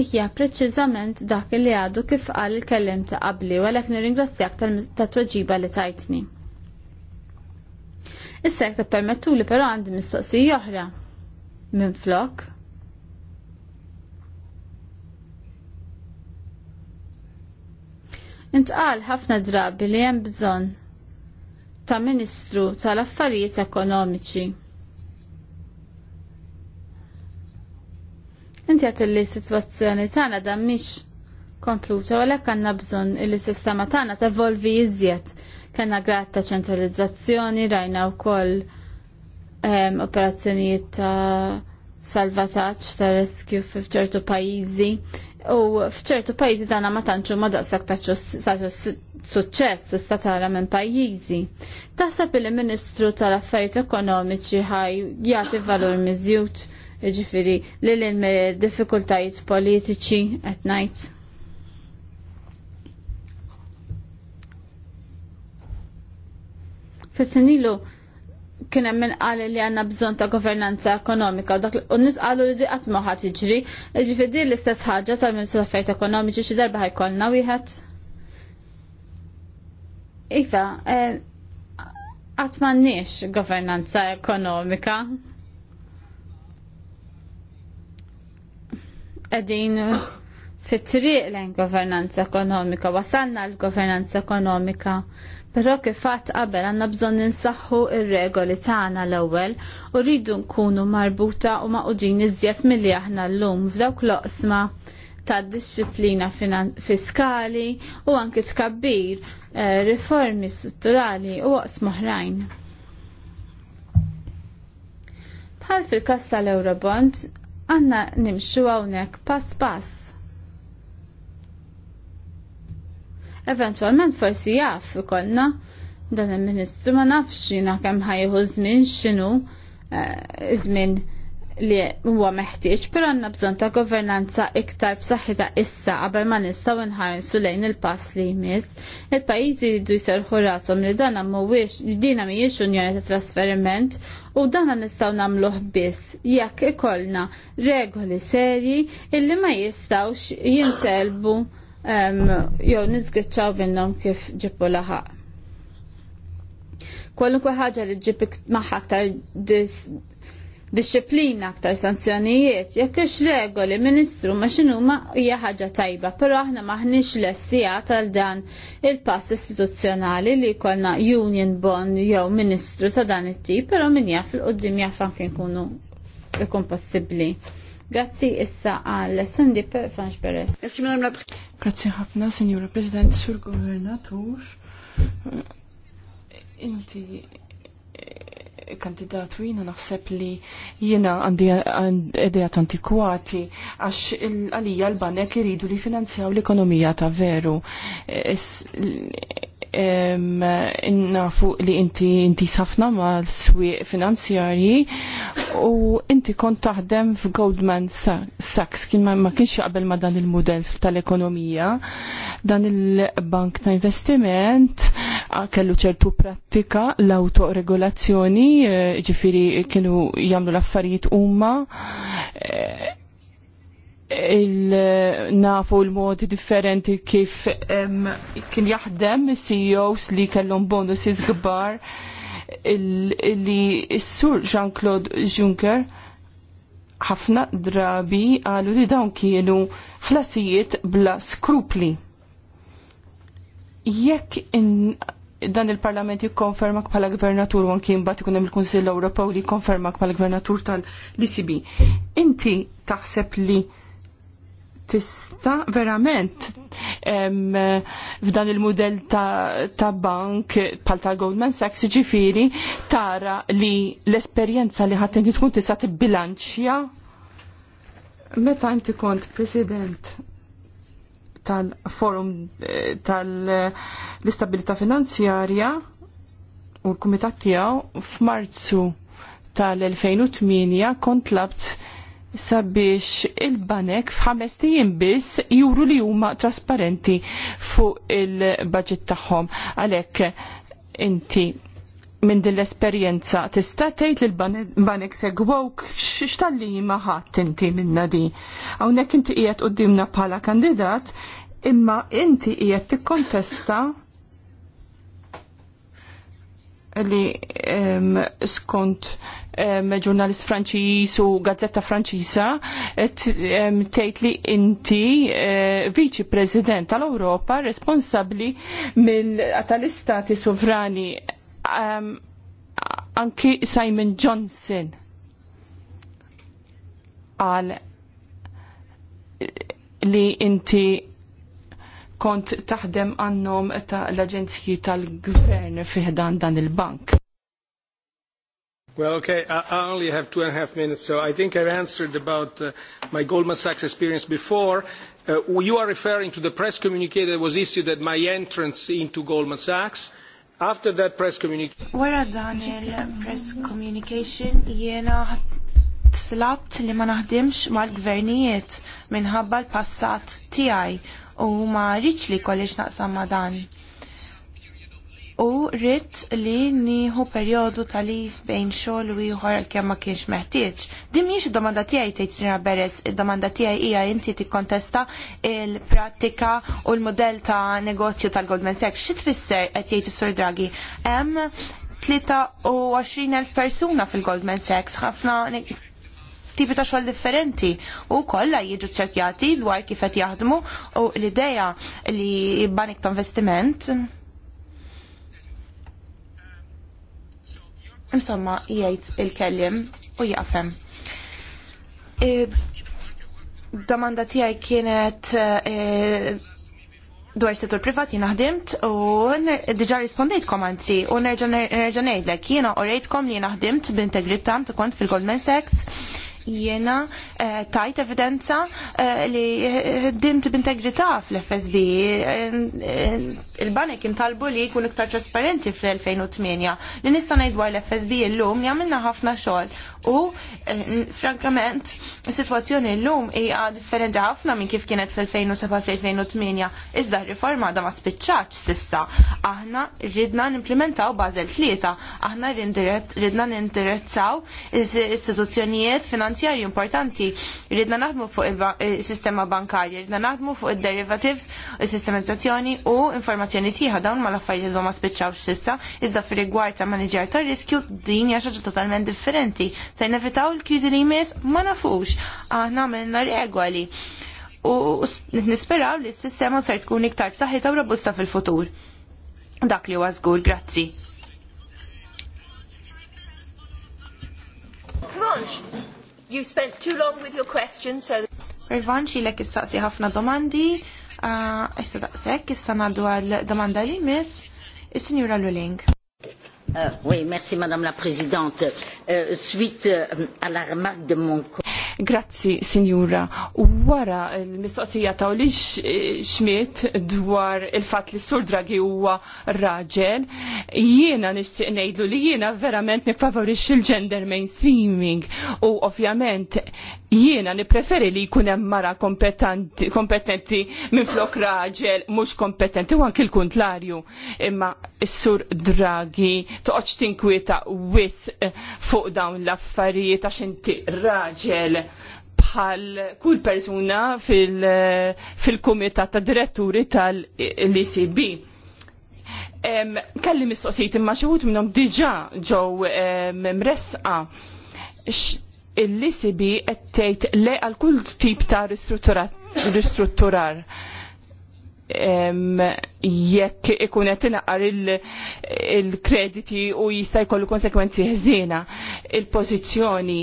Ija, preċiżament dak li għadu kif qal il-kellim ta' qabli u għalhekk nirringrazzjak ta' tweġiba li tajtni. Issa jekk permettu li però għandi mistoqsija oħra. Minn flok? Intqal ħafna drabi li hemm bżonn ta' Ministru tal-Affarijiet Ekonomiċi. Inti għat li situazzjoni tana da mish kompluta, u għalek għanna bżon li sistema tana tevolvi jizjet. Kanna gratta ta' ċentralizzazzjoni, rajna u koll operazzjonijiet ta' salvataċ ta' rescue f'ċertu pajizi. U f'ċertu pajizi dana ma tantxu ma daqsak ta' suċċess tista' tara minn pajjiżi. Taħseb il-Ministru tal-Affarijiet Ekonomiċi ħaj jagħti valur miżjud ġifiri li l-diffikultajiet eh, politiċi at night. Fessinilu, kien hemm min qal li għandna bżonn ta' governanza ekonomika u dak u nies li di qatt ma ħadd jiġri, jiġifieri din l-istess ħaġa tal-Ministru tal-Affarijiet Ekonomiċi xi darba ħajkollna wieħed. Iva, eh, qatt m'għandniex governanza ekonomika. qegħdin fit-triq lejn governanza ekonomika, wasalna l-governanza ekonomika. Però kif fatt qabel għandna bżonn ninsaxħu il regoli tagħna l-ewwel u rridu nkunu marbuta u maqudin iżjed milli aħna llum f'dawk loqsma ta' disċiplina fiskali u anki tkabbir eh, riformi strutturali u waqs moħrajn. Bħal fil-kas tal-Eurobond, għanna nimxu għawnek pass pass. Eventualment forsi jaf ikollna dan il-ministru ma nafx jina kemm ħajħu żmien x'inhu żmien eh, uh, li huwa meħtieġ, però għandna bżonn ta' governanza iktar b'saħħitha issa qabel ma nistgħu nħarsu lejn il-pass li jmiss. Il-pajjiżi jridu jserħu rashom li dan mhuwiex dina mhijiex unjoni ta' trasferiment u dan nistgħu nagħmluh biss jekk ikollna regoli serji illi ma jistgħux jintelbu jew niżgiċċaw minnhom kif ġibu laħaq. Kwalunkwe ħaġa li ġib maħħa aktar disċiplina aktar sanzjonijiet, jekk ix regoli ministru ma xinu ma hija ħaġa tajba, però aħna maħniex l-estija tal dan il-pass istituzzjonali li jkollna union bond jew ministru ta' dan it-tip, però min jaf l qoddim jaf anke nkunu ikun possibbli. Grazzi issa għal Sandy Fanx Perez. Grazzi ħafna, Signora President, Sur Governatur. Inti kandidat jina naħseb li jina għandi edijat antikwati għax għalija l-banek iridu li finanzjaw l-ekonomija ta' veru. Nafu li inti inti safna ma l-swieq finanzjarji u inti kont taħdem f'Goldman Sachs kien ma kienx jaqbel ma dan il model tal-ekonomija dan il-bank ta' investiment kellu ċertu prattika l-autoregolazzjoni, eh, ġifiri kienu jamlu l-affarijiet umma, eh, il-nafu l-modi differenti kif kien jaħdem CEOs li kellhom bonuses gbar li s-sur Jean-Claude Juncker ħafna drabi għalu li dawn kienu ħlasijiet bla skrupli. Jekk dan il-Parlament jikkonfermak bħala gvernatur u anki mbagħad ikun hemm il-Kunsill Ewropew li jikkonfermak bħala gvernatur tal icb Inti taħseb li tista verament f'dan il-modell ta', ta bank pal ta' Goldman Sachs ġifiri tara li l-esperjenza li ħadd inti tkun tista' tibbilanċja meta inti kont president tal-forum eh, tal-istabilità finanzjarja u l-kumitat tiegħu f'Marzu tal-2008 kont labt sabiex il-banek f'ħames tijiem biss juru li huma trasparenti fuq il-budget tagħhom. Għalhekk inti minn din l-esperjenza tista' tgħid li l-banek segwok x'talli ħadd inti minna di. Hawnhekk inti qiegħed qudiemna bħala kandidat, imma inti qiegħed tikkontesta li um, skont um, ġurnalist Franċiż u gazzetta Franċiża um, tgħid li inti uh, viċi President tal-Ewropa responsabbli mill tal-istati sovrani um, anki Simon Johnson għal li inti kont taħdem għannom ta' l-Aġenzji tal-Gvern fiħdan dan il-bank. Well, okay, I, I only have two and a half minutes, so I think I've answered about uh, my Goldman Sachs experience before. Uh, you are referring to the press communique that was issued at my entrance into Goldman Sachs After that press communication. Wara dan il-press communication jiena slabt li ma naħdimx mal-gvernijiet minħabba l-passat tiegħi u ma rridx li kollox naqsam ma dan u rrit li nieħu perjodu talif bejn xogħol u ieħor kemm ma kienx meħtieġ. Din mhijiex id-domanda tiegħi tgħid Sinra Beres, id-domanda tiegħi hija inti tikkontesta il-prattika u l-modell ta' negozju tal-Goldman Sachs. Xi tfisser qed jgħid is-Sur Draghi? Hemm 23,000 persuna fil-Goldman Sachs, ħafna tipi ta' xogħol differenti u kollha jiġu ċerkjati dwar kif qed jaħdmu u l-idea li banik ta' investiment Insomma, jgħid il-kellim u jaqfem. Domanda tiegħi kienet eh, dwar settur privat jina ħdimt u diġa rispondejt komanzi u nerġa ngħidlek jiena orejtkom li jina ħdimt b'integrità ta' kont fil-Goldman Sachs jena eh, tajt evidenza eh, li dimt b'integrità fl-FSB. Eh, il kien talbu li jkun iktar trasparenti fl-2008. Li nista' ngħidwar l-FSB llum li għamilna ħafna xogħol u frankament is-sitwazzjoni llum hija differenti ħafna minn kif kienet fl-2007 fl-2008. Iżda r-riforma għadha ma spiċċaċ sissa. Aħna ridna nimplementaw Basel tlieta. Aħna ridna nindirezzaw is-istituzzjonijiet finanzjarji finanzjarji importanti. Ridna naħdmu fuq il-sistema bankarja, ridna naħdmu fuq il-derivatives, il sistematizzazzjoni u informazzjoni siħa dawn ma l-affarijiet ma spiċċawx sissa, iżda fir-rigward ta' manager ta' riskju din hija xaġa totalment differenti. Se nevitaw il-kriżi li jmiss ma nafux. Aħna minna regoli u nisperaw li s-sistema ser tkun iktar b'saħħitha u robusta fil-futur. Dak li huwa żgur, grazzi. Come on. You spent too long with your questions, so... Irvan xilek istaqsi ħafna domandi, istaqsek, ah, issa naddu għal domanda li mis, is signora Luling. Euh, oui, merci Madame la Présidente. Euh, suite euh, à la remarque de mon Grazzi, Signora. Wara l-mistoqsija ta' li xmiet dwar il-fat li Sur Draghi huwa raġel, jiena nixtieq ngħidlu li jiena verament nifavorix il-gender mainstreaming u ovvjament jiena nippreferi li jkun hemm mara kompetenti minn flok raġel mhux kompetenti u anke l-kuntrarju. Imma s-Sur Draghi toqgħodx tinkwieta wis eh, fuq dawn l-affarijiet għax inti raġel bħal kull persuna eh, fil-kumitat ta' diretturi tal-ECB. Kelli mistoqsijiet imma xi wħud minnhom diġà ġew mresqa l-ECB qed tgħid le għal kull tip ta' ristrutturar jekk ikun qed inaqar il-krediti u jista' jkollu konsekwenzi ħżiena. Il-pożizzjoni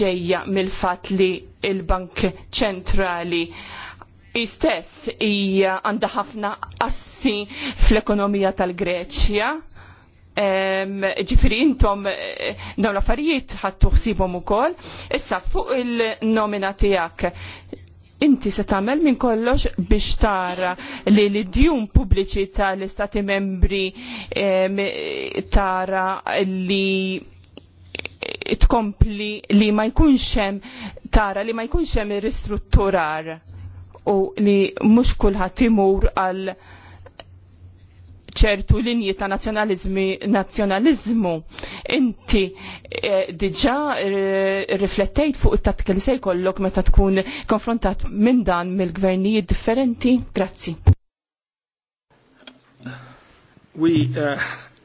ġejja mill-fatt li l bank ċentrali istess hija għandha ħafna assi fl-ekonomija tal-Greċja. Ġifieri intom eh, dawn l-affarijiet ħattu ħsibhom ukoll. Issa fuq il-nomina tiegħek inti se tagħmel minn kollox biex tara li l-djum pubbliċi tal-istati membri tara li tkompli li ma jkunx hemm tara li ma jkunx hemm ristrutturar u li mhux kulħadd imur għal ċertu linji ta' nazjonalizmi nazjonalizmu. Inti eh, diġa eh, riflettejt fuq it-tatk li se jkollok meta tkun konfrontat minn dan mill-gvernijiet differenti? Grazzi. We uh,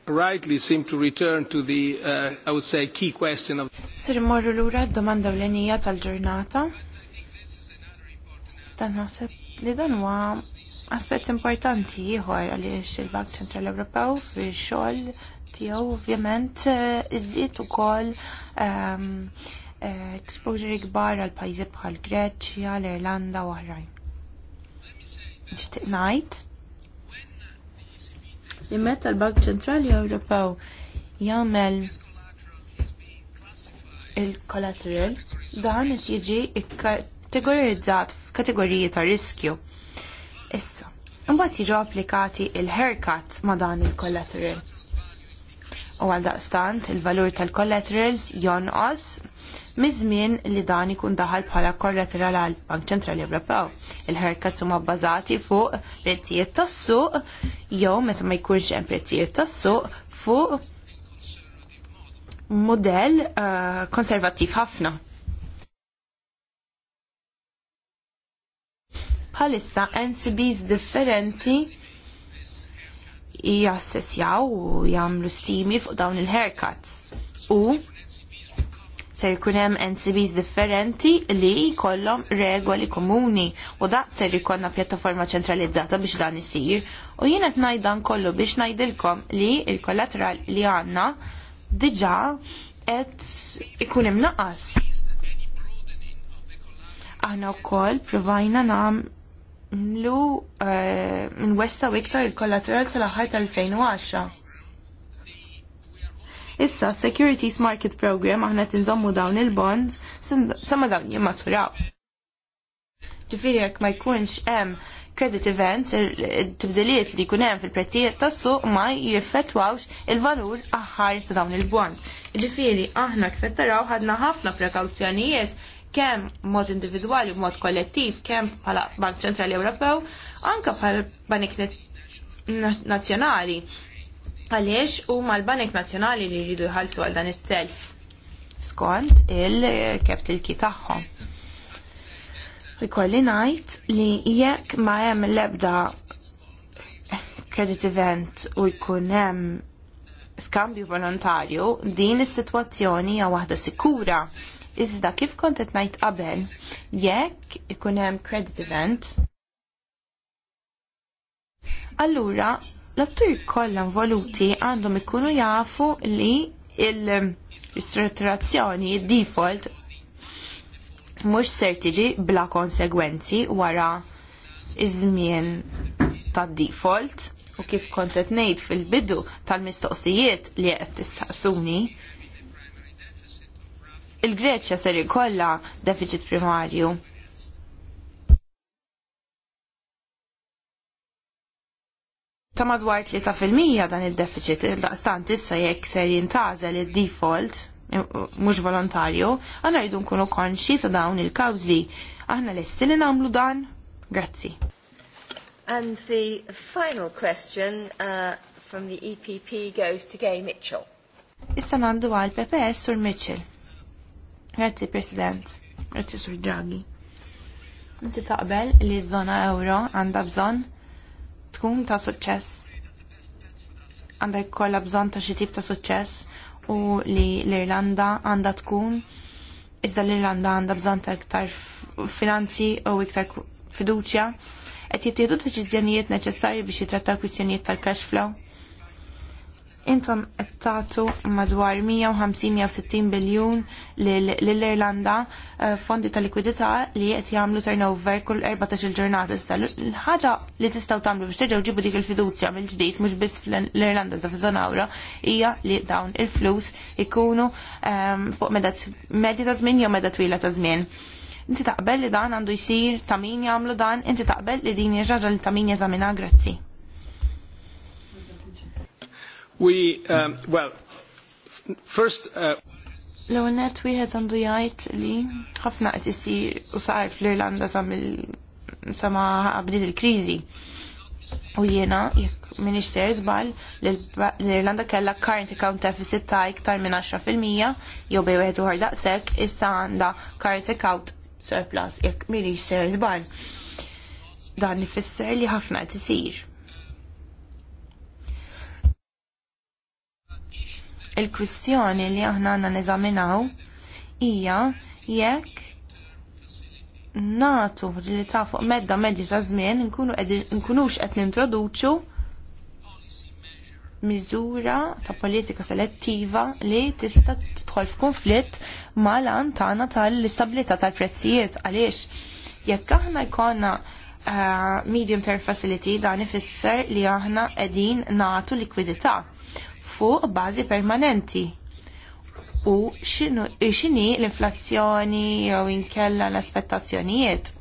rightly seem to return to the, uh, I would say, key question of... Sir morru lura domanda l-enija tal-ġurnata. Stan li dan huwa Aspett importanti ieħor għaliex il-Bank Central Ewropew fix-xogħol tiegħu ovvjament eh, iżjed ukoll ehm, eh, exposure kbar għal pajjiżi bħal Greċja, l-Irlanda u oħrajn. Nixtieq ngħid meta l-Bank Ċentrali Ewropew jagħmel il-collateral dan qed jiġi kategorizzat f'kategoriji ta' riskju issa. Mbagħad jiġu applikati il-haircut ma' dan il-collateral. U għal daqstant il-valur tal-collaterals jonqos miżmien li dan ikun daħal bħala kollateral għal Bank Ċentrali Ewropew. Il-haircuts huma bbażati fuq prezzijiet tas-suq jew meta ma jkunx hemm prezzijiet tas-suq fuq mudell eh, konservattiv ħafna. bħalissa NCBs differenti jassessjaw u jagħmlu stimi fuq dawn il-haircuts. U ser jkun hemm NCBs differenti li jkollhom regoli komuni u da ser jkollna pjattaforma ċentralizzata biex dan isir. U jien qed kollu biex ngħidilkom li l-kollateral li għandna diġà qed ikun naqas. Aħna wkoll provajna nam lu eh, nwessa iktar il-kollateral sal-aħħar tal-2010. Issa, Securities Market Program aħna tinżommu dawn il-bonds sama dawn jimmaturaw. Ġifiri jekk ma jkunx hemm credit events, il-tibdiliet li jkun hemm fil-prezzijiet tas-suq ma jiffettwawx il-valur aħħar ta' dawn il-bond. Ġifieri aħna kif ħadna ħafna prekawzjonijiet kemm mod individwali u mod kollettiv, kemm bħala Bank Centrali Ewropew, anke pal banik Nazzjonali. Għaliex huma l Banik Nazzjonali li jridu jħallsu għal dan it-telf skont il-capital eh, ki tagħhom. Ikolli ngħid li jekk ma hemm l-ebda credit event u jkun hemm skambju volontarju, din is-sitwazzjoni hija waħda sikura Iżda kif kont qed ngħid qabel, jekk ikun hemm credit event, allura l-attur kollha involuti għandhom ikunu jafu li il-ristrutturazzjoni, il-default, mhux ser tiġi bla konsegwenzi wara iż-żmien tad-default u kif kont qed ngħid fil-bidu tal-mistoqsijiet li qed tistaqsuni il-Greċja ser ikollha deficit primarju. Ta' madwar 3% dan id deficit il-daqstant issa jekk ser jintażel id default mhux volontarju, għanna rridu nkunu konxi ta' dawn il-kawżi. Aħna lesti li nagħmlu dan? Grazzi. And the final question uh, from the EPP goes to Gay Mitchell. Issa nandu għal PPS sur Mitchell. Grazzi President, grazzi Sur Draghi. Inti taqbel li z-zona euro għandha bżonn tkun ta' suċċess għandha jkollha bżonn ta' xi tip ta' suċċess u li l-Irlanda għandha tkun iżda l-Irlanda għandha bżonn ta' iktar finanzi u iktar fiduċja qed jittieħdu deċiżjonijiet neċessarji biex jitratta kwistjonijiet tal-cash flow intom qed tagħtu madwar 150-160 biljun lill-Irlanda eh, fondi ta' likwidità li qed jagħmlu turnover kull 14 il-ġurnata issa. Ħaġa li tistgħu tagħmlu biex terġgħu ġibu dik il-fiduċja mill-ġdid mhux biss fl-Irlanda da fiż awra hija li dawn il-flus ikunu ehm, fuq medja ta' żmien jew meda twila ta' żmien. Inti taqbel li dan għandu jsir ta' min jagħmlu dan, inti taqbel li din hija li ta' min jeżamina grazzi. We, um, well, first... Uh... L-għonet wieħed għandu jgħid li ħafna qed isir u sar fl-Irlanda sa sama bdiet il-kriżi. U jiena, jekk minix ser żball, l-Irlanda kellha current account deficit ta' iktar minn 10% jew bej wieħed uħar daqshekk issa għandha current account surplus jekk minix ser żball. Dan ifisser li ħafna qed isir. Il-kwistjoni li aħna għanna neżaminaw hija jekk natu li ta' fuq medda medja ta' zmin nkunux qed nintroduċu miżura ta' politika selettiva li tista' tidħol f'konflitt mal-għan tagħna tal-istabilità tal-prezzijiet għaliex jekk aħna jkollna eh, medium term facility dan ifisser li aħna qegħdin nagħtu likwidità fuq bażi permanenti u x'inhi l-inflazzjoni jew inkella l-aspettazzjonijiet.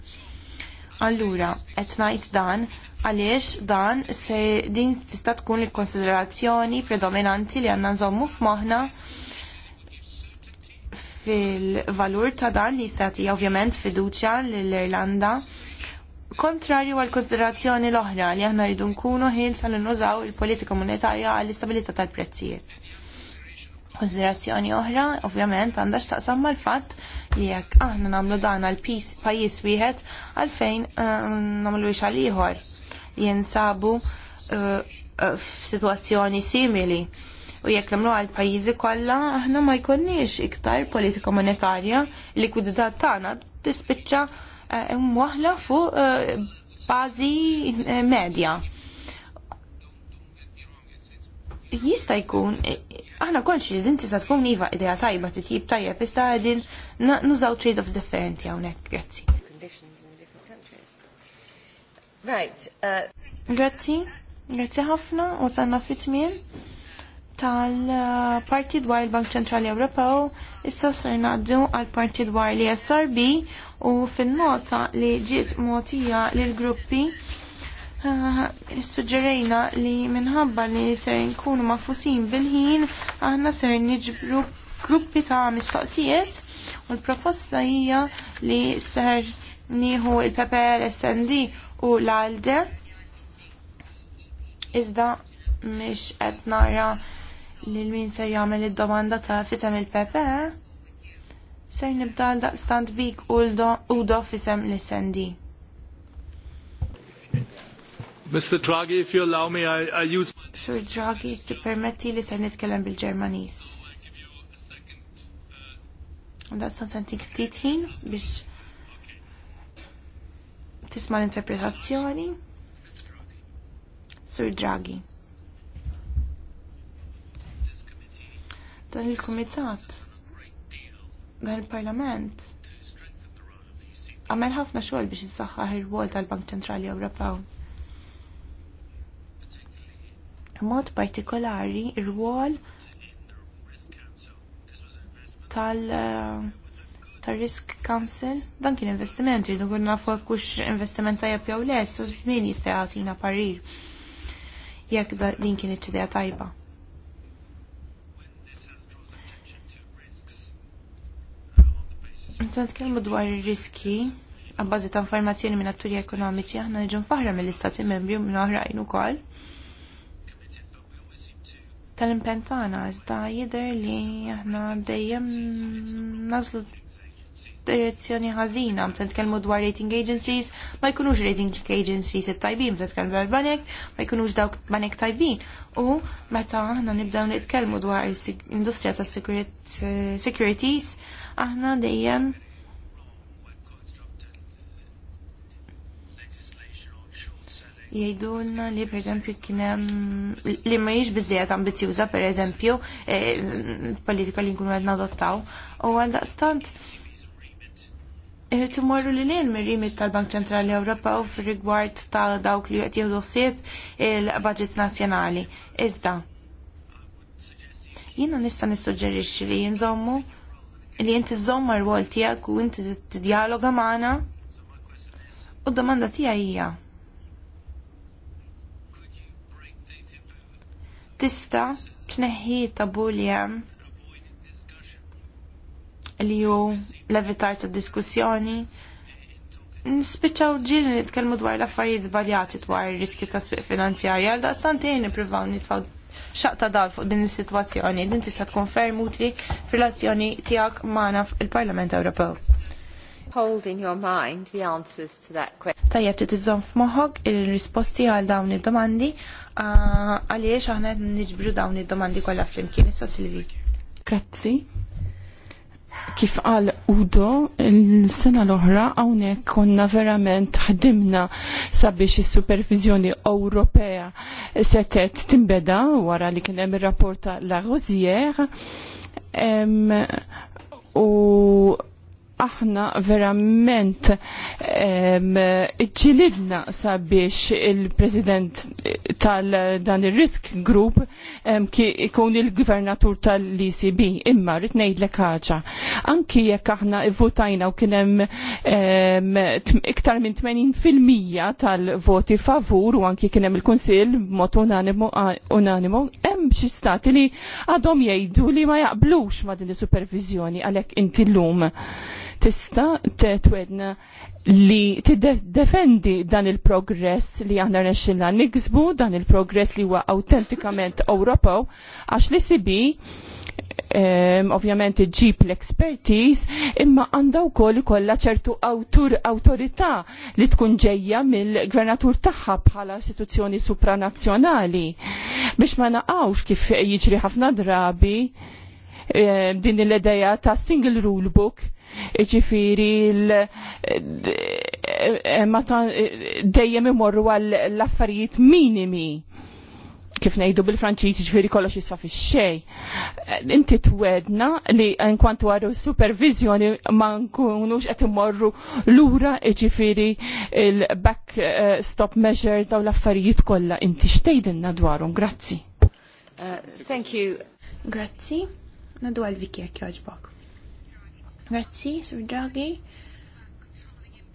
Allura, qed ngħid dan għaliex dan se din tista' tkun il-konsiderazzjoni predominanti li għandna nżommu f'moħħna fil-valur ta' dan li jista' ovvjament fiduċja lill-Irlanda kontrarju għal konsiderazzjoni l-oħra li aħna rridu nkunu ħin sa nużaw il-politika monetarja għall istabilità tal-prezzijiet. Konsiderazzjoni oħra, ovvjament, għandha x'taqsam mal-fatt li jekk aħna nagħmlu dan għal pajjiż wieħed għalfejn eh, nagħmlu għal ieħor li jinsabu eh, eh, f'sitwazzjoni simili. U jekk nagħmlu għal pajjiżi kollha, aħna ma jkunniex iktar politika monetarja, likwidità tagħna tispiċċa Eh, mwaħla fuq eh, bazi eh, media. Jista' jkun aħna konċi li dinti sa tkun iva idea tajba ti titjib tajja pista qegħdin nużaw trade-offs differenti hawnhekk, grazzi. Right. Uh, grazzi, grazzi ħafna, wasalna fit-tmien tal-parti dwar il-Bank Ċentrali Ewropew, issa s-sarna għaddu għal parti dwar li SRB, u fin-nota li ġiet mogħtija lill gruppi suġġerejna li minħabba li ser nkunu mafusin bil-ħin aħna ser niġbru gruppi ta' mistoqsijiet u l-proposta hija li ser nieħu il-PPR SND u l-ALDE iżda mhix qed nara lil min ser jagħmel id-domanda ta' fisem il-PPR Ser nibda daqstant bik u do fisem l-SND. Mr. Draghi, if you allow me, I, I use... Sir Draghi, ti permetti li ser nitkellem bil-Ġermanis. Daqstant antik ftit ħin biex tisma l-interpretazzjoni. Sir Draghi. Dan il-Kumitat dan il-Parlament għamel ħafna xogħol biex issaħħaħ ir-rwol tal-Bank Ċentrali Ewropew. Mod partikolari ir-rwol tal- eh, tal-Risk Council, dan kien investiment, rridu kun nafu kux investiment tajab jew le, s-żmien jista' jagħtina parir jekk din kienet idea tajba. Intant kelmu dwar ir-riski għabbażi ta' informazzjoni minn atturi ekonomiċi aħna niġu faħra mill-istati membri u minn oħrajn ukoll. Tal-impentana iżda jidher li aħna dejjem nażlu direzzjoni ħażina, għam meta nitkellmu dwar rating agencies, ma jkunux rating agencies it-tajbin, meta nitkellmu dwar banek, ma jkunux dawk banek tajbin. U meta aħna nibdew nitkellmu dwar industrija ta' eh, securities, aħna dejjem jgħidulna li per eżempju kienem li ma jiex bizzejet ambizjuża per eżempju eh, politika li nkunu għedna adottaw u għal daqstant Irrid imorru li lejn mir tal-Bank Ċentrali u fir-rigward ta' dawk li qed jieħdu ħsieb il-budget nazzjonali. Iżda. Jiena nista' nissuġġerixxi li jinżommu li inti żomm ar-rwol tiegħek u t-dialoga magħna. U d-domanda tiegħi hija. Tista' tneħħi tabu li hemm li ju levitar ta' diskussjoni. Nispiċaw ġil nitkellmu dwar l-affarijiet żbaljati dwar ir-riskju ta' sbiq finanzjarja għal daqstantejn nippruvaw nitfgħu xaqta dal fuq din is-sitwazzjoni din tista' tkun ferm utli fil-azzjoni tiegħek magħna fil-Parlament Ewropew. Hold in your mind the answers to that question. Tajjeb trid iżżomm f'moħħok ir-risposti għal dawn id-domandi għaliex aħna qed niġbru dawn id-domandi kollha flimkien issa Silvi. Grazzi kif qal Udo l-sena l-oħra hawnhekk konna verament ħdimna sabiex is-supervizjoni Ewropea setet timbeda wara li kien hemm ir-rapport La Rosière u aħna verament iċċilidna sabiex il-president tal-dan il-risk group ikun il-gvernatur tal-ECB imma rritnejd l kaċa Anki jekk aħna votajna u kienem iktar minn 80% tal-voti favur u anki kienem il konsil mod unanimo hemm xi stati li għadhom jgħidu li ma jaqblux ma din is-supervizjoni għalhekk inti llum. lum tista' twedna li tiddefendi dan il-progress li aħna rnexxilna niksbu, dan il-progress li huwa autentikament Ewropew, għax li sibi um, ovvjament ġib l-expertise, imma għanda u koll kolla ċertu autur, autorita li tkun ġejja mill-gvernatur taħħa bħala istituzzjoni supranazzjonali. Biex ma naqawx kif jiġri ħafna drabi um, din l edeja ta' single rule book Ġifiri, l eh, dejjem imorru għal l-affarijiet minimi kif nejdu bil-Franċiż ġifiri kollox jisfa fi xej. Inti twedna li nkwantu għadu supervizjoni ma nkunux qed imorru lura ġifiri il-back eh, stop measures daw l-affarijiet kollha inti xtejdinna dwarum, Grazzi. Uh, thank you. Grazzi. Nadu għal Viki jekk Grazzi, Sir Draghi.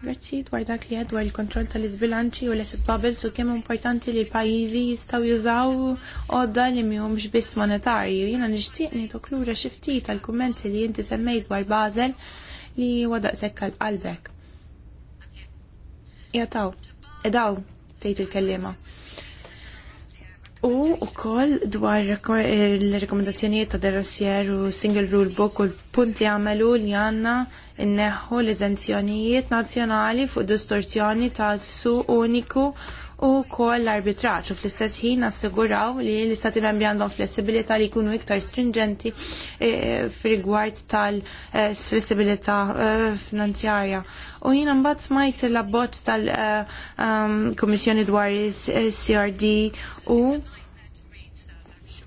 Grazzi dwar dak li dwar il-kontroll tal-izbilanċi u l-esibabel su kemm importanti li l-pajjiżi jistgħu jużaw odda li mhumx biss monetarju. Jiena nixtieq nitoklura xi ftit tal-kummenti li jinti semmejt dwar Basel li huwa daqshekk għal-qalbek. Jataw, edaw, tgħid il-kellima. U u koll dwar il-rekomendazzjoniet ta' derossier u single rule book u l-punt li għamelu li għanna inneħu l-eżenzjonijiet nazjonali fuq distorsjoni ta' su uniku u kol l-arbitraċ u fl-istess ħin assiguraw li l-istati membri għandhom flessibilità li jkunu iktar stringenti eh, f'rigward tal-flessibilità eh, finanzjarja. U jina mbagħad smajt l abbot tal-Kummissjoni eh, ehm, dwar CRD u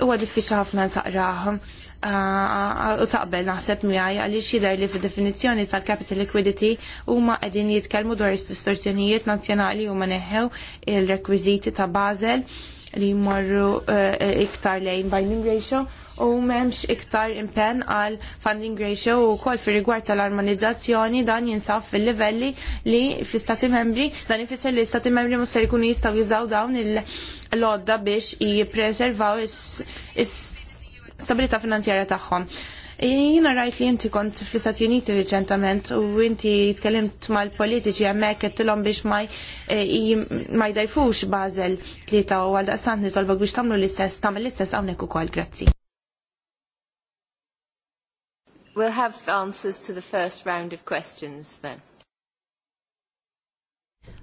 huwa diffiċli ħafna taqraħ u taqbel naħseb miħaj għaliex jidher li fid-definizzjoni tal-capital liquidity huma qegħdin jitkellmu dwar istorsjonijiet nazzjonali u neħew il-rekwiżiti ta' Basel li jmorru eh, iktar lejn binding ratio u memx iktar impen għal funding ratio u kol fi rigward tal-armonizzazzjoni dan jinsaf fil-livelli li fl-istati membri dan ifisser li l-istati membri mus ser jkunu jistaw jużaw dawn il-lodda biex jipreservaw is stabilità finanzjarja tagħhom. Jina rajt li inti kont fl-Istati Uniti reċentament u inti tkellimt mal-politiċi għemmek kettilom biex ma eh, jdajfux bazel tlieta u għal daqsant tolba biex tamlu l-istess, tamlu l-istess għawnek u kol, grazzi. We'll have answers to the first round of questions then.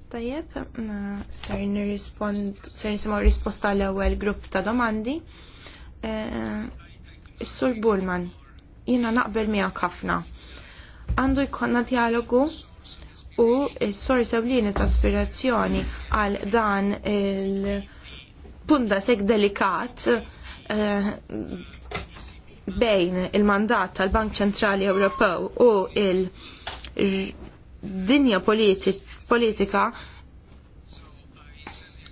Tajjeb, sarin nirrispond, nisimaw risposta l-ewel grupp ta' domandi. Eh, Is-Sur Bullman, jiena naqbel miegħek ħafna. Għandu jkollna dialogu u s sor sewlini ta' aspirazzjoni għal dan il punda sek delikat eh, bejn il-mandat tal-Bank Ċentrali Ewropew u il-dinja politika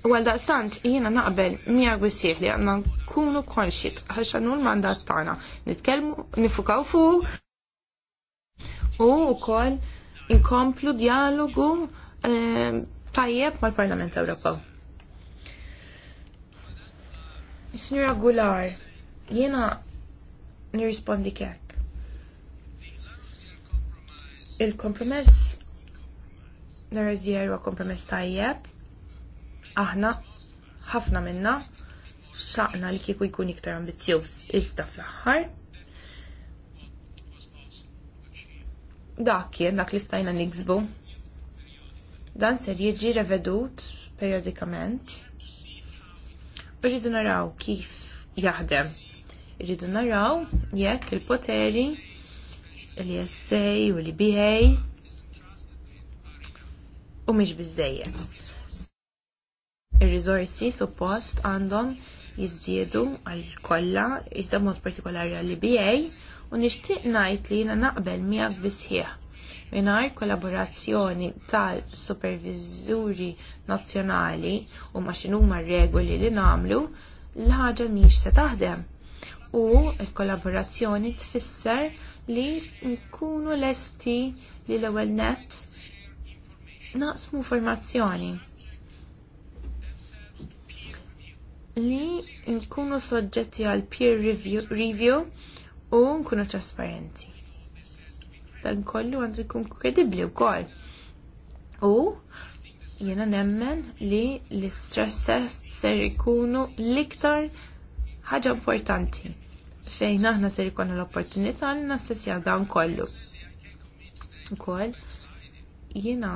U għal daqstant jiena naqbel mija għusieħ li għanna nkunu konxiet għaxanu l-mandat tagħna nitkellmu nifukaw fu. u wkoll inkomplu dialogu eh, tajjeb mal-Parlament Ewropew. Signora Gular, jiena nirrispondi kek. Il-kompromess Nara zjeru kompromess tajjeb aħna ħafna minna xaqna li kieku jkun iktar ambizzjuż iżda fl-aħħar dak kien dak li stajna niksbu. Dan ser jiġi revedut periodikament. Irridu naraw kif jaħdem. Irridu naraw jekk il-poteri li jessej u li biħej u miex bizzejiet ir-riżorsi suppost għandhom jiżdiedu għal kollha iżda mod partikolari għall BA u nixtieq ngħid li jiena naqbel miegħek bisħieħ Minar kollaborazzjoni tal-supervizuri nazzjonali u ma x'inhuma r-regoli li nagħmlu l-ħaġa mhix se taħdem. U l-kollaborazzjoni tfisser li nkunu lesti li l-ewwel nett naqsmu formazzjoni li nkunu soġġetti għal peer review, u nkunu trasparenti. Dan kollu għandu jkun kredibbli wkoll. U jiena nemmen li l-stress test ser ikunu liktar ħaġa importanti fejn aħna ser ikun l-opportunità li nassessja dan kollu. Ukoll jiena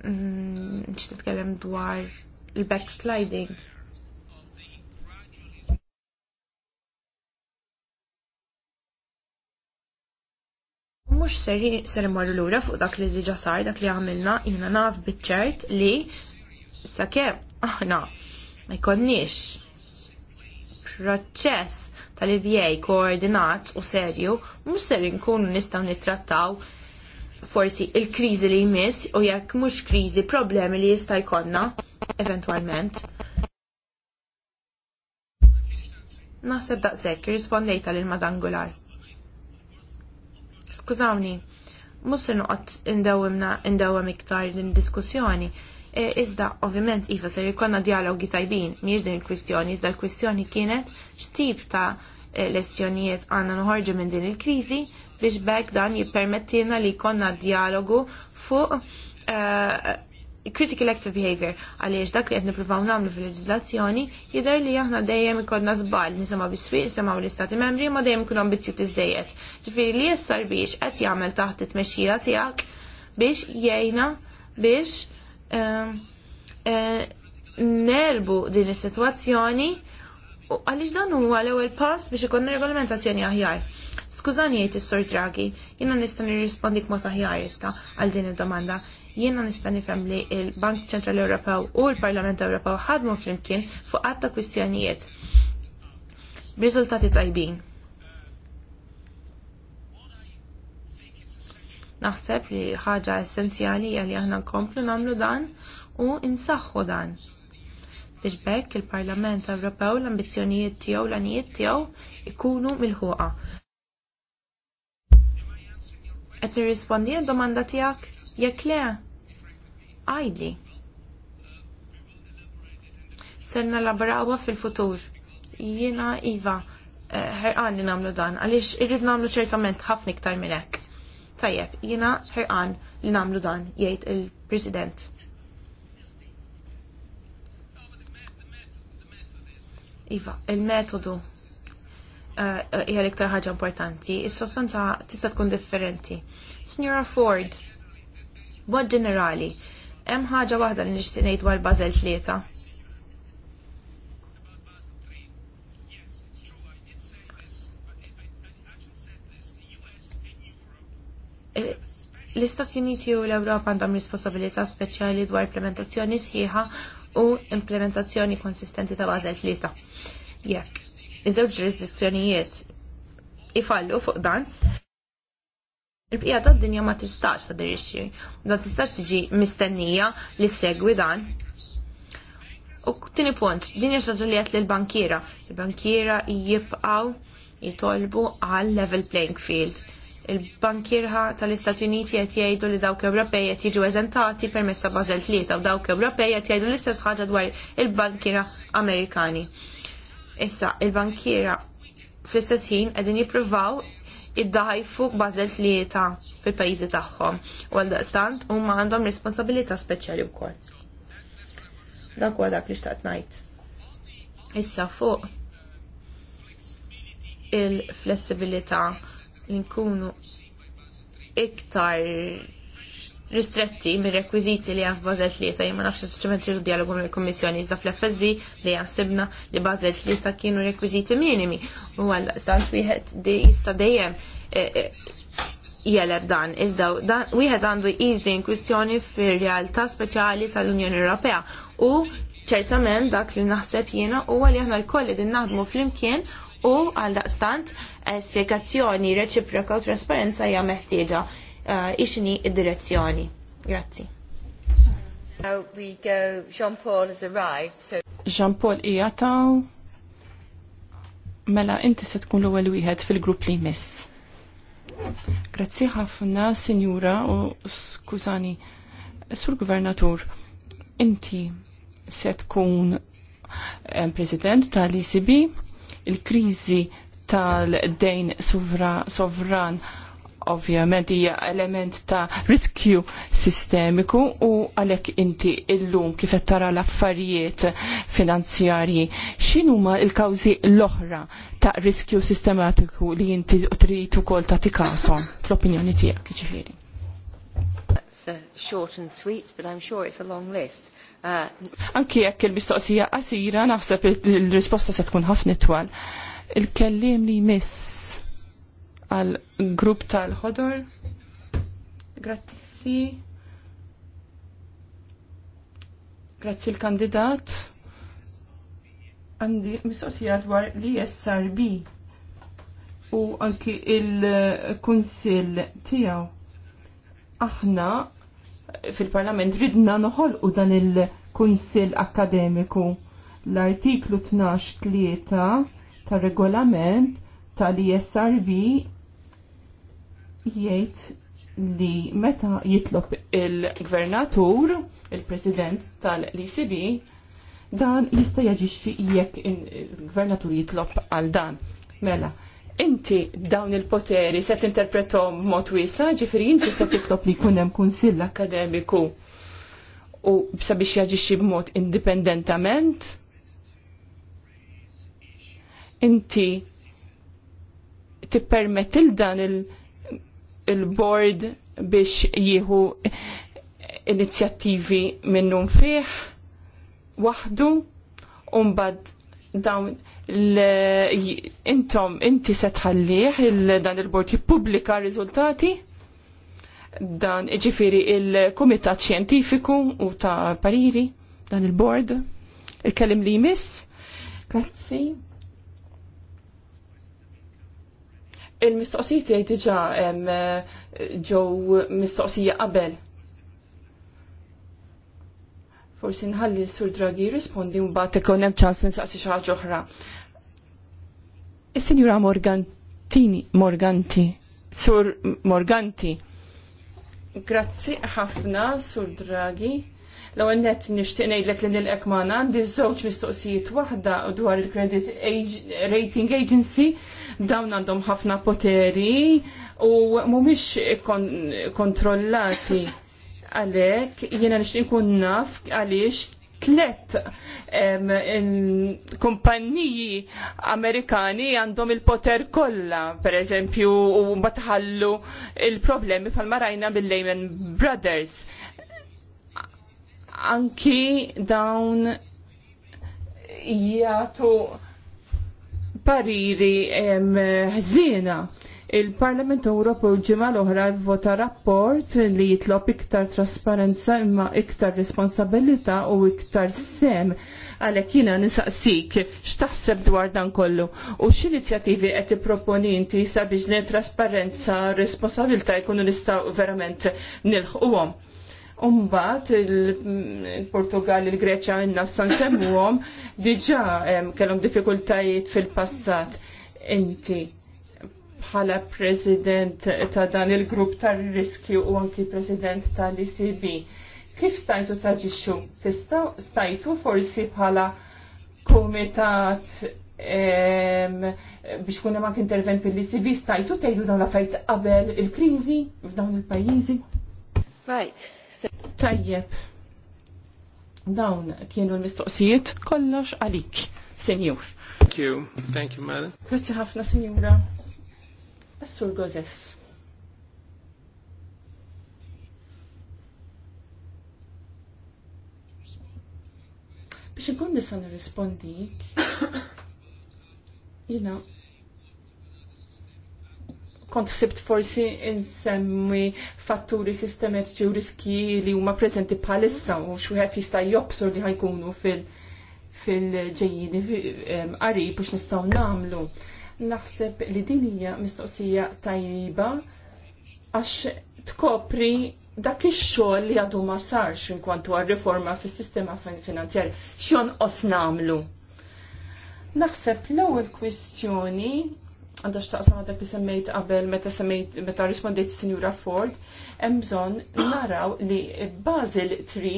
mm, x'titkellem dwar il-backsliding. Mux ser imorru l-ura fuq dak li ziġa sar, dak li għamilna, jina naf bitċert li sakemm aħna ma jkonniex proċess tal-IBA koordinat u serju, mux ser nkunu nistaw nitrattaw forsi il-kriżi li jmiss u jekk mhux kriżi problemi li jista' jkollna eventwalment. Naħseb daqshekk irrispondejta lil madangular. Skużawni, mhux se noqgħod indewwimna indewwem iktar din diskussjoni. E, iżda, ovvjament, iva se jkollna dialogi tajbin, miex din il-kwistjoni, iżda l-kwistjoni kienet x'tip ta' lezzjonijiet għandna nħorġu minn din il-kriżi biex bekk dan jippermettina li jkollna dialogu fuq uh, critical active behavior għaliex dak li qed nippruvaw nagħmlu fil leġizlazzjoni jidher li aħna dejjem ikollna żball nisimgħu bis-swieq nisimgħu l-istati membri ma dejjem ikun ambizzju tiżdejjed. Ġifieri li jessar biex qed jagħmel taħt it-tmexxija tiegħek biex jgħinna biex uh, uh, nerbu din is-sitwazzjoni għaliex dan huwa l-ewwel pass biex ikon regolamentazzjoni aħjar. Skużani jgħid is-Sur Draghi, jiena nista' nirrispondi kmod aħjar jista' għal din id-domanda. Jiena nista' nifhem li l-Bank Ċentrali Ewropew u l-Parlament Ewropew ħadmu flimkien fuq għatta ta' kwistjonijiet. Riżultati tajbin. Naħseb li ħaġa essenzjali hija li aħna nkomplu nagħmlu dan u insaħħu dan biex bekk il-Parlament Ewropew l-ambizzjonijiet tiegħu l għanijiet tiegħu ikunu milħuqa. Qed nirrispondi għad-domanda tiegħek jekk le? Għajli. Ser nalaborawha fil-futur. Jiena iva eh, ħerqan li nagħmlu dan għaliex irrid nagħmlu ċertament ħafna iktar minn hekk. Tajjeb, jiena ħerqan li nagħmlu dan jgħid il-President. Iva, il-metodu eh, hija l-iktar ħaġa importanti. Is-sostanza tista' tkun differenti. Signora Ford, mod ġenerali, hemm ħaġa waħda li nixtieq ngħid dwar Basel tlieta. l-Istati Uniti u l-Ewropa għandhom responsabilità speċjali dwar implementazzjoni sħiħa u implementazzjoni konsistenti ta' Basel tlieta. Jekk iż-żewġ ġurisdizzjonijiet ifallu fuq dan, il-bqija tad dinja ma tistax ta' dirixxi, ma tistax tiġi mistennija li segwi dan. U tini punt, din jaxħaġa li għet l-bankiera. Il-bankiera jibqaw jitolbu għal level playing field il-bankirħa tal-Istati Uniti qed jgħidu li dawk Ewropej qed jiġu eżentati permezz ta' Basel tlieta u dawk Ewropej qed jgħidu l-istess ħaġa dwar il-bankira Amerikani. Issa, il-bankira fl-istess ħin qegħdin jippruvaw iddajfu Basel tlieta fil-pajjiżi tagħhom u għal daqstant huma għandhom responsabilità speċjali wkoll. Dak huwa dak li xtaqt ngħid. Issa fuq il-flessibilità nkunu iktar ristretti mir rekwiziti li għaf bazel tlieta jimma nafx istrument ridu dialogu mill kommissjoni iżda fl-FSB li jaħsibna li bazel tlieta kienu rekwiziti minimi u għalla stant wieħed di jista dejjem eh, eh, jeleb dan iżda wieħed għandu jqiż in kwistjoni fir-realtà speċjali tal-Unjoni Ewropea u ċertament dak li naħseb jiena huwa li aħna l-kolli din naħdmu flimkien u għaldaqstant eh, spjegazzjoni reċiproka u trasparenza hija meħtieġa eh, ixni id-direzzjoni. Grazzi. we go, Jean-Paul has arrived, so... Jean-Paul ijataw, mela inti se tkun l-ewwel wieħed fil-grupp li jmiss. Grazzi ħafna, Sinjura, u skużani, Sur Gvernatur, inti se tkun eh, President tal-ECB Il-kriżi tal-dejn sovran ovvjament hija element ta' riskju sistemiku u għalhekk inti illum kif qed tara l-affarijiet finanzjarji x'inhuma l-kawżi l-oħra ta' riskju sistematiku li inti trid ukoll tagħti kasom fl-opinjoni tiegħek jiġifieri. Uh, short and sweet, but I'm sure it's a long list. Anki jekk il-mistoqsija qasira naħseb il-risposta se tkun ħafna twal. Il-kellim li miss għal grupp tal-ħodor. Grazzi. Grazzi l-kandidat. Għandi mistoqsija dwar l-ISRB u anki il-kunsil tijaw aħna fil-parlament ridna noħolqu dan il-Kunsill Akademiku l-artiklu 12-3 tar regolament tal isrv jgħid li meta jitlob il-gvernatur, il-president tal-ECB, dan jista' jaġixxi jekk il-gvernatur jitlob għal dan. Mela, inti dawn il-poteri se tinterpretom b'mod wiesa, ġifiri inti se titlob li jkun hemm kunsill akademiku u sabiex jaġixxi b'mod indipendentament. Inti tippermettil dan il-board il biex jieħu inizjattivi minnum fih waħdu u mbagħad dawn intom inti se tħallih dan il-bord jippubblika riżultati dan iġifiri il-Kumitat Xjentifiku u ta' Pariri dan il-bord il-kelim li jmiss. Grazzi. Il-mistoqsijiet jgħid diġà eh, ġew mistoqsija qabel Forsi nħalli sur Draghi jirrispondi mbagħad ikun hemm ċans nistaqsi xi ħaġa oħra. Is-Sinjura Morgantini Morganti, Sur Morganti. Grazzi ħafna Sur Draghi. L-ewwel nett nixtieq ngħidlek li nilqek magħna għandi żewġ mistoqsijiet waħda dwar il-Credit Rating Agency dawn għandhom ħafna poteri u mhumiex kontrollati għalhekk jiena nixtieq nkun naf għaliex tlet kumpanniji Amerikani għandhom il-poter kollha, per eżempju, u batħallu il-problemi pal-marajna bil-Lehman Brothers. Anki dawn jgħatu pariri ħżiena. Um, Il-Parlament Ewropew ġimgħa l-oħra vvota rapport li jitlob iktar trasparenza imma iktar responsabilità u iktar sem għalhekk jiena nisaqsik x'taħseb dwar dan kollu u x'inizjattivi qed tipproponi inti sabiex li trasparenza responsabilità jkunu nistgħu verament nilħquhom. Umbat il-Portugal, il greċja n-nassan semmuhom diġà kellhom diffikultajiet fil-passat inti bħala president ta' dan il-grupp tar-riskju u anki president tal-ICB. Kif stajtu taġixxu? Tista' stajtu forsi bħala komitat biex kunem anke intervent bil-ICB stajtu tgħidu dawn la fajt qabel il-kriżi f'dawn il-pajjiżi? Right. Tajjeb. Dawn kienu l-mistoqsijiet kollox għalik, senjur. Thank you. Thank you, madam. Grazzi ħafna, senjura. Assur Gozes. Biex ikun nisa nirrispondik, jina, kont sebt forsi insemmi fatturi sistematiċi u riski li huma preżenti bħalissa u xwieħed jista' jobsor li ħajkunu fil- ġejjini qarib biex nistgħu nagħmlu. Naħseb li din hija mistoqsija tajba għax tkopri dak ix-xogħol li għadu ma sarx inkwantu għar-riforma fis-sistema finanzjarja x'jon qos nagħmlu. Naħseb l-ewwel kwistjoni għandha x'taqsam dak li semmejt qabel meta semmejt meta rispondejt is-Sinjura Ford, hemm bżonn naraw li Basel 3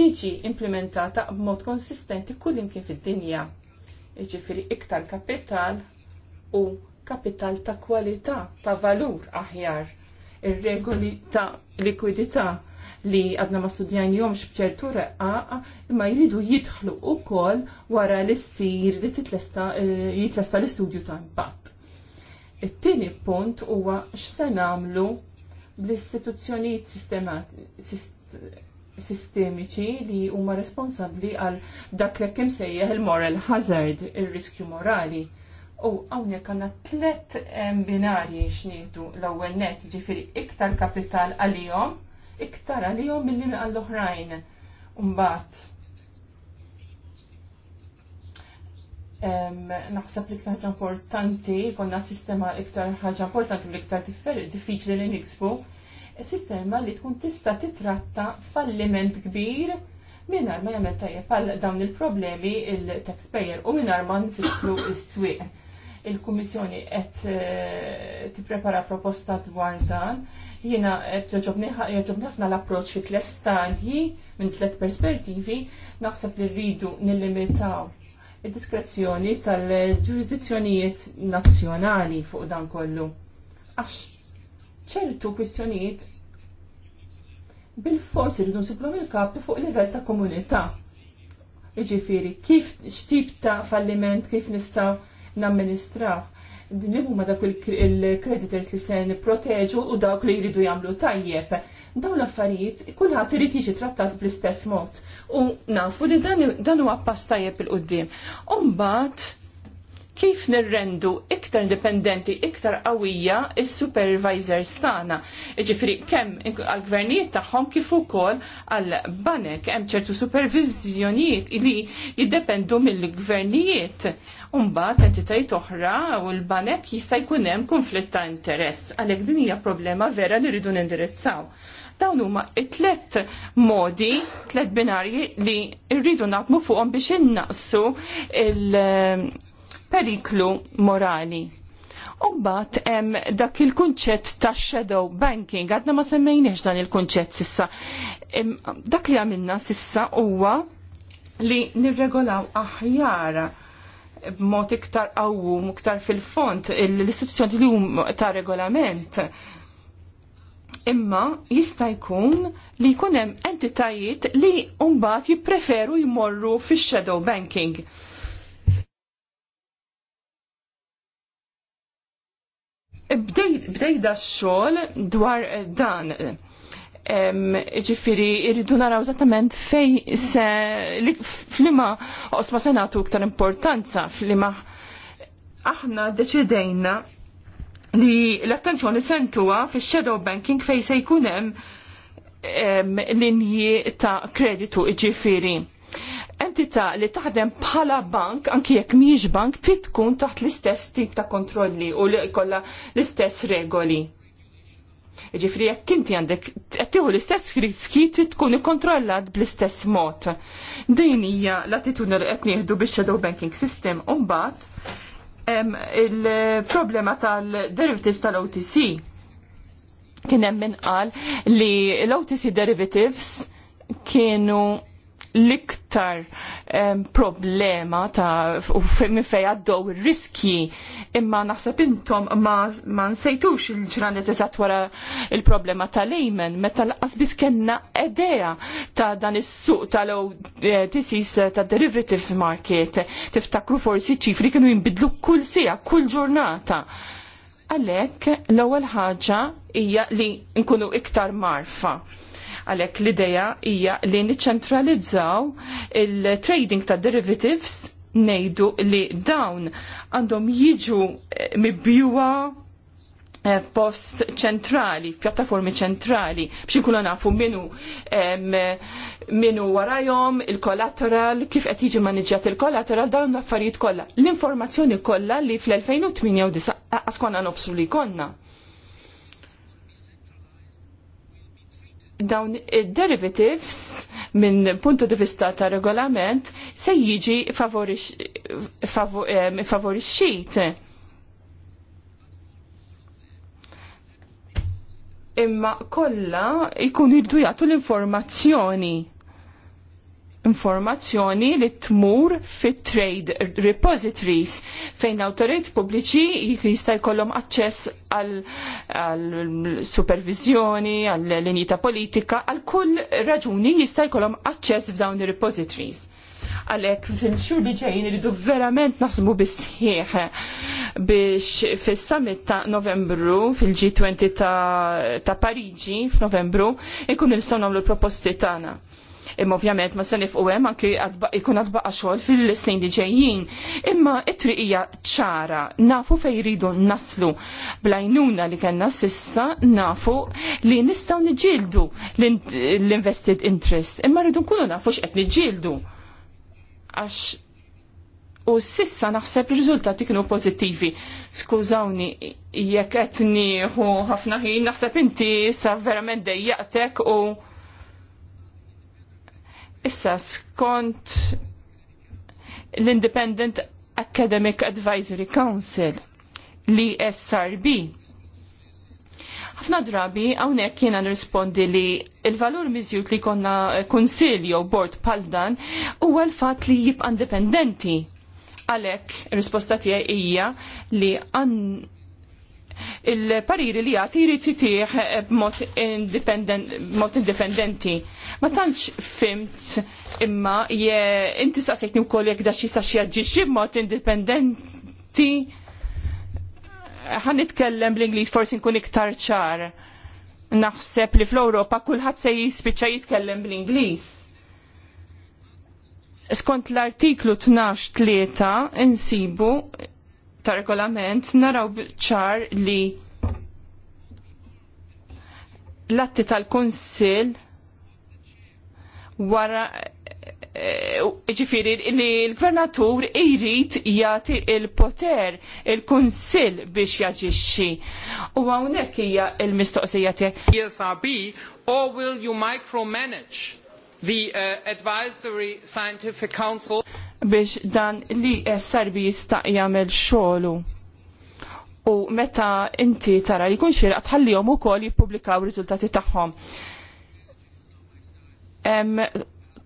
tiġi implementata b'mod konsistenti kullimkien fid-dinja. Jiġifieri iktar kapital u kapital ta' kwalità ta' valur aħjar. Ir-regoli ta' likwidità li għadna ma studjan jomx bċertu reqqa imma jridu jidħlu u kol wara li s-sir li eh, jitlesta l-istudju ta' impatt. It-tieni punt huwa x'se nagħmlu bl-istituzzjonijiet sistemiċi li huma responsabbli għal dak li kemm sejjaħ il-moral hazard, ir-riskju morali. U għawnek għanna tlet binarji xnieħdu l-ewwel net, ġifiri iktar kapital għalihom, iktar għal għal-jom mill-li għall-oħrajn. Umbat. Naħseb li iktar importanti, konna sistema iktar ħaġa importanti li iktar diffiċli li niksbu, sistema li tkun tista titratta falliment kbir minnar ma jagħmel tajjeb għal dawn il-problemi il-taxpayer u minnar ma nfisklu il swieq il-Kummissjoni qed eh, tipprepara proposta dwar dan. Jiena qed jogħġobni ħafna l-approċċ fi tliet stadji minn tliet perspettivi, naħseb li rridu nillimitaw id-diskrezzjoni tal-ġurisdizzjonijiet nazzjonali fuq dan kollu. Għax ċertu kwistjonijiet bil forsi irridu nsiblu mill-kapu fuq livell ta' komunità. Jiġifieri kif xtib ta' falliment, kif nistaw namministraw. Din huma dak il-creditors li se nipproteġu u dawk li jridu jagħmlu tajjeb. Dawn l-affarijiet kulħadd irid jiġi trattat bl-istess mod. U nafu li dan huwa pass tajjeb il-qudiem. U mbagħad kif nirrendu iktar indipendenti, iktar qawwija is-supervisors tagħna. Jiġifieri kemm għall-gvernijiet tagħhom kif ukoll għall-banek hemm ċertu supervizjonijiet li jiddependu mill-gvernijiet. Umbagħad entitajiet oħra u l-banek jista' jkun hemm konflitt ta' interess għalhekk din hija problema vera li rridu nindirizzaw dawn huma tlet modi, tlet binarji li rridu naqmu fuqhom biex innaqsu il- periklu morali. bat em dak il-kunċett ta' shadow banking, għadna ma semmejniex dan il-kunċett sissa. Dak li għamilna sissa huwa li nirregolaw aħjar b'mod iktar għawu, iktar fil-font, l-istituzzjoni li hum ta' regolament. Imma jista' jkun li jkun hemm entitajiet li mbagħad jippreferu jmorru fix-shadow banking bdejda x-xogħol dwar eh, dan. Ġifiri, irridu naraw eżattament fej se flima osma senatu iktar importanza flima aħna deċidejna li l-attenzjoni sentuwa fix shadow banking fej se jkun hemm linji ta' kreditu ġifiri Entità li taħdem bħala bank, anki jekk miex bank, trid tkun taħt l-istess tip ta' kontrolli u li kollha l-istess regoli. Ġifri, jekk inti għandek tieħu l-istess riski titkun tkun ikkontrollat bl-istess mod. Din hija l-attitudni li qed nieħdu biex shadow banking system u mbagħad il-problema tal-derivatives tal-OTC kien hemm min qal li l-OTC derivatives kienu l-iktar problema ta' fejn fej għaddew ir-riskji imma naħseb intom ma, ma nsejtux il-ġranet eżatt wara il-problema ta' lejmen meta laqas biss kena idea ta' dan is-suq tal-tisis eh, ta' derivative market tiftakru forsi ċifri kienu jimbidlu kull sija, kull ġurnata. Għalhekk l-ewwel ħaġa hija li nkunu iktar marfa Għalhekk l-idea hija li niċċentralizzaw il-trading ta' derivatives ngħidu li dawn għandhom jiġu eh, mibjuwa eh, post ċentrali, pjattaformi ċentrali, biex ikunu nafu minu minu warajom, il-kollateral, kif qed jiġi maniġġjat il-kollateral, dawn l-affarijiet kollha. L-informazzjoni kollha li fl-2008 askonna nofsu li konna. dawn id-derivatives minn puntu di vista ta' regolament se jiġi eh, favorixxit. Imma kollha jkunu jiddu jagħtu l-informazzjoni informazzjoni li tmur fit trade repositories fejn autorit pubbliċi jista' jkollhom aċċess għal supervizjoni, għal linji ta' politika, għal kull raġuni jista' jkollhom aċċess f'dawn ir-repositories. Għalhekk fil-xhur li ġejjin iridu verament naħsbu bis-sħiħ biex fis-summit ta' Novembru fil-G20 ta', ta Pariġi f'Novembru ikun il-sonom nagħmlu proposti tagħna Imma ovvjament ma se nifqu hemm anke jkun qed baqa' xogħol fil-snin li ġejjin. Imma it-triq hija ċara, nafu fejn jridu naslu. Blajnuna li kellna sissa nafu li nistgħu niġġieldu l-invested interest. Imma rridu nkunu nafu x'qed niġġieldu. Għax u sissa naħseb il-riżultati kienu pozittivi. Skużawni, jekk qed nieħu ħafna ħin naħseb inti sa verament dejjaqtek u Issa skont l-Independent Academic Advisory Council, l-ISRB, ħafna drabi hawnhekk jiena nrispondi li il-valur miżjut li konna eh, kunsilj jew bord bħal dan huwa l-fatt li jibqa' indipendenti. Għalhekk ir risposta tiegħi hija li għan il-pariri li jagħti jrid titih b'mod indipendenti. Ma tantx fimt imma je inti saqsejtni wkoll jekk dax jista' xi b'mod indipendenti. Għan nitkellem bl-Ingliż forsi nkun iktar ċar. Naħseb li fl-Ewropa kulħadd se jispiċċa jitkellem bl-Ingliż. Skont l-artiklu 12 tlieta insibu ta' regolament naraw ċar li l-atti tal-Konsil wara e, e, ġifiri li l-gvernatur jrid jagħti il-poter il-kunsill biex jaġixxi. U hawnhekk hija l-mistoqsija tiegħek. or will you micromanage? the uh, advisory scientific council biex dan li SRB jista' jagħmel xogħlu. U meta inti tara li jkun xieraq tħallihom ukoll jippubblikaw riżultati tagħhom.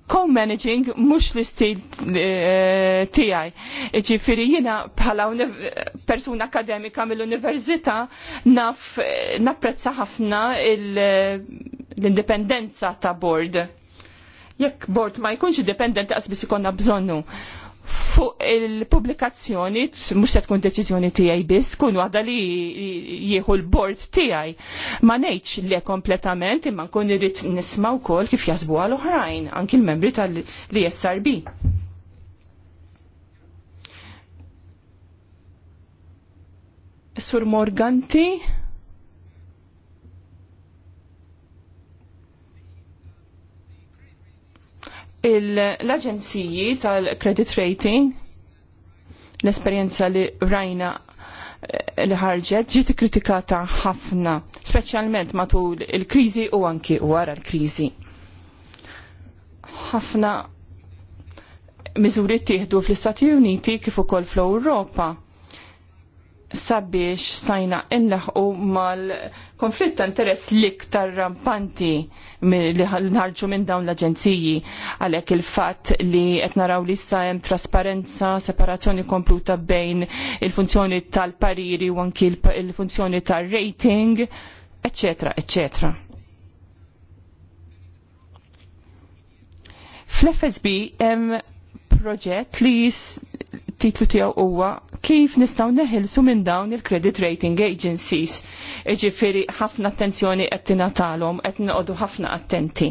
Co-managing mhux l-istil eh, tiegħi. jiġifieri jiena bħala persuna akademika mill-università naf napprezza ħafna l-indipendenza ta' board jekk bord ma jkunx għas qasbis ikonna bżonnu fuq il-publikazzjoni, mux se tkun deċizjoni tijaj biss, kun għada li jieħu l-bord tijaj. Ma neċ li kompletament, imma nkun irrit nisma u kol kif jazbu għal oħrajn, anki l-membri tal-ISRB. Sur Morganti, l-aġenziji tal-credit rating, l-esperienza li rajna eh, li ħarġet ġiet kritikata ħafna, speċjalment matul il-kriżi u anki wara l-kriżi. Ħafna miżuri tieħdu fl-Istati Uniti kif ukoll fl-Ewropa sabiex sajna inneħu mal-konflitt ta' interess liktar rampanti li nħarġu minn dawn l-aġenziji għalhekk il-fatt li qed naraw li issa hemm trasparenza, separazzjoni kompluta bejn il-funzjoni tal-pariri u anki il-funzjoni tar-rating, eċċetera, eċċetera. Fl-FSB hemm proġett li titlu tiegħu huwa kif nistgħu neħilsu minn dawn il-credit rating agencies. jiġifieri ħafna attenzjoni qed tingħatalhom qed noqogħdu ħafna attenti.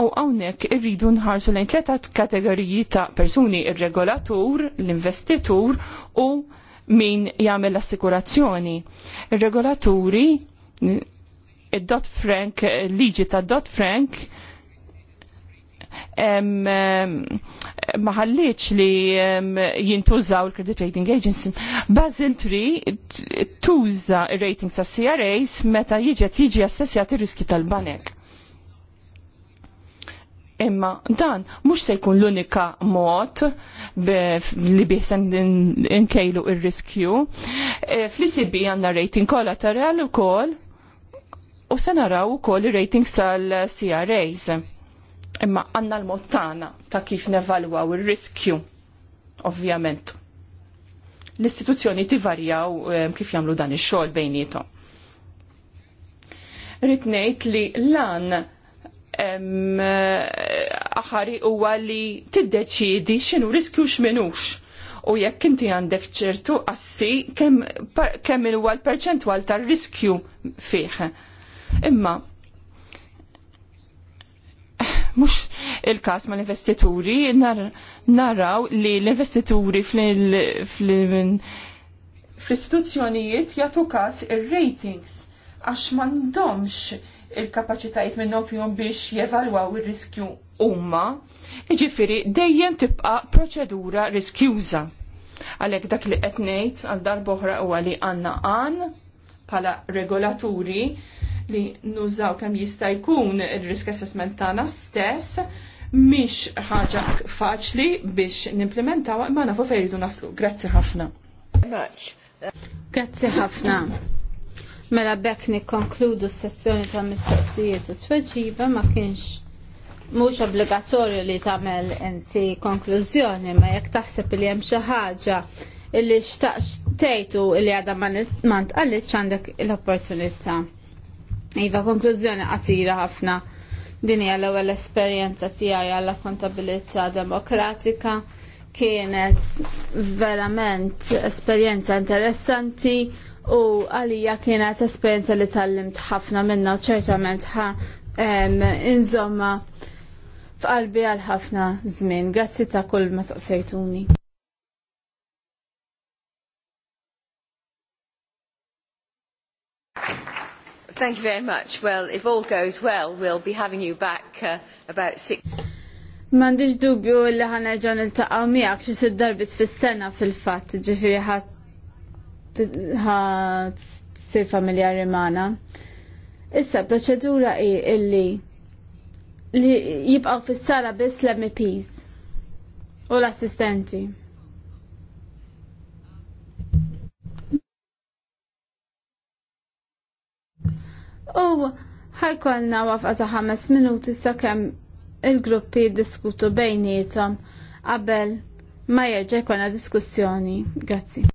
U hawnhekk irridu nħarsu lejn tleta kategoriji ta' persuni ir-regolatur, l-investitur u min jagħmel l-assikurazzjoni. Ir-regolaturi id-Dot Frank, liġi ta' Dot Frank, ma ħalliċ li jintużaw il-credit rating agency. Basel 3 tuża il-ratings ta' CRAs meta jiġet jiġi assessjat ir-riski tal-banek. Imma dan mhux se jkun l-unika mod li biħsan nkejlu il riskju e, Fl-ICB għandna rating kollateral ukoll u se naraw ukoll ir ratings tal-CRAs imma għanna l mottana ta' kif nevalwaw ir-riskju, ovvjament. L-istituzzjoni tivarjaw ehm, kif jagħmlu dan ix-xogħol bejnieto. Ritnejt ngħid li lan ehm, aħari huwa li tiddeċiedi x'inhu riskju x'minux u jekk inti għandek ċertu għassi kemm il huwa l-perċentwal tar-riskju fih. Imma Mux il-kas ma l-investituri, naraw li l-investituri fl-istituzzjonijiet jagħtu kas ir-ratings għax mandomx il kapaċitajiet minnhom fihom biex jevalwaw ir-riskju huma. Jiġifieri dejjem tibqa' proċedura riskjuża. Għalhekk dak li qed ngħid għal darboħra huwa li għandna għan bħala regolaturi li nużaw kemm jista' jkun ir-risk assessment tagħna stess mhix ħaġa faċli biex nimplementaw ma nafu fejridu naslu. Grazzi ħafna. Grazzi ħafna. Mela bekk nikkonkludu s-sessjoni ta' mistoqsijiet u tweġiba ma kienx mhux obbligatorju li tagħmel inti konklużjoni ma jekk taħseb li hemm xi ħaġa illi xtaqx tejtu li għadha ma ntqallitx għandek l-opportunità. Iva, konklużjoni qasira ħafna. Din hija l-ewwel esperjenza tiegħi għall kontabilità demokratika kienet verament esperjenza interessanti u għalija kienet esperjenza li tallimt ħafna minna u ċertament ħa inżomma f'qalbi għal ħafna żmien. Grazzi ta' kull ma saqsejtuni. Thank you very much. Well, if all goes well, we'll be having you back uh, about six. M'għandix dubju li ħanerġan il-taqaw miegħek xi sitt darbit fis-sena fil-fatt, ġifieri ħadd sir familjari magħna. Issa proċedura hi illi li jibqgħu fis-sala biss l-MPs u l-assistenti. u ħajkolna wafqa ta' ħames minuti sakemm il-gruppi diskutu bejnietom qabel ma jerġa' jkollna diskussjoni. Grazzi.